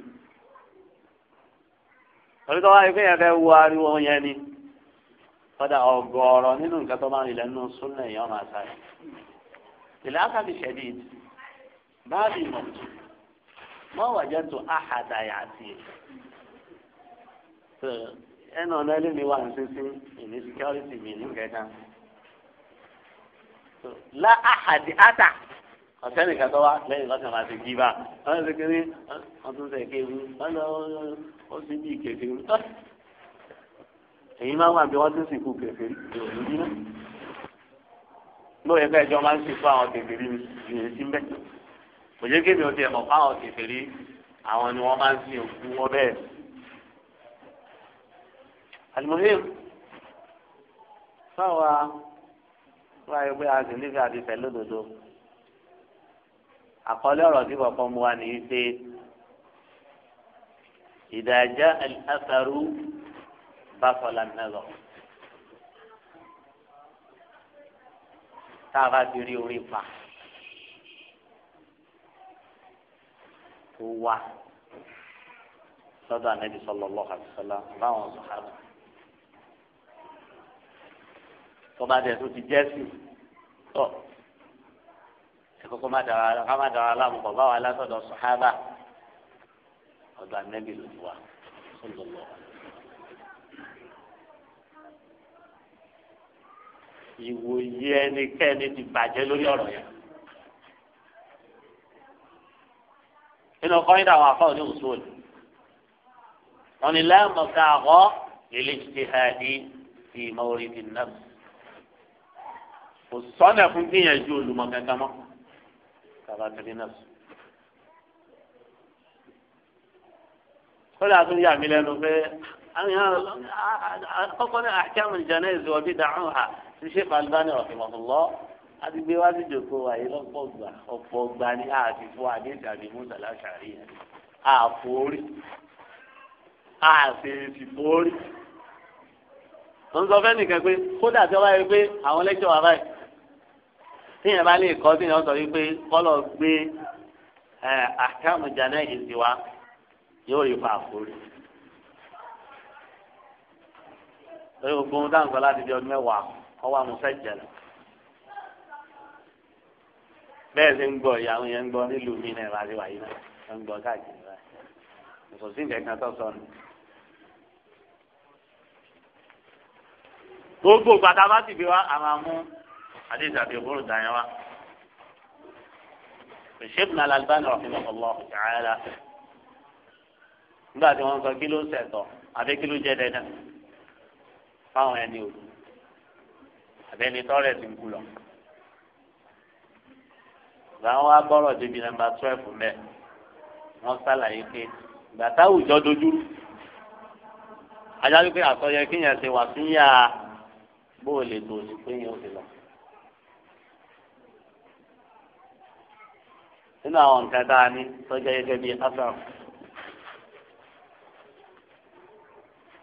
Speaker 1: torí tó wá yẹ kéèyàn fẹ́ wo ariwo yẹn ni kódà ọgọ́rọ̀ nínú nǹkan tó máa ń ilẹ̀ súnlẹ̀ yẹn ọ̀nà àṣà ìlà ákàbí ṣẹ̀dí báàbí mọ̀tò mọ́ wàjẹ́ tó àhàdà yà sí i ẹnu ọ̀nà ilé wà ní ìní security mi ní kẹta la àhàdì àtà ọ̀sẹ̀ nìkan tó wá lẹ́yìn lọ́sẹ̀ máa ti gíba wọ́n ti kiri wọ́n tún sẹ̀ kéwù wọ́n lọ ó sì bí ìkẹfẹ́ wù èyí máa wà bí wọ́n tún sìnkú kẹfẹ́ yóò ní bí náà lóye fẹ́ jọ máa ń sìnkú àwọn kẹfẹ́ rí mi yìí sí mbẹ́ kò jẹ́ kémi ọtí ẹ̀mọ̀ fáwọn kẹfẹ́rí àwọn ni wọ́n máa ń sin òkú wọn bẹ́ẹ̀. àlùmọ́hìm fáwa wọ́n ayé pé a sì nífẹ̀ẹ́ àti pẹ̀lú àkọlé ọ̀rọ̀ tí kọ̀ọ̀kan mu wa nìyí pé ìdájá àtàrú bá fọlá nàlọ. tá a bá ti rí orí pa. tó wá sọ́dọ̀ ànábì sallallahu alaihi wasallam báwọn sọ̀hábà tọ́ba dẹ̀ tó ti jẹ́ sí tọ́ ẹ̀kọ́kọ́ má dara ká má dara láàmúkọ̀ báwa látọ̀dọ̀ sọ̀hábà ọ̀dọ̀ ànábì ló ti wá sallallahu alaihi wasallam. ìwòye ẹnikẹ́ni ti bàjẹ́ lórí ọ̀rọ̀ yẹn. nínú kọ́ńdà àwọn afọ́ ní usul wọn ni láàmú káàkọ́ lil ijtihadi fi mawridi an-nafs kò sọ́nà fún gbìyànjú olùmọ̀ kankan mọ́ kàrà tẹ̀lé nafs. kọ́lá tún yà mí lẹ́nu pé kọ́kọ́ ní ahkamu al-janaiz wa bid'aha ṣe Sheikh Albani rahimahullah. adigbe wa ti jòkó wa yìí lọ́pọ̀ gbà ọ̀pọ̀ gbà ní àdìfo àdéhùn àdìmú sàlásàrí yẹn àforí àfẹ̀sìforí. mo ń sọ fẹ́ nìkan pé kódà tí wọ́n bá yẹ pé àwọn lẹ́kítọ̀ wà báyìí tíyẹn bá lè kọ́ tíyẹn sọ wípé kọ́lọ̀ gbé àkàmù jàǹdà ìdí wa yóò rí fa àforí. lórí gbogbo ohun táwọn sọ láti di ọdún mẹ́wàá ọwọ́ àmúfẹ́ jẹ̀lẹ̀ bẹ́ẹ̀ ṣe ń gbọ́ ìyá àwọn yẹn ń gbọ́ nílùú mi náà láti wáyé náà wọ́n ń gbọ́ káàkiri rẹ̀ kò sí nǹkan kan tó sọ ni. gbogbo gbàtà bá ti fi wá àwọn amú àdéhùn àti òkúrò dàní wa. Sheikh Al-Albani rahimahullah ta'ala nígbà tí wọ́n sọ kí ló ń sẹ̀tọ̀ àbí kí ló jẹ́ dandan fáwọn ẹni òdu àbẹ́ni tọ́rẹ̀ ti ń kú lọ àwọn agbọ́rọ̀ débi nàmbà twelve mẹ́ wọ́n sàlàyé pé gbàtà àwùjọ dojú ajá wípé àsọyẹ kéèyàn ṣe wà síyà bó o lè tò sí pé yẹn ò fi lọ. nínú àwọn nǹkan tá a ní sọjá gẹ́gẹ́ bíi hasan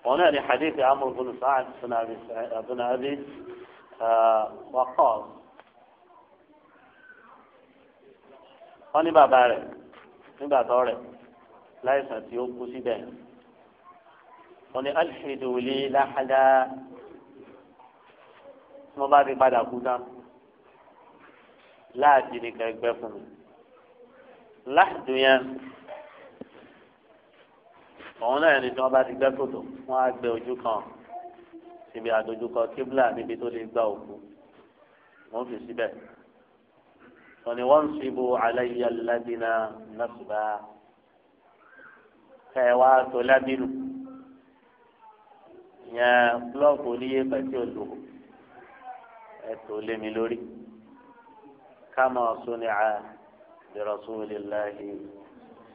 Speaker 1: wọn náà ní hadith amúlùfún sáà àti sinabi uh, waqas. wọ́n ní bàbá rẹ̀ nígbà tó rẹ̀ láìsàn tí ó kú síbẹ̀ wọ́n ní alìṣèdòwìlì láhàdá tí wọ́n bá fi padà kú tán láàdì nìkan ẹgbẹ́ fún mi láàdùn yẹn òun náà ni tí wọ́n bá ti gbẹ́ kòtò wọ́n á gbẹ́ ojú kan síbi àdójúkọ kíbla níbi tó lè gbá òkú wọ́n fi síbẹ̀ wọ́n ní wọ́n ń ṣubú aláyé aládìna násùbà kẹwà tó lábínú yẹn búlọ́ọ̀kù oníyé pẹ̀tí olùkọ́ ẹ̀tọ́ lémi e lórí kama suni'a bi rasulillahi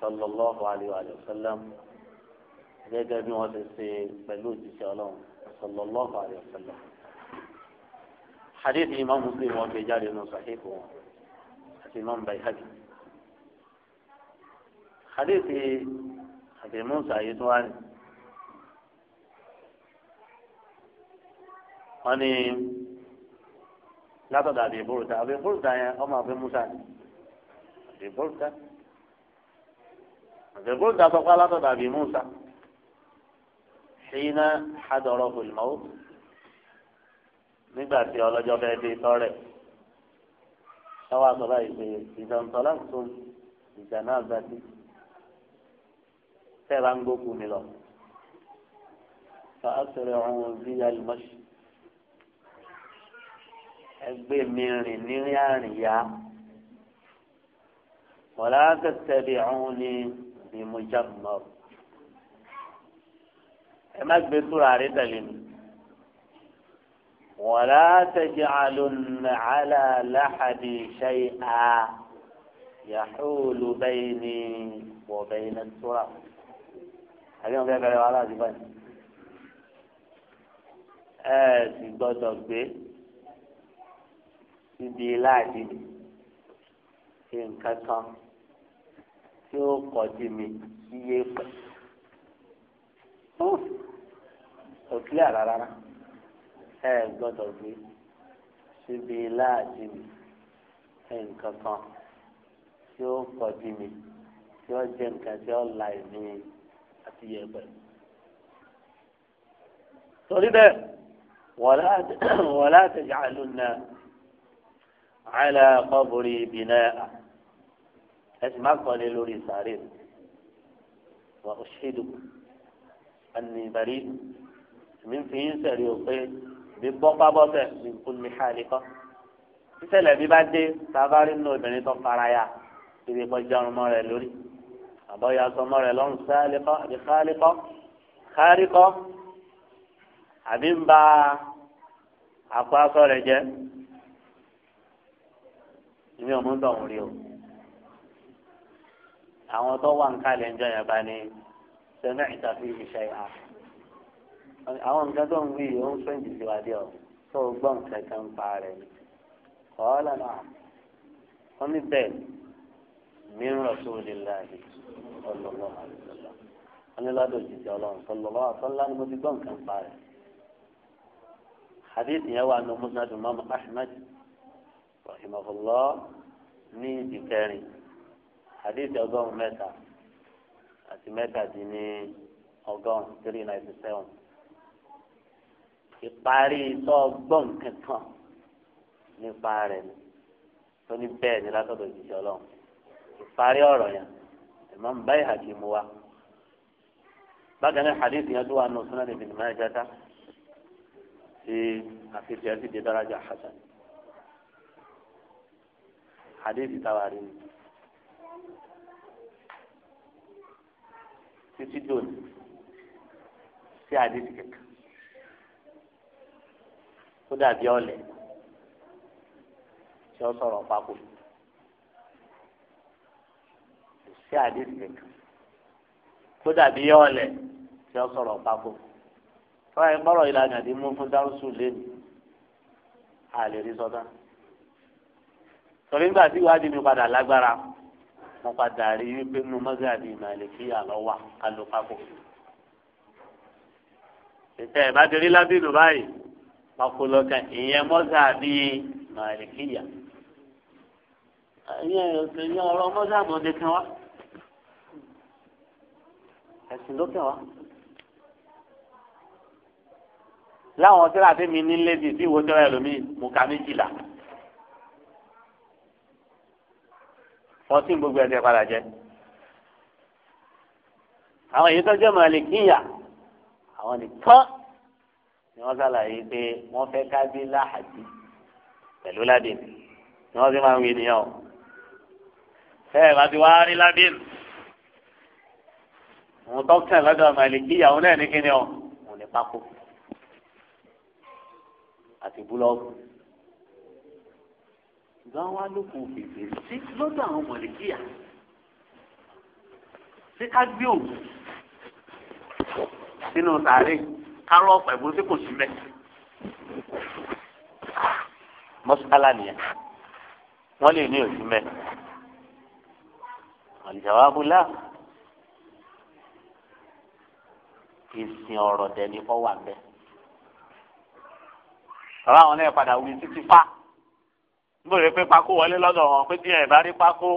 Speaker 1: sallallahu alayhi wa sallam gẹ́gẹ́ bí wọ́n ti ṣe pẹ̀lú òjíṣẹ́ ọlọ́run sallallahu alayhi wa sallam hadith imam muslim wọn fi jáde nù sàhíkù wọn àti imam bayhadi hadithi àti musa yìí tún wá ní. wọ́n ní látọ̀dọ̀ àbí burúta àbí burúta yẹn ọmọ àbí musa ni àbí burúta àbí burúta sọ pé látọ̀dọ̀ àbí musa ṣìnà hadọ̀rọ̀ fòlùmọ́wò nígbà tí ọlọ́jọ́ bẹ́ẹ̀ dé tọ́rẹ̀ káwá sọ báyìí pé ìdọ̀ntọ́lá tó ìjà náà gba sí tẹ́ ẹ bá ń gbókù mi lọ. fàásùrẹ̀ ọ̀hún bí alimọ́ṣì ẹgbẹ́ mi rìn ní àríyá wọ́lá tẹ̀sẹ̀bí ọ̀hún ní ìmújàmọ́ ẹ má gbé túra rí tẹ̀lé mi. ولا تجعلن على لحدي شيئا يحول بيني وبين التراب اليوم بيقى لي وعلا جبان ẹẹsì gbọ́dọ̀ gbé síbi láàdì ṣe nǹkan kan tí ó kọ di mi sí yé pẹ ó kí àrà rárá ẹ gbọ́dọ̀ gbé síbi láàjì mi nǹkan kan tí ó kọjú mi tí ó jẹ nǹkan tí ó la ìlú àti yẹ̀pẹ̀. torí bẹ́ẹ̀ (coughs) wala taj'alunna ala qabri bina'a ẹ sì má kọ́lé lórí sàárè wa ushidu anni bari mi fi ń sẹ̀rí o bí bọ́pá bọ́sẹ̀ bí nkúlmi xaali kọ́ sísẹ̀lẹ̀ bí bá dé sábàárì nínú obìnrin tó fara ya ibi kọ́ jẹun mọ́ rẹ̀ lórí àbọ̀yà sọ mọ́ rẹ̀ lọ́rùn sáálí kọ́ àbí xaali kọ́ xaali kọ́ àbí ń ba àpò aṣọ rẹ̀ jẹ́ ìmí ọmọ ń dọ̀hún rí o àwọn tó wà ń kálẹ̀ ń jọyàn bá ní sẹ́mi ìtàfi ìṣe àá àwọn nǹkan tó ń wí yìí ó ń sọ̀yìn sí wa dé ọ tó o gbọ́ nǹkan kan pa rẹ̀ kọ́ọ́lá náà wọ́n ní bẹ́ẹ̀ mi ń rọ̀ sóòlì láàyè ọlọ́lọ́ àlùfọ́lá wọ́n ní lọ́dọ̀ jìjì ọlọ́run sọlọ́lọ́ àtọ́lá ni mo ti gbọ́ nǹkan pa rẹ̀ hadith yẹn wà ní musnad imam ahmed rahimahullah ní ìdí kẹrin hadith ọgọ́rùn-ún mẹ́ta àti mẹ́ta dín ní ọgọ́rùn three ninety seven ìparí tó gbọ́n kankan nípa rẹ̀ ni tó ní bẹ́ẹ̀ ni látọ̀dọ̀ ìṣiṣẹ́ ọlọ́run ìparí ọ̀rọ̀ yẹn ìmọ̀ ń báyìí àti mu wa bákan náà hadith yẹn tó wà nù sunan ibn Majah tá ṣe àfihàn ẹ̀sìn dé daraja hasan hadith táwa rí ni títí dòní sí hadith kankan tó dàbí ọ̀lẹ̀ tí ó sọ̀rọ̀ papò kò sí àdéhùn kankan tó dàbí ọ̀lẹ̀ tí ó sọ̀rọ̀ papò tọ́wọ́ ẹ̀ gbọ́rọ̀ ìlànà àti mú fún dárúsù lẹ́nu àlè rí sọ́dá torí nígbà tí ìwádìí mi padà lágbára mo padà rí wípé mo mọ́gàdì ìmàlẹ́kíyà lọ́wọ́ alùpàpọ̀ ìtẹ̀ ìbádìrí lábìlú báyìí ọ̀pọ̀lọpọ̀ ìyẹn mọ́sá bíi màlìkíyà ìyẹn ìyẹn ọ̀rọ̀ mọ́sá mọ́dé kan wá ẹ̀sìn ló kẹ́ wá. láwọn tíra tí mi nílé bíi tí ìwé tíra ẹlòmíì mo ka méjìlá fọtí gbogbo ẹsẹ padà jẹ àwọn èyí tó jẹ màlìkíyà àwọn nìkan ni wọ́n ṣàlàyé pé wọ́n fẹ́ ká bí láhàjì pẹ̀lú ládìn ni wọ́n ti máa ń wí nìyẹn o ẹ ẹ máa ti wá rí ládìn òun dókítà lọ́dọ̀ màlìkí ìyàwó náà ní kíni o òun ní pákó àti búlọ́ọ̀kù gan wa ló kù fèfè sí lọ́dọ̀ àwọn mọ̀lẹ́kíyà ṣé ká gbé òkú sínú sàárè kárọ̀ pẹ̀lú tí kò sí mẹ́. mọ́sálà nìyẹn wọ́n lè ní òsì mẹ́. àlùjáwábù lá ìsìn ọ̀rọ̀ dẹni kọ́ wà bẹ́ẹ̀. ọ̀rọ̀ àwọn náà padà wí títí fá níbòrè pé pákó wọlé lọ́dọ̀ wọn pé tí ẹ̀ bá rí pákó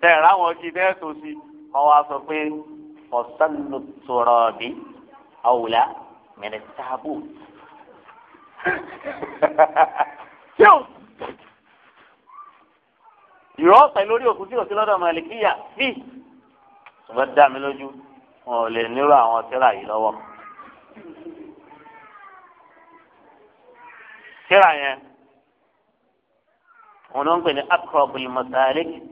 Speaker 1: tẹ̀ ráwọn kí bẹ́ẹ̀ tó sí wọ́n wá pé ọ̀sán ló tọrọ bí. أولى من التابوت (laughs) شوف يروح تلوري وكذي وكذا ده مالكية في بدأ ملوجو أو لنيرة أو سيرة إلى وام سيرة يعني ونقول إن أقرب المسالك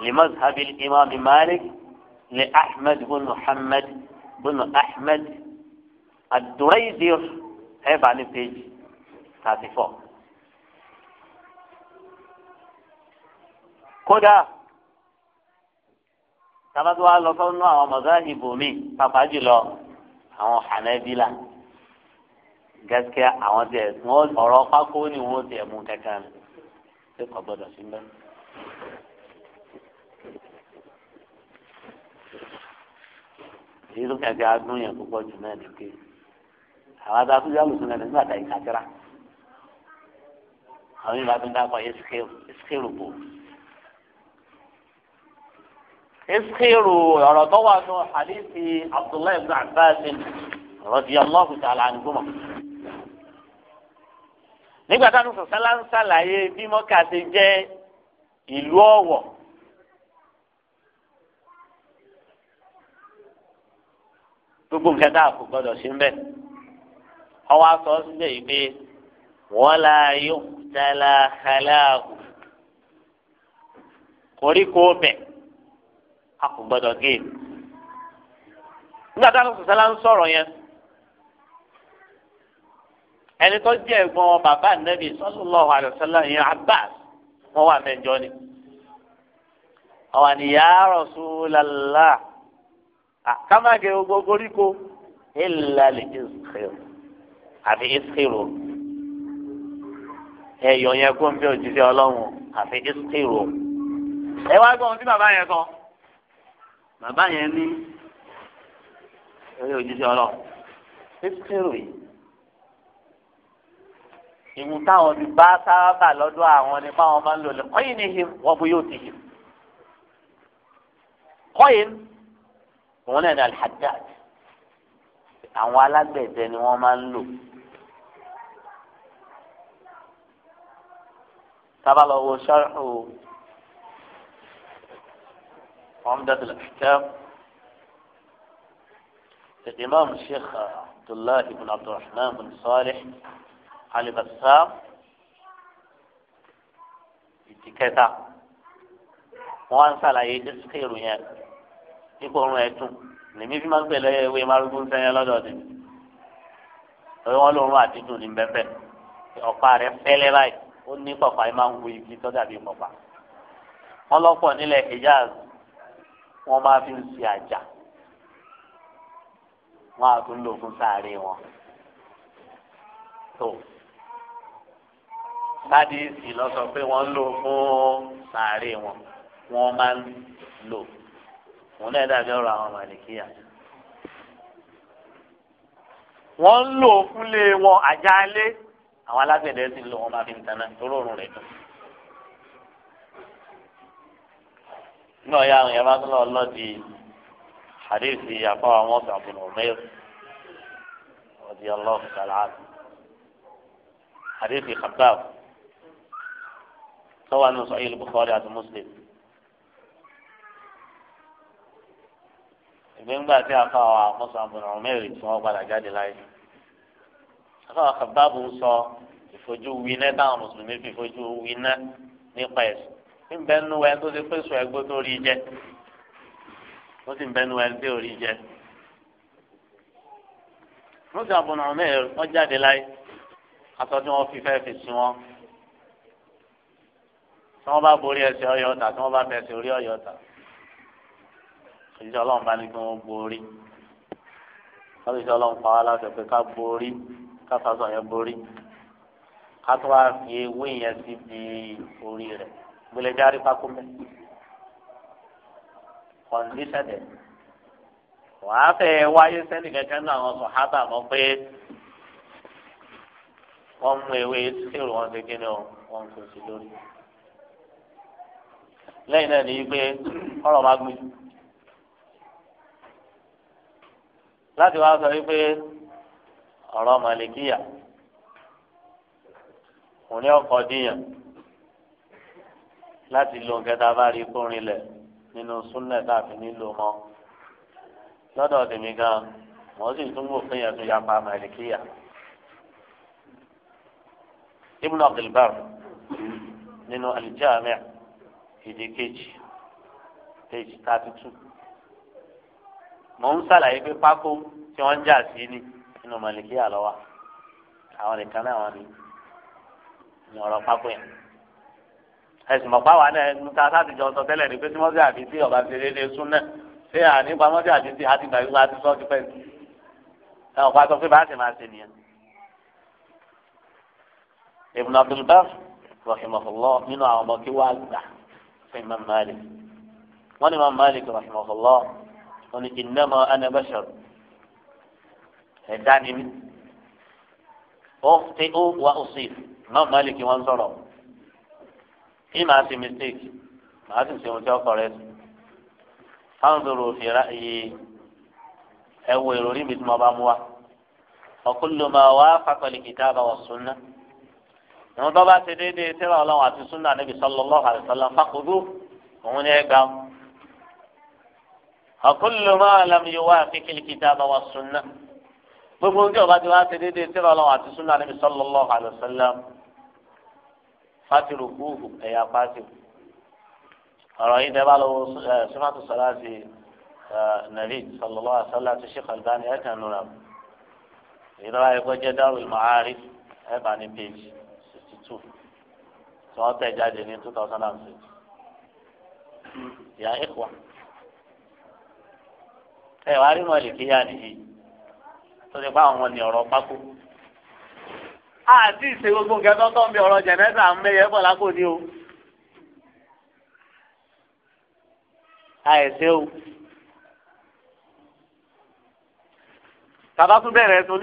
Speaker 1: لمذهب الإمام مالك لأحمد بن محمد bùnú ahmed adúrẹ́yìdìr ẹ̀fà ní péjì thirty four. kódà tabatu wa lọ sọnù àwọn mọ̀sáhìbò mi pàpà jùlọ àwọn hànẹ́bílà gẹ́gẹ́ àwọn tiẹ̀ wọ́n ọ̀rọ̀ pákó ni wọ́n tiẹ̀ mú kankan ṣé kò gbọ́dọ̀ sí mbẹ́. èyí tó kẹ̀kẹ́ adún yẹn púpọ̀ jù náà ní pé àwọn adájú yà lùsùn lẹ́nu nígbà tá ìkàtìrà àwọn ìlú abẹ́ńdá kọ ìskéèrù bò ìskéèrù ọ̀rọ̀ tó wà nù hadithi abdullahi ibn abbas radiyallahu ta'ala anhuma nígbà táwọn sọ̀sálà ń sàlàyé bí mọ́kà ti jẹ́ ìlú ọ̀wọ̀. gbogbo nǹkan tá a kò gbọdọ̀ sí mbẹ́ ọwọ́ aṣọ síbẹ̀ yìí pé wọ́n la yóò tẹ́lá kálíàkù koríko bẹ̀ a kò gbọdọ̀ gé e nígbà tá a sọ̀rọ̀ sẹ́lá ń sọ̀rọ̀ yẹn ẹni tó jẹ́ ẹ̀gbọ́n bàbá nẹ́bí sallallahu alaihi wasallam yẹn Abbas wọ́n wà mẹ́jọ ni àwọn àníyá Rasulullah àkàmàgé gbogbo koríko ìlàlẹ ìsìkìrò àfi ìsìkìrò ẹyọ yẹn kó ń bí òjijì Ọlọ́run àfi ìsìkìrò ẹ wá gbọ́n tí bàbá yẹn sọ bàbá yẹn ní ẹyọ òjijì Ọlọ́run ìsìkìrò yìí ìwù táwọn ti bá sábà lọ́dọ̀ àwọn ni báwọn máa ń lò lè kọ́yìn ní him wọ́n bu yóò ti him kọ́yìn. wọn náà ní alhadad àwọn alágbẹ̀dẹ ni wọ́n máa ń lò. lọ wo wọn sharhu umdatul ahkam الإمام الشيخ عبد الله بن عبد ibn بن صالح علي بسام ìdíkẹta wọn ń ṣàlàyé ìròyìn ẹ. ipò ọrùn ẹ̀dùn lèmi fi máa ń pè lọ́yẹ ewé márùngún sẹ́yìn lọ́dọ̀ tèmi lórí wọn lòun àdídùn ní bẹ́ẹ̀ ọ̀pá rẹ̀ fẹ́lẹ́ báyìí ó ní pọ̀pá yìí máa ń wo igi tó dàbí pọ̀pá wọn lọ́pọ̀ nílẹ̀ Hijaz wọn máa fi ń ṣe àjà wọn á tún lò fún sáré wọn tó sádìsì lọ sọ pé wọ́n lò fún sáré wọn wọ́n máa ń lò òun náà dàbí ọ̀rọ̀ àwọn màlìkíyà wọ́n ń lò fúnlé wọn àjálé àwọn alágbẹ̀dẹ sì ń lò wọn máa fi ń tanná torí òórùn rẹ̀ dùn. náà yà àwọn yàrá tó lọ lọ di hadithi àpá àwọn ọ̀sán àbùnú ọ̀mẹ́rù ọ̀dí ọlọ́ọ̀fù sàlàáfù hadithi khabab sọ́wọ́n ní sọ́yìn Bukhari àti Muslim. ìgbéǹgbà tí afa wa mọ́sán abúlé ọ̀mẹ́rì tí wọ́n padà jáde láyé afa wa kàbáàbù ń sọ ìfojú winá táwọn mùsùlùmí fi fojú winá nípa ẹ̀sùn ní bẹ́ẹ̀ nu ẹ tó ti pèsè ẹgbẹ́ tó rí jẹ ó sì ń bẹ́ẹ̀ nu ẹ tó rí jẹ mọ́sán abúlé ọ̀mẹ́rì wọ́n jáde láyé aṣọ tí wọ́n fi fẹ́ fi sin wọn tí wọ́n bá borí ẹsẹ̀ ọyọ̀ tí wọ́n bá fẹsẹ̀ orí ọyọ̀ ìjọ ọlọ́run bá ní kí wọ́n borí wọ́n ìjọ ọlọ́run pa wá láti pé ká borí ká fasọ yẹn borí ká tó wá fi ewé yẹn sí bí orí rẹ̀ gbẹlẹ́jà rí pákó mẹ́ kọ́ndíṣẹ̀dẹ̀ wàá fẹ́ wáyé sẹ́ni kẹ́kẹ́ náà àwọn sọ̀hábà mọ̀ pé wọ́n mú ewé sírò wọn ṣe kíni o wọ́n ń sí lórí lẹ́yìn náà ní pé ọ̀rọ̀ máa gbé jù. láti wá sọ wípé ọ̀rọ̀ màlìkíyà kò ní ọkọ̀ díyàn láti lo nǹkan tá a bá rí kórin lẹ̀ nínú súnlẹ̀ tá a fi nílò mọ́ lọ́dọ̀ tèmi gan wọ́n sì tún wò fún yẹn tó yapa màlìkíyà Ibn Abdul nínú al ìdí kejì page thirty two mò ń sàlàyé pé pákó tí wọ́n ń jà sí ni nínú mọ̀lẹ́kíyà lọ́wọ́ àwọn nìkan náà wọ́n ní ní ọ̀rọ̀ pákó yẹn ẹ̀sìn mọ̀pá wa náà ẹnu ta sátìjọ sọ tẹ́lẹ̀ ní pé tí wọ́n sì àbí tí ọ̀bá fi léde sún náà ṣé ànípamọ́ sí àbí tí a ti gbà ti sọ́ ti pẹ́ sí ẹ̀ ọ̀pá sọ pé bá a sì máa ṣe nìyẹn. Ibn Abdul Barr rahimahullah nínú àwọn ọmọ kí wàá gbà fún Imam Malik wọ́n ní Imam Malik rahimahullah wọn ni innama ana bashar ẹ̀dá ni mí ọ̀fẹ́ ó wa ọ̀sìn náà Málìkì wọn sọ̀rọ̀ kí màá ti mistake màá sì ṣe ohun tí ọkọ rẹ sùn fanzuru fi ra'yi ẹ wo ìròrí mi tí mo bá mú wa wa kullu ma wafaqa al-kitaba was-sunnah ìwọ̀n tó bá ti déédéé tẹ́lẹ̀ ọlọ́run àti sunna níbi sallallahu alaihi wasallam fàkùdù òun ni ẹ gbà ó ọkùnrin ló máa lam yìí wá fi kìlìkìtà bá wa sunna gbogbo ní ọba tí wọn ti dédé tẹrọ Ọlọ́run àti sunna níbi sallallahu alaihi wasallam fátìrù kúùkù ẹyà fátìrù ọ̀rọ̀ yìí dẹbà lọ sọfàtù sọláàtì nàbí sallallahu alaihi wasallam ti Sheikh Albani ẹkẹ nura ìdọ́ra ẹ̀kọ́ jẹ́ Darul Ma'arif ẹ̀bà ní page sixty two tí wọ́n tẹ̀ jáde ní two thousand and six yà ẹ̀kọ́. ẹ wàá rí mọ̀lì ya nìyí tó ti pa àwọn ní ọ̀rọ̀ pákó. àti ìṣe gbogbo nǹkan tó tọ́ ń bí ọ̀rọ̀ jẹ̀nẹ́sà ń o. àìsè o. bẹ̀rẹ̀ tó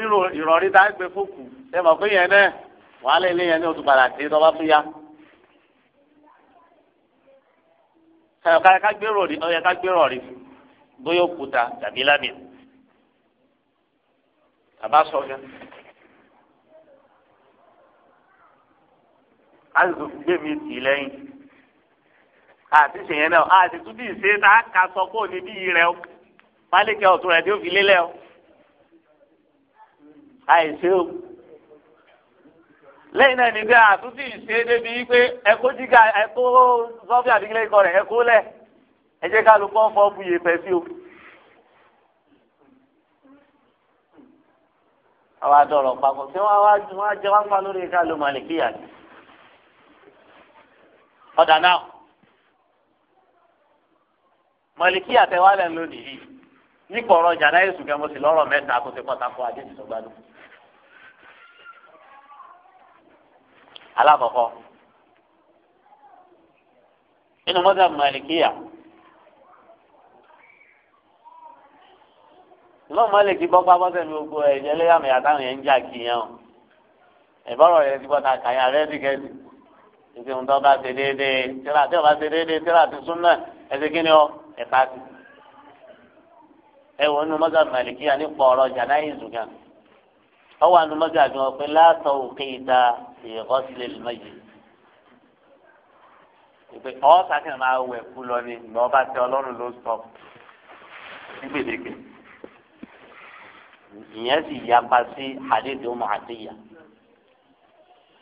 Speaker 1: ìrọ̀rí tá a gbé fókù ẹ mọ̀ pé yẹn náà wàá ilé yẹn ní oṣù padà ọ bóyá òkúta tàbí lábẹ́ tàbá sọ̀gá. azò gbèmí tì lẹ́yìn àti sèyẹn náà àti tún bí ìṣe tá a kà sọ pé òní bí rẹ o pálíkẹ ọ̀tún rẹ tí ó fi lélẹ̀ o àìṣe o lẹ́yìn náà nígbà àtúntì ìṣe débi wípé ẹ̀kọ́ jíga ẹ̀kọ́ zọ́bì àdìgẹ́lẹ́ ikọ̀ rẹ̀ ẹ̀kọ́ lẹ̀ ẹ jẹ́ ká ló kọ́ fọ́ bu iye pẹ́ sí o. àwa dọ̀rọ̀ papọ̀ kí wọ́n wá jẹ́ wá pa lórí ká ló màlìkíyà ni. ọ̀dà náà màlìkíyà tẹ wá lẹ̀ lónìí yìí nípa ọ̀rọ̀ ìjà náà èsù kẹ́mọ́sì lọ́rọ̀ mẹ́ta tó ti pàtàkó àdéhùn tó alákọ̀ọ́kọ́ inú mọ́tà màlìkíyà. ìmọ̀ mọ́lẹ̀ ti bọ́pá bọ́sẹ̀ ní gbogbo ẹ̀jẹ̀ lẹ́yàmẹ̀yà táwọn yẹn ń jà kí yẹn o ìbọ̀rọ̀ yẹn ti bọ́ta kàyà rẹ̀ ti kẹ́ni ìṣe ń tọ́ba ṣe déédéé tíra tí ọba ṣe déédéé tíra ti súnmọ́ ẹsẹ̀ kí ni ọ ẹ̀ka ti. ẹ wo nu mọ́gà màlìkí àní pọ̀ọ̀rọ̀ jàdá ìzù kan ọ wà nu mọ́gà gan pé látọ̀ òkè ìta ìrọ́ lè mọ́yì. ìpè ọ́ sákẹ́ máa wẹ̀ kú lọ ni ìgbà ọba tẹ ọlọ́run ló sọ ní gbèdéke ìyẹn sì yapa sí hadith ọmọ àtìyà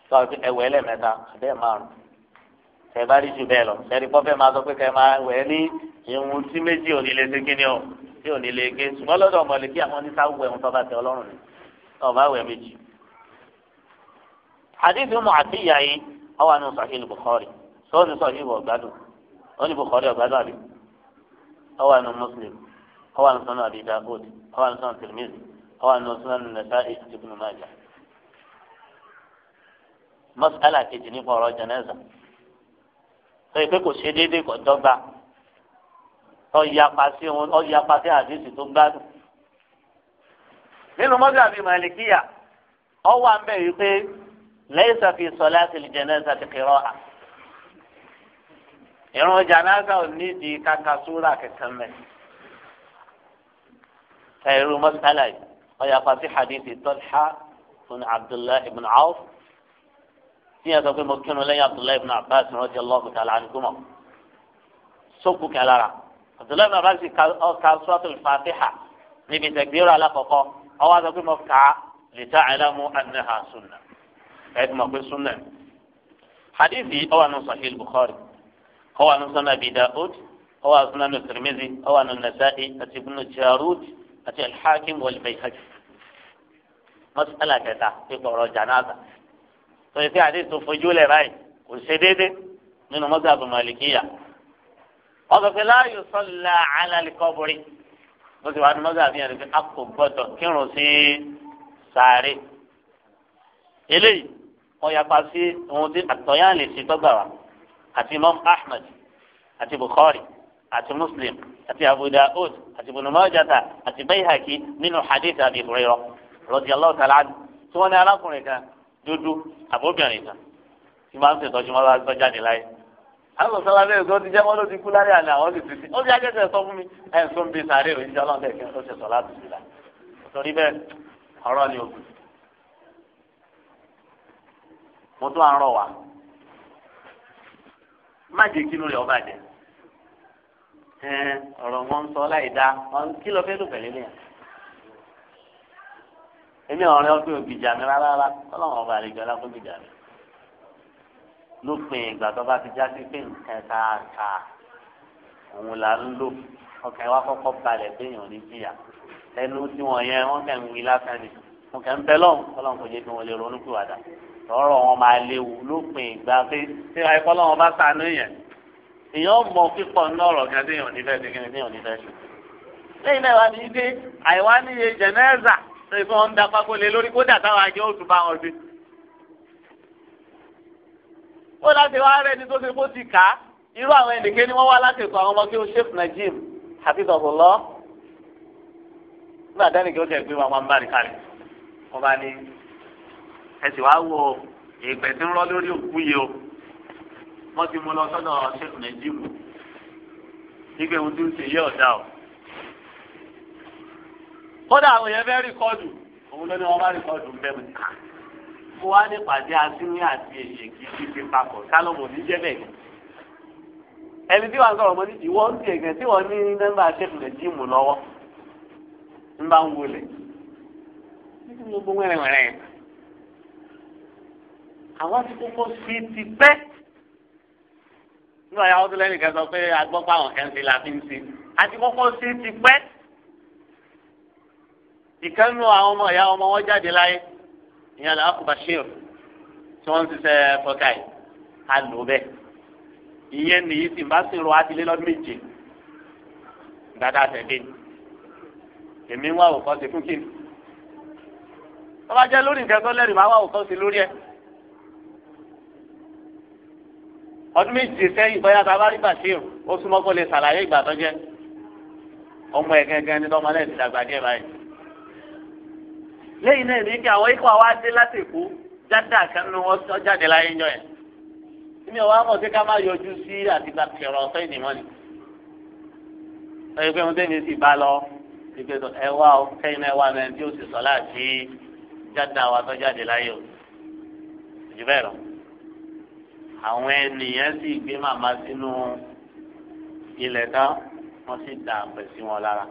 Speaker 1: tó ẹwẹ lẹ́mẹ̀ta bẹ́ẹ̀ márùn tẹ bá rí jù bẹ́ẹ̀ lọ ẹni pọfẹ máa sọ pé kẹ máa wẹ ní ìwọn tí méjì ò ní lè ṣe kí ni ọ tí ò ní lè gé ṣùgbọ́n lọ́dọ̀ ọmọ lè kí àwọn oníṣà wẹ ohun tó bá tẹ ọlọ́run ni ọba wẹ méjì. hadith ọmọ àtìyà yìí ọwọ́ àánú sahih bukhari sọ́ọ́ ní sahih ọ̀gbádùn ó ní bukhari ọ̀gbádùn àbí ọwọ́ àánú muslim ọwọ́ àánú sọ́nà àbí dàgọ́d ọwọ́ àánú sọ́nà tìrìmìzì أو أن سنن النسائي ابن ماجه مسألة كجني فورا جنازة tọ́yì pé kò ṣe déédéé kò dọ́gba tọ́yì apasí wọn ọ̀yì apasí àdéhùn tó gbádùn. nínú mọ́tò àbí màlìkíyà ọwọ́ à ń bẹ̀ wípé lẹ́yìn sàfi sọláàtì jẹnẹ́sà ti kẹrọ à. ìrun jànáza ò ní di kàkà súrà kẹkẹ mẹ́. ẹ̀rù mọ́tò àlàyé ọ̀yàfà sí hadithi Talha fún Abdullahi ibn Awf tíyẹn sọ pé mo kírun lẹ́yìn Abdullahi ibn Abbas radiyallahu ta'ala anhuma sókù kẹlára Abdullahi ibn Abbas ka suratul Fatiha níbi tẹ̀gbẹ́rọ alákọ̀ọ́kọ́ ọwọ́ àti pé mo kà á li ta'lamu annaha sunna ẹ̀ẹ́dì mọ̀ pé sunna hadithi ọwọ́ àánú Sahih Bukhari ọwọ́ àánú Sunan Abi Dawud ọwọ́ àánú Sunan Tirmidhi ọwọ́ àánú Nasa'i àti Ibn Jarud àti Al-Hakim mọ́sálà kẹta pípa ọ̀rọ̀ jànáza tóyẹ tí àdé tó fojú lẹ̀ báyìí kò ṣe déédé nínú mọ́sálà màlìkíyà ọ̀sọ̀fẹ́ láàyò sọ́lá alálìkọ́bùrì bó ti wà ní mọ́sálà fihàn pé a kò gbọ́dọ̀ kírun sí sàárè eléyìí wọ́n yapa sí ohun tí àtọ̀yàn lè ṣe tọ́gbà wa àti Imam Ahmad àti Bukhari àti Muslim àti Abu Dawud àti Ibn àti Bayhaqi nínú hadith Abi Hurairah radiyallahu ta'ala anhu tí wọ́n ní arákùnrin kan dúdú àbóbìnrin kan tí máa ń ṣètọ́jú wọn lọ jáde láyé àwọn sọlá bẹ́ẹ̀ tó ti jẹ́ wọn ló ti kú lárí àná àwọn sì ti ti ó ti ajẹ́sẹ̀ sọ fún mi ẹ̀ ń sún bíi sàárè òyìnbí ọlọ́run bẹ́ẹ̀ kí n tó ṣe sọ láti sílá torí bẹ́ẹ̀ ọ̀rọ̀ ni òkú. mo tún à ń rọ̀ wá má jẹ́ kí inú rẹ̀ ọba jẹ́ ọ̀rọ̀ wọn sọ láì dá kí lọ fẹ́ lò pẹ̀lú nìyẹn èmi ọ̀rẹ́ ọdún òbí jà mí rárá rárá ọlọ́run ọba àlejò alákòóbí jà mí lópin ìgbà tó bá ti já sí pé nǹkan tá a kà òun là ń lò ọkàn wa kọ́kọ́ balẹ̀ pé èèyàn ní jìyà ẹnu tí wọ́n yẹn wọ́n kàn ń wí lásán ni mo kàn ń bẹ lọ́hùn ọlọ́run kò jẹ́ kí wọ́n lè ronú pìwàdà tọ́rọ̀ wọn máa léwu lópin ìgbà pé tí àìkọ́ lọ́wọ́ bá sànú yẹn èèyàn mọ pípọ̀ ní ọ̀rọ̀ kan tí èèyàn nífẹ̀ẹ́ sí kí ni tí èèyàn nífẹ̀ẹ́ sí lẹ́yìn náà wá ní ilé àìwá níye jẹ̀nẹ́ẹ̀zà sọ ìfọ wọn ń da pákó lé lórí kódà táwọn àjọ òtún bá wọn gbé ó láti wá rẹ ní tó ṣe kó ti kà á irú àwọn ẹnìké ni wọn wá láti kọ àwọn ọmọ kí o ṣèfù Najim hafizahullah nígbà dání kí o jẹ pé wọn máa ń bá ní kalẹ̀ wọn bá ní ẹ sì wá wo ìpè tí ń rọ lórí òkú yìí o wọn ti mú lọ sọ́dọ̀ ṣèfù Najim nígbà ohun tí ń ṣe yé ọ̀dà o kódà àwọn èèyàn fẹ́ rìkọ́dù òun ló ní wọn bá rìkọ́dù bẹ́ẹ̀ mi. mo wá ní pàdé asínú àti èyí kì í fi papọ̀ kálọ̀mù ní jẹ́ bẹ́ẹ̀ ẹni tí wàá sọ̀rọ̀ mọ́ ní ìwọ ń tiẹ̀ gẹ̀ tí wọ́n ní nọ́mbà sẹ́kùlẹ̀ jíìmù lọ́wọ́ ń bá ń wọlé gbogbo wẹ́rẹ́wẹ́rẹ́ yẹn
Speaker 3: àwọn ti kókó sí ti pẹ́
Speaker 1: nígbà yà wọ́n tún lẹ́nu kẹsàn pé agbọ́pọ̀ àwọn kẹ́ńtì la fi ń sin àti kókó sí ti pẹ́ ìkànnù àwọn ọmọ ìyá ọmọ wọn jáde láyé ìyẹn là ákùbà ṣéèrò tí wọ́n ń ṣiṣẹ́ fọ́kà yìí á lò bẹ́ẹ̀ ìyẹn nìyí sì bá sì rọ adilé lọ́dún méje dáadáa tẹ̀lé ni èmi ń wá òkọ́ sí fún kíni tọ́ba jẹ́ lórí nǹkan tó lẹ́rìí máa wá òkọ́ sí lórí ẹ̀ ọdún méje sẹ́yìn bóyá tá a bá rí bàṣírù ó súnmọ́ kó lè ṣàlàyé ìgbà tó jẹ́ ọmọ ẹ̀ gẹ́gẹ́ ní tọ́mọ lẹ́sìn dàgbà díẹ̀ báyìí lẹ́yìn náà ní kí àwọn ikọ̀ wa dé láti èkó jáde àkànnú wọn jáde láyé ń jọ yẹn mi ò wá mọ̀ sí ká má yọjú sí àtìgbà kẹrọ ọ̀fẹ́ ìnìmọ́ ni ẹ̀yìn pé mo tẹ́ mi sì bá lọ ìgbé tó ẹ wá o kẹ́yìn náà wá mẹ́rin tí ó sì sọ láti jáde àwa tó jáde láyé o jù bẹ́ẹ̀ lọ àwọn ènìyàn sì gbé màmá sínú ilẹ̀ tán wọ́n sì dà pẹ̀ sí wọn lára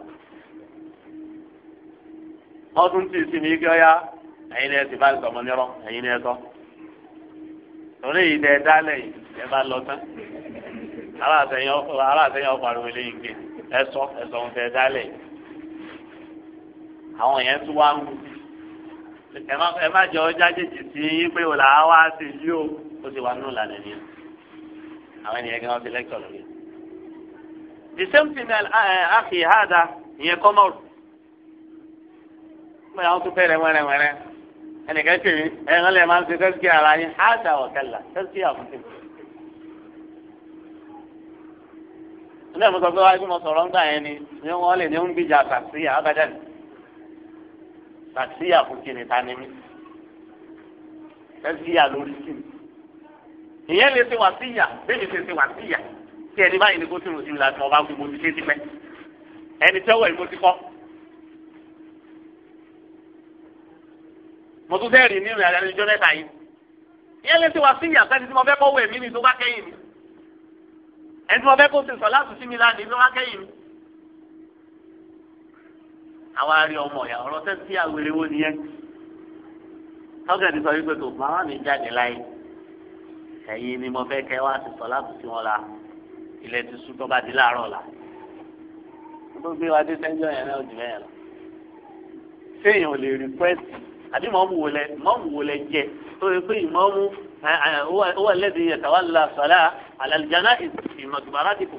Speaker 1: ọdún tí ìsinmi igi ọya ẹ̀yin ẹ̀ ti bá sọmọ nírọ̀ ẹ̀yin ẹ̀ sọ. torí ìdẹ dálẹ̀ yìí ẹ bá lọ tán aláàtẹ̀yìn ọkọ̀ àrùn eléyìí gbé ẹ sọ ẹ sọ ń tẹ dálẹ̀ yìí àwọn yẹn tún wá ń wù ẹ má jẹ ọjà jèjì sí yín pé òlà á wá sí yí o ó sì wà nínú ìlànà yẹn àwọn ènìyàn gan ti lẹ́kítọ̀ lórí. the same thing ẹ eh, ẹ eh, àkè ìhàdà ìyẹn kọ́mọ̀rù mo yà wọn tún bẹ̀rẹ̀ wẹrẹwẹrẹ ẹnìkan ṣe mí ẹnìkan lè máa ń ṣe tẹsíkì ara yín áàdà ọ̀kẹ́là tẹsíkì àbùtì. ilé ìmọ̀ sọ pé wáyé bí mo sọ̀rọ̀ ńgbà yẹn ni ni wọ́n lè ní ń gbìjà tàṣíyà ábàjá ni tàṣíyà fún kìnìún ta ni mí tàṣíyà lórí sí mi ìyẹn lè ṣe wà síyà bẹ́ẹ̀ ṣe ṣe wà síyà tí ẹni báyìí ni kó tún lò sí mi láti ọba mo tún fẹ́ rí nínú ìrìn àjò mẹ́ta yìí ìyẹn lè ti wá sí ìyàtọ̀ ẹni tí mo fẹ́ kọ́ wẹ̀ mí ni tó bá kẹ́yìn mi ẹni tí mo fẹ́ kó ti sọ láti sí mi lánìí tó bá kẹ́yìn mi. àwa rí ọmọ ìyá ọ̀rọ̀ tẹ́ sí àwèrè wo nìyẹn tọ́gẹ̀dì sọ wípé kò bá mi jáde láyé ẹ̀yin ni mo fẹ́ kẹ́ wá ti sọ láti sí wọn la ilẹ̀ ti sùn tó bá di láàárọ̀ la gbogbo ìwádìí sẹ́jọ́ yẹn náà jù àbí mọ̀ọ́mù wò lẹ mọ̀ọ́mù wò lẹ jẹ tó yẹ pé ìmọ̀ọ́mù ó wà lẹ́sìn yẹn tàwa la sọ̀lá àlàlìjáná ìmọ̀tìmọ̀lá ti kù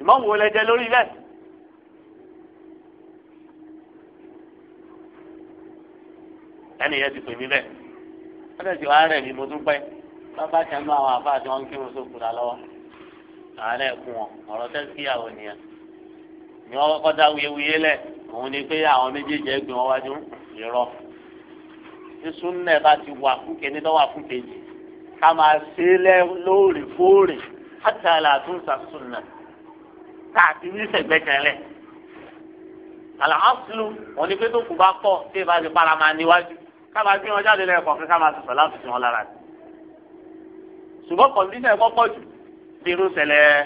Speaker 1: ìmọ̀ọ́mù wò lẹ jẹ lórí bẹ́ẹ̀. ẹni yẹn ti pè mí bẹ́ẹ̀ ọ̀dọ̀ tí wàá rẹ̀ mí mo tún pẹ́ bàbá kan náà àwọn àbá àti wọn kí wọn sókun la lọ́wọ́ àárẹ̀ kún wọn ọ̀rọ̀ tẹ́síkìyàwó nìyẹn ni wọn kọ́ da wuyewuye lẹ̀ òun ni pé àwọn méjèèjì ẹgbẹ́ wọn wájú ìrọ̀ sunna bá ti wà fún kẹ́ni lọ́wọ́ fún kejì ká máa ṣe
Speaker 3: é lóòrèkóòrè
Speaker 1: hàtà àlàtúnṣà sunna káàkiri sẹ̀gbẹ́kẹ̀lẹ̀ àlàáfíù wọn ni pé tó kù bá pọ̀ tí ìbá ti para máa níwájú ká máa gbé wọn jáde lẹ́ẹ̀kọ́ kí ká máa sọ̀tọ̀ láti fi wọn lára ṣùgbọ́n kọ̀ǹdínlẹ̀ kọ́kọ́ jù bí irú ṣẹlẹ̀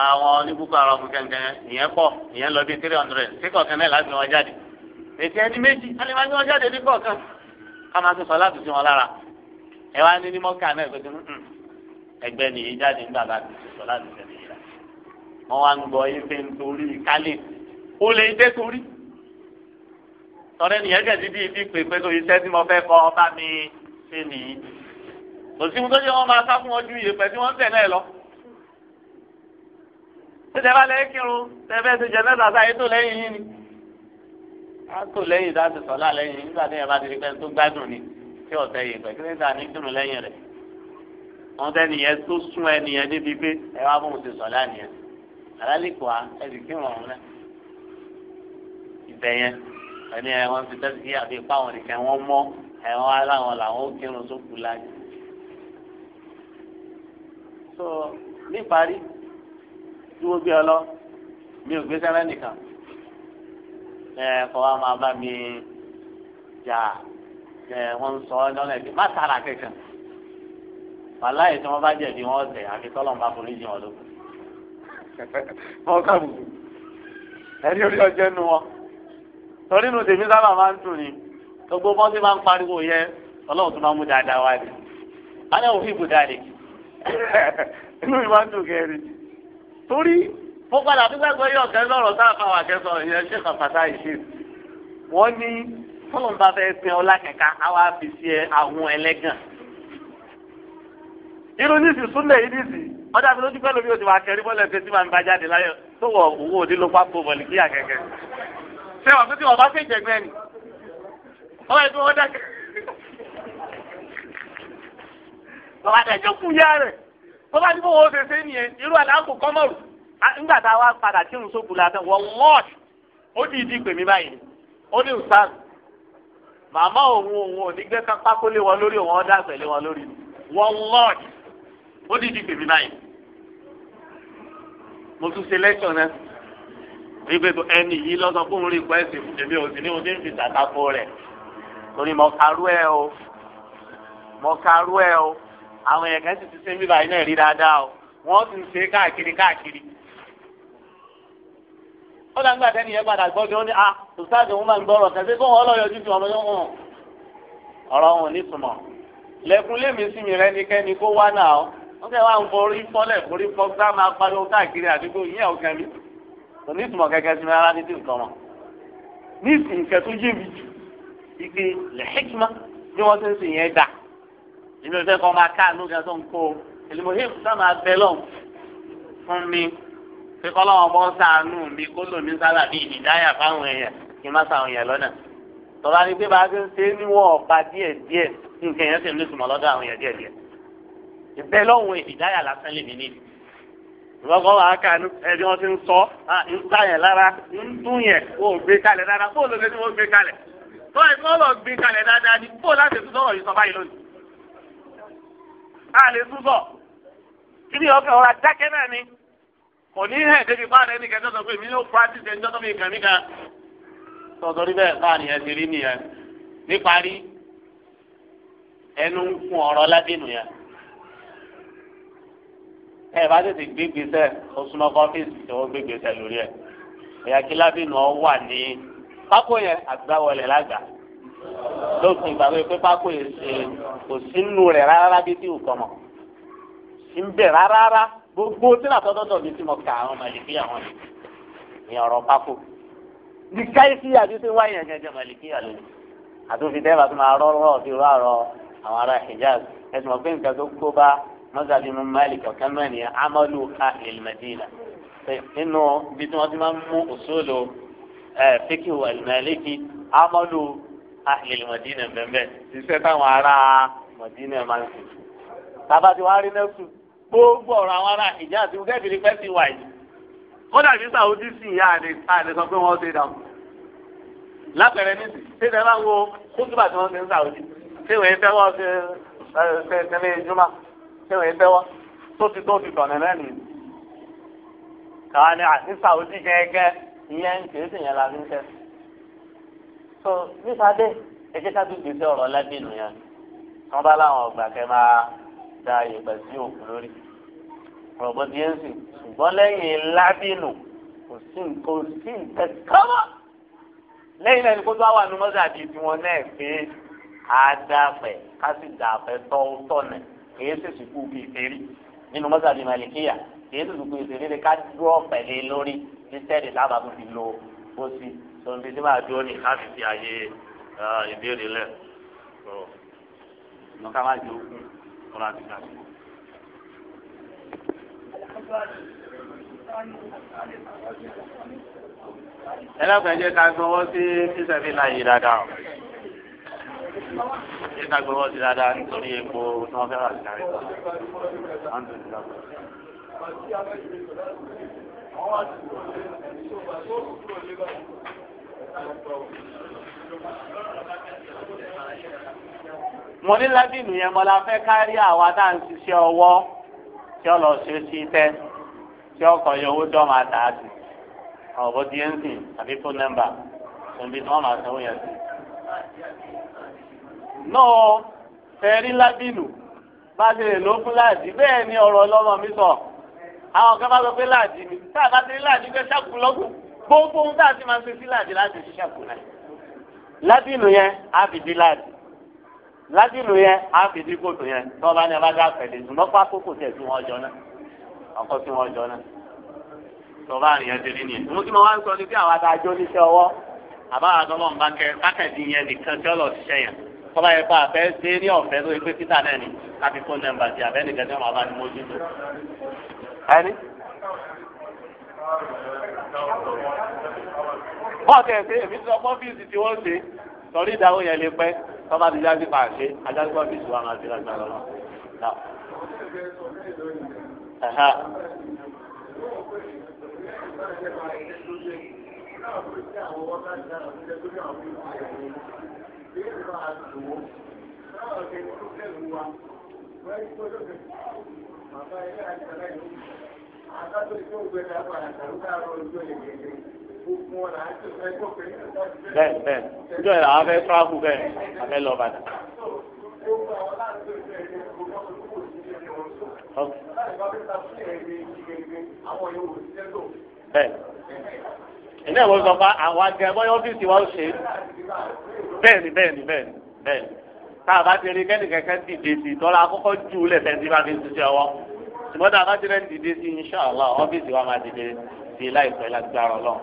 Speaker 1: àwọn oníbùkún àwọn ọmọ kẹ̀kẹ́ ìyẹn pọ̀ ìyẹn lọ bí three hundred sí kọ̀ọ̀kan náà láti wọn jáde ètò ẹni méjì alẹ́ máa ń wọn jáde ní kọ̀ọ̀kan ká máa ti sọ láti sí wọn lára ẹ wá ní ní mọ́kà náà ìgbésẹ̀ mm, ẹgbẹ́ nìyí jáde nígbà bá ti sọ láti sẹ́ nìyí rà wọ́n wá ń gbọ́ ife nítorí kálí ó lè dé torí tọ́lẹ́ nìyẹn gẹ̀ẹ́sì bíi bíi pèpè tó iṣẹ́ tí mo fẹ́ kọ́ ọ bá mi ṣe nìyí kò sí mo tó yẹ wọn máa sá fún wọn ju ìyèpẹ̀ tí wọ́n tẹ̀ náà lọ tẹ́tẹ́ bá lẹ́yìn kírun tẹ́fẹ́ ti jẹ́ mẹ́ta sáyé tó lẹ́yìn yín ni á tò lẹ́yìn dáàtì sọ́lá lẹ́yìn nígbà tí yẹn bá ti di pẹ́ tó gbádùn ni tí ọ̀tẹ̀ yìí pẹ̀ kí ní ta ní dùn lẹ́yìn rẹ̀ wọn tẹ nìyẹn tó sún ẹ nìyẹn débi pé ẹ wá bóun ti sọ̀lá nìyẹn àlálìkọ́ á ẹ sì kírun ọ̀hún rẹ̀ ibẹ̀ yẹn ẹni ẹ wọn ti tẹ́sí àbí ipá wọn nìkan wọn mọ́ ẹ wọn aláwọn làwọn ó kírun sókù láyé. so níparí dúró gbé ọ mi ò gbé sẹ́rẹ́ nìkan. ẹ kọ́ wa máa bá mi jà wọ́n ń sọ ọ́ lọ́nà má tara kankan wàláyé tí wọ́n bá jẹ̀bi wọ́n tẹ̀ àfi tọ́lọ́n bá forí jìn wọn ló. (laughs) wọ́n kà bùkù ẹni orí ọjọ́ wọn ni gbogbo bọ́n ti máa ń pariwo yẹ ọlọ́run tó máa mú dáadáa wá òfin (laughs) mo padà fún yóò kẹ́ lọ́rọ̀ tá a fa wà kẹ́sọ̀ ìyẹn ṣe kàn fàtà ìṣe wọ́n ní fọlọ́n bá fẹ́ sin ọlá kẹ̀kẹ́ àwa fi ṣe àwọn ẹlẹ́gàn. irú ní ìsìn súnlẹ̀ yìí nìsí ọjà mi lójú pẹ́lú mi ò ti wà kẹrí bọ́lẹ̀ ṣe tí màá ń bá jáde láyọ̀ tó wọ owó òdí pápó bọ̀lì kí àkẹ́kẹ́. ṣé wàá fún tí wọ́n bá fẹ́ jẹ̀gbẹ́ ni? ọ̀rọ̀ tí wọ́n dákẹ́. nígbà tá a wá padà tí irun sókù la tán wọ́n wọ́ọ̀tì ó dì di pèmí báyìí ó ní ìsàn màmá òun òun ò ní gbé pákó lé wọn lórí òun ọ̀dà àgbẹ̀ lé wọn lórí wọ́n wọ́ọ̀tì ó dì di pèmí báyìí mo tún ṣe lẹ́kṣọ̀ náà wípé ẹni yìí fún un rí èmi ò ní rẹ̀ torí mo o mo karú ó dá nígbà tẹ́ni yẹn padà gbọ́ kí ó ní a ustaz òun máa ń gbọ́rọ̀ tẹ̀sí kó wọn lọ́yọ̀ ojú ti ọmọ yóò hàn ọ̀rọ̀ wọn ní túmọ̀ lẹ́kùn lèmi sí mi rẹ nìkẹ́ni kó wá náà ó wọ́n kẹ́ wá ń forí fọ́lẹ̀ forí fọ́ gbá máa pariwo káàkiri àdúgbò yíyá ọ̀kẹ́ mi kò ní túmọ̀ kẹ́kẹ́ sí mi rárá ní tí nǹkan wọn ní ìsìn pé kọ́lọ́wọ́n bọ́ sàánú mi kó lómi sábà bíi ìdáyà fáwọn èèyàn kí n má sàwọn èèyàn lọ́nà tọ́lá ni pé bá a ti ń ṣe é níwọ̀n ọ̀pá díẹ̀ díẹ̀ nǹkan èèyàn sì ń lùsùmọ̀ lọ́dọ̀ àwọn èèyàn díẹ̀ díẹ̀ ìbẹ́ lọ́hùn ìdáyà lásán lèmi ní ìwọ́kọ́ wa kànú ẹbí wọn ti ń sọ ń gbà yẹn lára ń dún yẹn ó gbé kalẹ̀ dáadáa bó ló ṣe tí wọ́n gbé kalẹ̀ tó ẹ̀ kọ́ lọ gbé kalẹ̀ dáadáa ni bó láti tún sọ̀rọ̀ yìí sọ báyìí lónìí. a lè tún sọ kò ní hẹ̀ débi pa rẹ̀ nìkan tọ́tọ̀ pé mi yóò practice ẹni tọ́tọ̀ mi kàn mí kan tọ́tọ̀ rí bẹ́ẹ̀ bá nìyẹn ti rí nìyẹn níparí ẹnu ń fún ọ̀rọ̀ ládínù yẹn ẹ bá tètè gbé gbèsè osùnmọ́ kọ́fíìsì tí wọ́n gbé gbèsè lórí ẹ̀ ẹ̀yà kí ládínù ọ wà ní pákó yẹn àgbáwọlẹ̀ lágbàá lókun ìgbà wípé pákó yẹn ṣe kò sínú rẹ̀ rárá bí tí ò kọ́ mọ̀ sí ń bẹ̀ rárá rárá gbogbo tí nà tọ́tọ́tọ̀ mi ti mọ̀ ká àwọn màlìkí àwọn ni ìyẹn ọ̀rọ̀ pákó ní káyísí àti tí wọ́n yẹn jẹjẹ màlìkí àlọ́ àtúnfi tẹ́ bá tó máa rọ́ rọ́ ti rọ́ àrọ́ àwọn ará Hijaz ẹ̀sùn mọ̀ pé nǹkan tó kó bá mọ́sálí mu Malik ọ̀kan náà ni amalu ka ilmadina nínú bí tí wọ́n ti máa ń mú òṣòlò fíkì wà Maliki amalu ilmadina bẹ́ẹ̀ bẹ́ẹ̀ ṣiṣẹ́ táwọn gbogbo ọ̀rọ̀ àwọn ará ìjà àti gẹ́gìrì pẹ́ ti wà kódà bí sàwùdí sì yá àlè àlè sọ pé wọ́n ṣe dà mọ́ lápẹ̀rẹ̀ níbi ṣé ìdáná wo kókìbà tí wọ́n ṣe ń sàwùdí ṣé ìwé fẹ́ ṣe ṣe ìṣẹ̀lẹ̀ ìjùmọ̀ ṣé ìwé fẹ́ tó ti tó ti tọ̀nà náà nìyí. àti sàwùdí gẹ́gẹ́ ìyẹn kì í yẹn la fi ń tẹ́ so nípa bẹ́ẹ̀ ká tún gbèsè ọ̀rọ̀ lábẹ́nu yẹn wọ́n bá láwọn ọgbà kẹ́ máa da ìyẹ̀pẹ̀ sí òkú lórí rọ̀bọ̀díẹ́sì ṣùgbọ́n lẹ́yìn lábìnù kò sí nǹkan sí nǹkan kọ́mọ́ lẹ́yìn náà ni kó bá wà ní mọ́tò àti tiwọn náà pé a dáfẹ́ ká sì dáfẹ́ tọ́tọ́nà kìí sì sùkú bí ìfèrí nínú mọ́tò àti màlìkíyà kìí sì sùkú ìfèrí ni ká dúró pẹ̀lẹ́ lórí ní sẹ́ẹ̀dì lábàá tó fi lo ó sí tòun bí sí máa dúró ní ká sì fi àyè ìbéèrè lẹ̀ nǹkan má jẹ́ òkú kọ́lá ti gbà ẹlẹ́kùnrin ká gbọ́wọ́ sí sísẹ́fì náà yìí dáadáa o ṣé ká gbọ́wọ́ sí dáadáa nítorí epo tí wọ́n fẹ́ rà sí mo ní lábìnú yẹn mo la fẹ́ kárí àwa tá à ń ṣiṣẹ́ ọwọ́ tí ọ lọ ṣe sí tẹ́ tí ọkọ̀ yọ owó tí wọ́n máa tà á sí ọ̀bọ̀ díẹ̀nsì àbí fóònù nọ́mbà níbi tí wọ́n máa sanwó yẹn sí. náà fẹ́rí lábìlù bá ṣe lè ló láàdì bẹ́ẹ̀ ni ọ̀rọ̀ ọlọ́mọ mi sọ àwọn kan bá sọ pé láàdì ni tá a bá ti rí láàdì pé ṣàkùn lọ́gùn gbogbo ohun tá a ti máa ṣe sí láàdì láti ṣe ṣàkùn náà lábìlù yẹn á fi di láàdì ládìlú yẹn á fi dí kòtò yẹn tí wọn bá ní abájá pẹ̀lẹ́ ṣùgbọ́n pákó kò tẹ sí wọn jọ náà ọkọ sí wọn jọ náà tó bá rìn yẹn ti rí nìyẹn. mo kí mo wá ń sọ ni bí àwọn adájọ́ oníṣẹ́ ọwọ́ àbára tọ́lọ́ ń bá kẹ kákẹ́dì yẹn nìkan tí ọlọ́ ṣiṣẹ́ yẹn tọ́lá yẹn pa àfẹ́ ṣe ní ọ̀fẹ́ lórí pé títà náà ni káfí fún nẹ́mbà sí àfẹ́ nìkan tí wọn bá ní mójú tó. ẹni. bọ́ọ̀tẹ̀ ṣe èmi sọ fọ́fíìsì tí wọ́n ṣe sọ̀rí ìdáwó yẹn lè pẹ́ tọ́ba ti jáde pa àṣẹ adájọ́ fi sùn àwọn àti lágbára lọ. Bàbá
Speaker 3: ilé àti ọ̀la ìlú, àgbàdo ìjọba ìgbẹ́ta padà tàbí káàárọ̀ ojú ẹ̀yẹ̀ ẹ̀yẹ̀ bẹ́ẹ̀ bẹ́ẹ̀ níjọ́ yẹn àwọn afẹ́ tíráfù bẹ́ẹ̀ afẹ́ lọ bàtà. bẹ́ẹ̀ ilé ìwé sọ fún
Speaker 1: àwọn agẹ bọ́yá ọ́fíìsì wa ó ṣe bẹ́ẹ̀ ni bẹ́ẹ̀ ni bẹ́ẹ̀ ni bẹ́ẹ̀ tá a bá ti rí kẹ́ni kẹ́kẹ́ dìde sí i tọ́lá akọ́kọ́ jù ú lẹ́fẹ̀ẹ́ tí bá fi ń ṣiṣẹ́ ọwọ́ ṣùgbọ́n tá a bá ti rẹ́ dìde sí i inṣàlá ọ́fíìsì wa máa dìde sí láìpẹ́ lágbára ọlọ́run.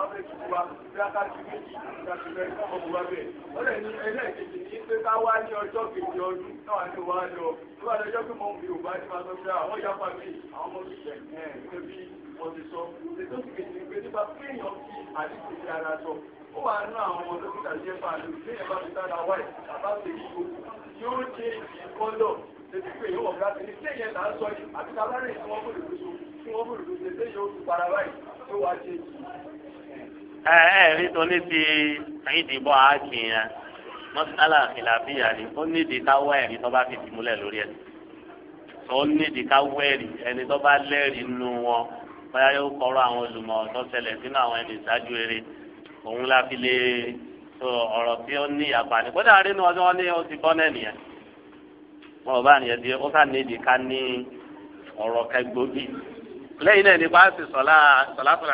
Speaker 3: àwọn méjì wa bí akáàkiri méjì ìgbàgbẹ́ ìfọ̀mọ̀ wa bẹ̀. ó lè ní ẹlẹ́ẹ̀kejì ní pé ká wá ní ọjọ́ kejì ọdún náà ni wàá lọ tó bá lọ́jọ́ pé mo ń fi òbá ní máa sọ pé àwọn yàpá mi àwọn ọmọ mi jẹ ẹ̀ ẹ̀ bí wọ́n ti sọ. ètò ìkejì ni pé nípa pé èèyàn fi àdínkù sí ara sọ ó wà nínú àwọn ọmọ dókítà jẹ́ fàánù bí ẹ̀ bá fi sára wáì bàbá mi yíyó yóò ṣe ìkọ́lọ̀ tètè pé yóò ọ̀gá ti ní sí ìyẹn là ń sọ yìí àbí ká bá rìn tí wọ́n bòrò lóṣù tí wọ́n bòrò lóṣù tètè yóò fara báyìí tó wàá ṣe yìí
Speaker 1: ẹ ẹ rí torí ti ìdìbò àákìyàn ìlàbíyà ni ó nídìí ká wá ẹ̀rí tó bá fi tìmúlẹ̀ lórí ẹ̀ ó nídìí ká wá ẹ̀rí ẹni tó bá lẹ́rìí nù wọn bóyá yóò kọ́rọ̀ àwọn olùmọ̀ tó ṣẹlẹ̀ sínú àwọn ẹni ìṣáájú eré òun la fi lè sọ ọ̀rọ̀ tí ó ní ìyàpá ni kódà rínú ọjọ́ wọn ní ó ti bọ́ náà wọn ò bá nìyẹn di ó sá nídìí ká ní ọ̀rọ̀ kẹgbógi lẹ́yìn náà nípa sì sọ̀lá sọ̀lá sọ̀lá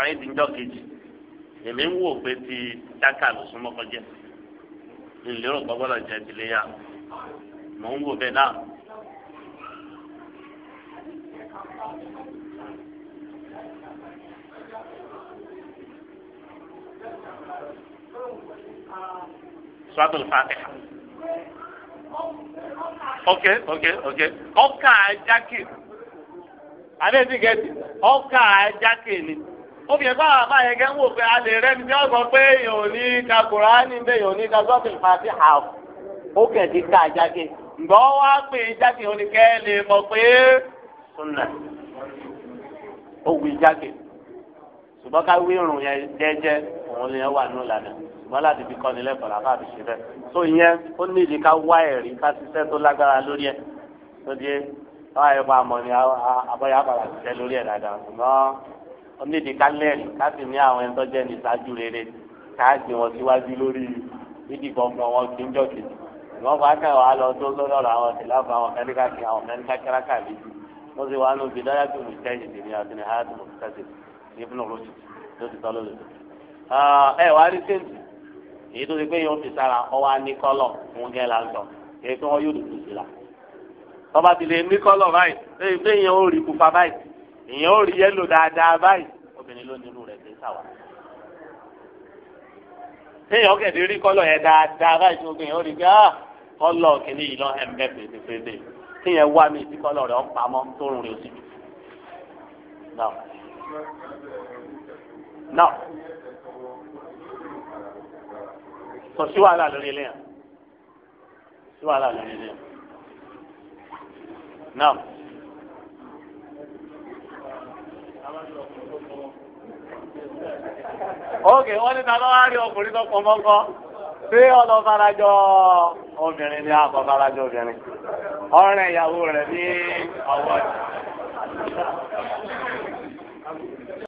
Speaker 1: èmi ń wò pé ti dáka ló súnmọ́ kọjá ìlérò gbọ́gbọ́dọ̀ jẹ́ ti léyà mò ń wò bẹ́ẹ̀ náà. suratul fatiha ok ok ok ọkà ajáke àbẹ́sí gẹ̀ẹ́sì ọkà ajáke ni. Okay, okay, okay obìnrin bá bàbá yẹn gẹ́ pé a lè rẹ́ni tí sọ pé èèyàn ní ka kùránì bẹ́ẹ̀ èèyàn ní ka sọ́ọ̀tì ìfàtí hàn ó kẹ̀dí ká jáde ǹgbọ́ wá pé jáde oníkẹ́ lè mọ̀ pé sunna ó jáde ṣùgbọ́n ká wí yẹn jẹ́jẹ́ òun lè wà nù lànà ṣùgbọ́n láti fi kọ́ni lẹ́kọ̀ọ́ làbá fi ṣe bẹ́ẹ̀ tó ìyẹn ó nídìí ká wá ẹ̀rí ká ṣiṣẹ́ tó lágbára lórí ẹ̀ tó di báyìí pa àmọ́ ni abọ́yá padà ṣiṣẹ́ lórí ẹ̀ dáadáa ṣùgbọ́n onídìí kálẹ́rì káàsì ní àwọn ẹni tó jẹ́ ní ìṣáájú rere káàsì wọn síwájú lórí ìdìbò ọmọ wọn kì í jọ̀kì ìwọ́n bá kàn wá lọ tó lọ́dọ̀ àwọn ìṣèlábà àwọn mẹ́ríkà kí àwọn mẹ́ríkà kẹ́rákà bí mo sì wá nù bìdáyà tó mi tẹ́yìn tèmi àti ní hayat mo ti tẹ́sí ibùdó rọ́ọ̀sì tó ti tọ́ lóde. ẹ wá rí sèǹtì èyí tó ti pé yóò fi sára ọwọ́ á ní kọ́lọ̀ fún gẹ́ la ń sọ èyí tó wọ́n yóò dùn sí la. tọ́ba ti lè ní kọ́lọ̀ báyìí pé ìpéyìn ó rí báyìí ìyẹn ò rí yẹ́lò dáadáa báyìí obìnrin ló nírú rẹ̀ gbé sáwà. téèyàn kẹ̀dé rí kọ́lọ̀ yẹn dáadáa báyìí tó gbìyànjú rí gbé ah kọ́lọ̀ kìíní yìí lọ́ ẹ̀ ń bẹ́ pèsèpèsè téèyàn wá mi sí kọ́lọ̀ rẹ̀ ọ̀ pamọ́ tó rùn rẹ̀ sí. náà náà kò sí wàhálà lórí ilé yẹn sí wàhálà lórí ilé yẹn
Speaker 4: náà.
Speaker 3: ókè wọ́n ní talọ́ wá rí ọkùnrin tó pọ̀ mọ́kọ́
Speaker 1: ṣé ọlọ́ farajọ obìnrin ni àbọ̀ farajọ obìnrin ọ̀rẹ́ ìyàwó rẹ̀ ní
Speaker 4: ọwọ́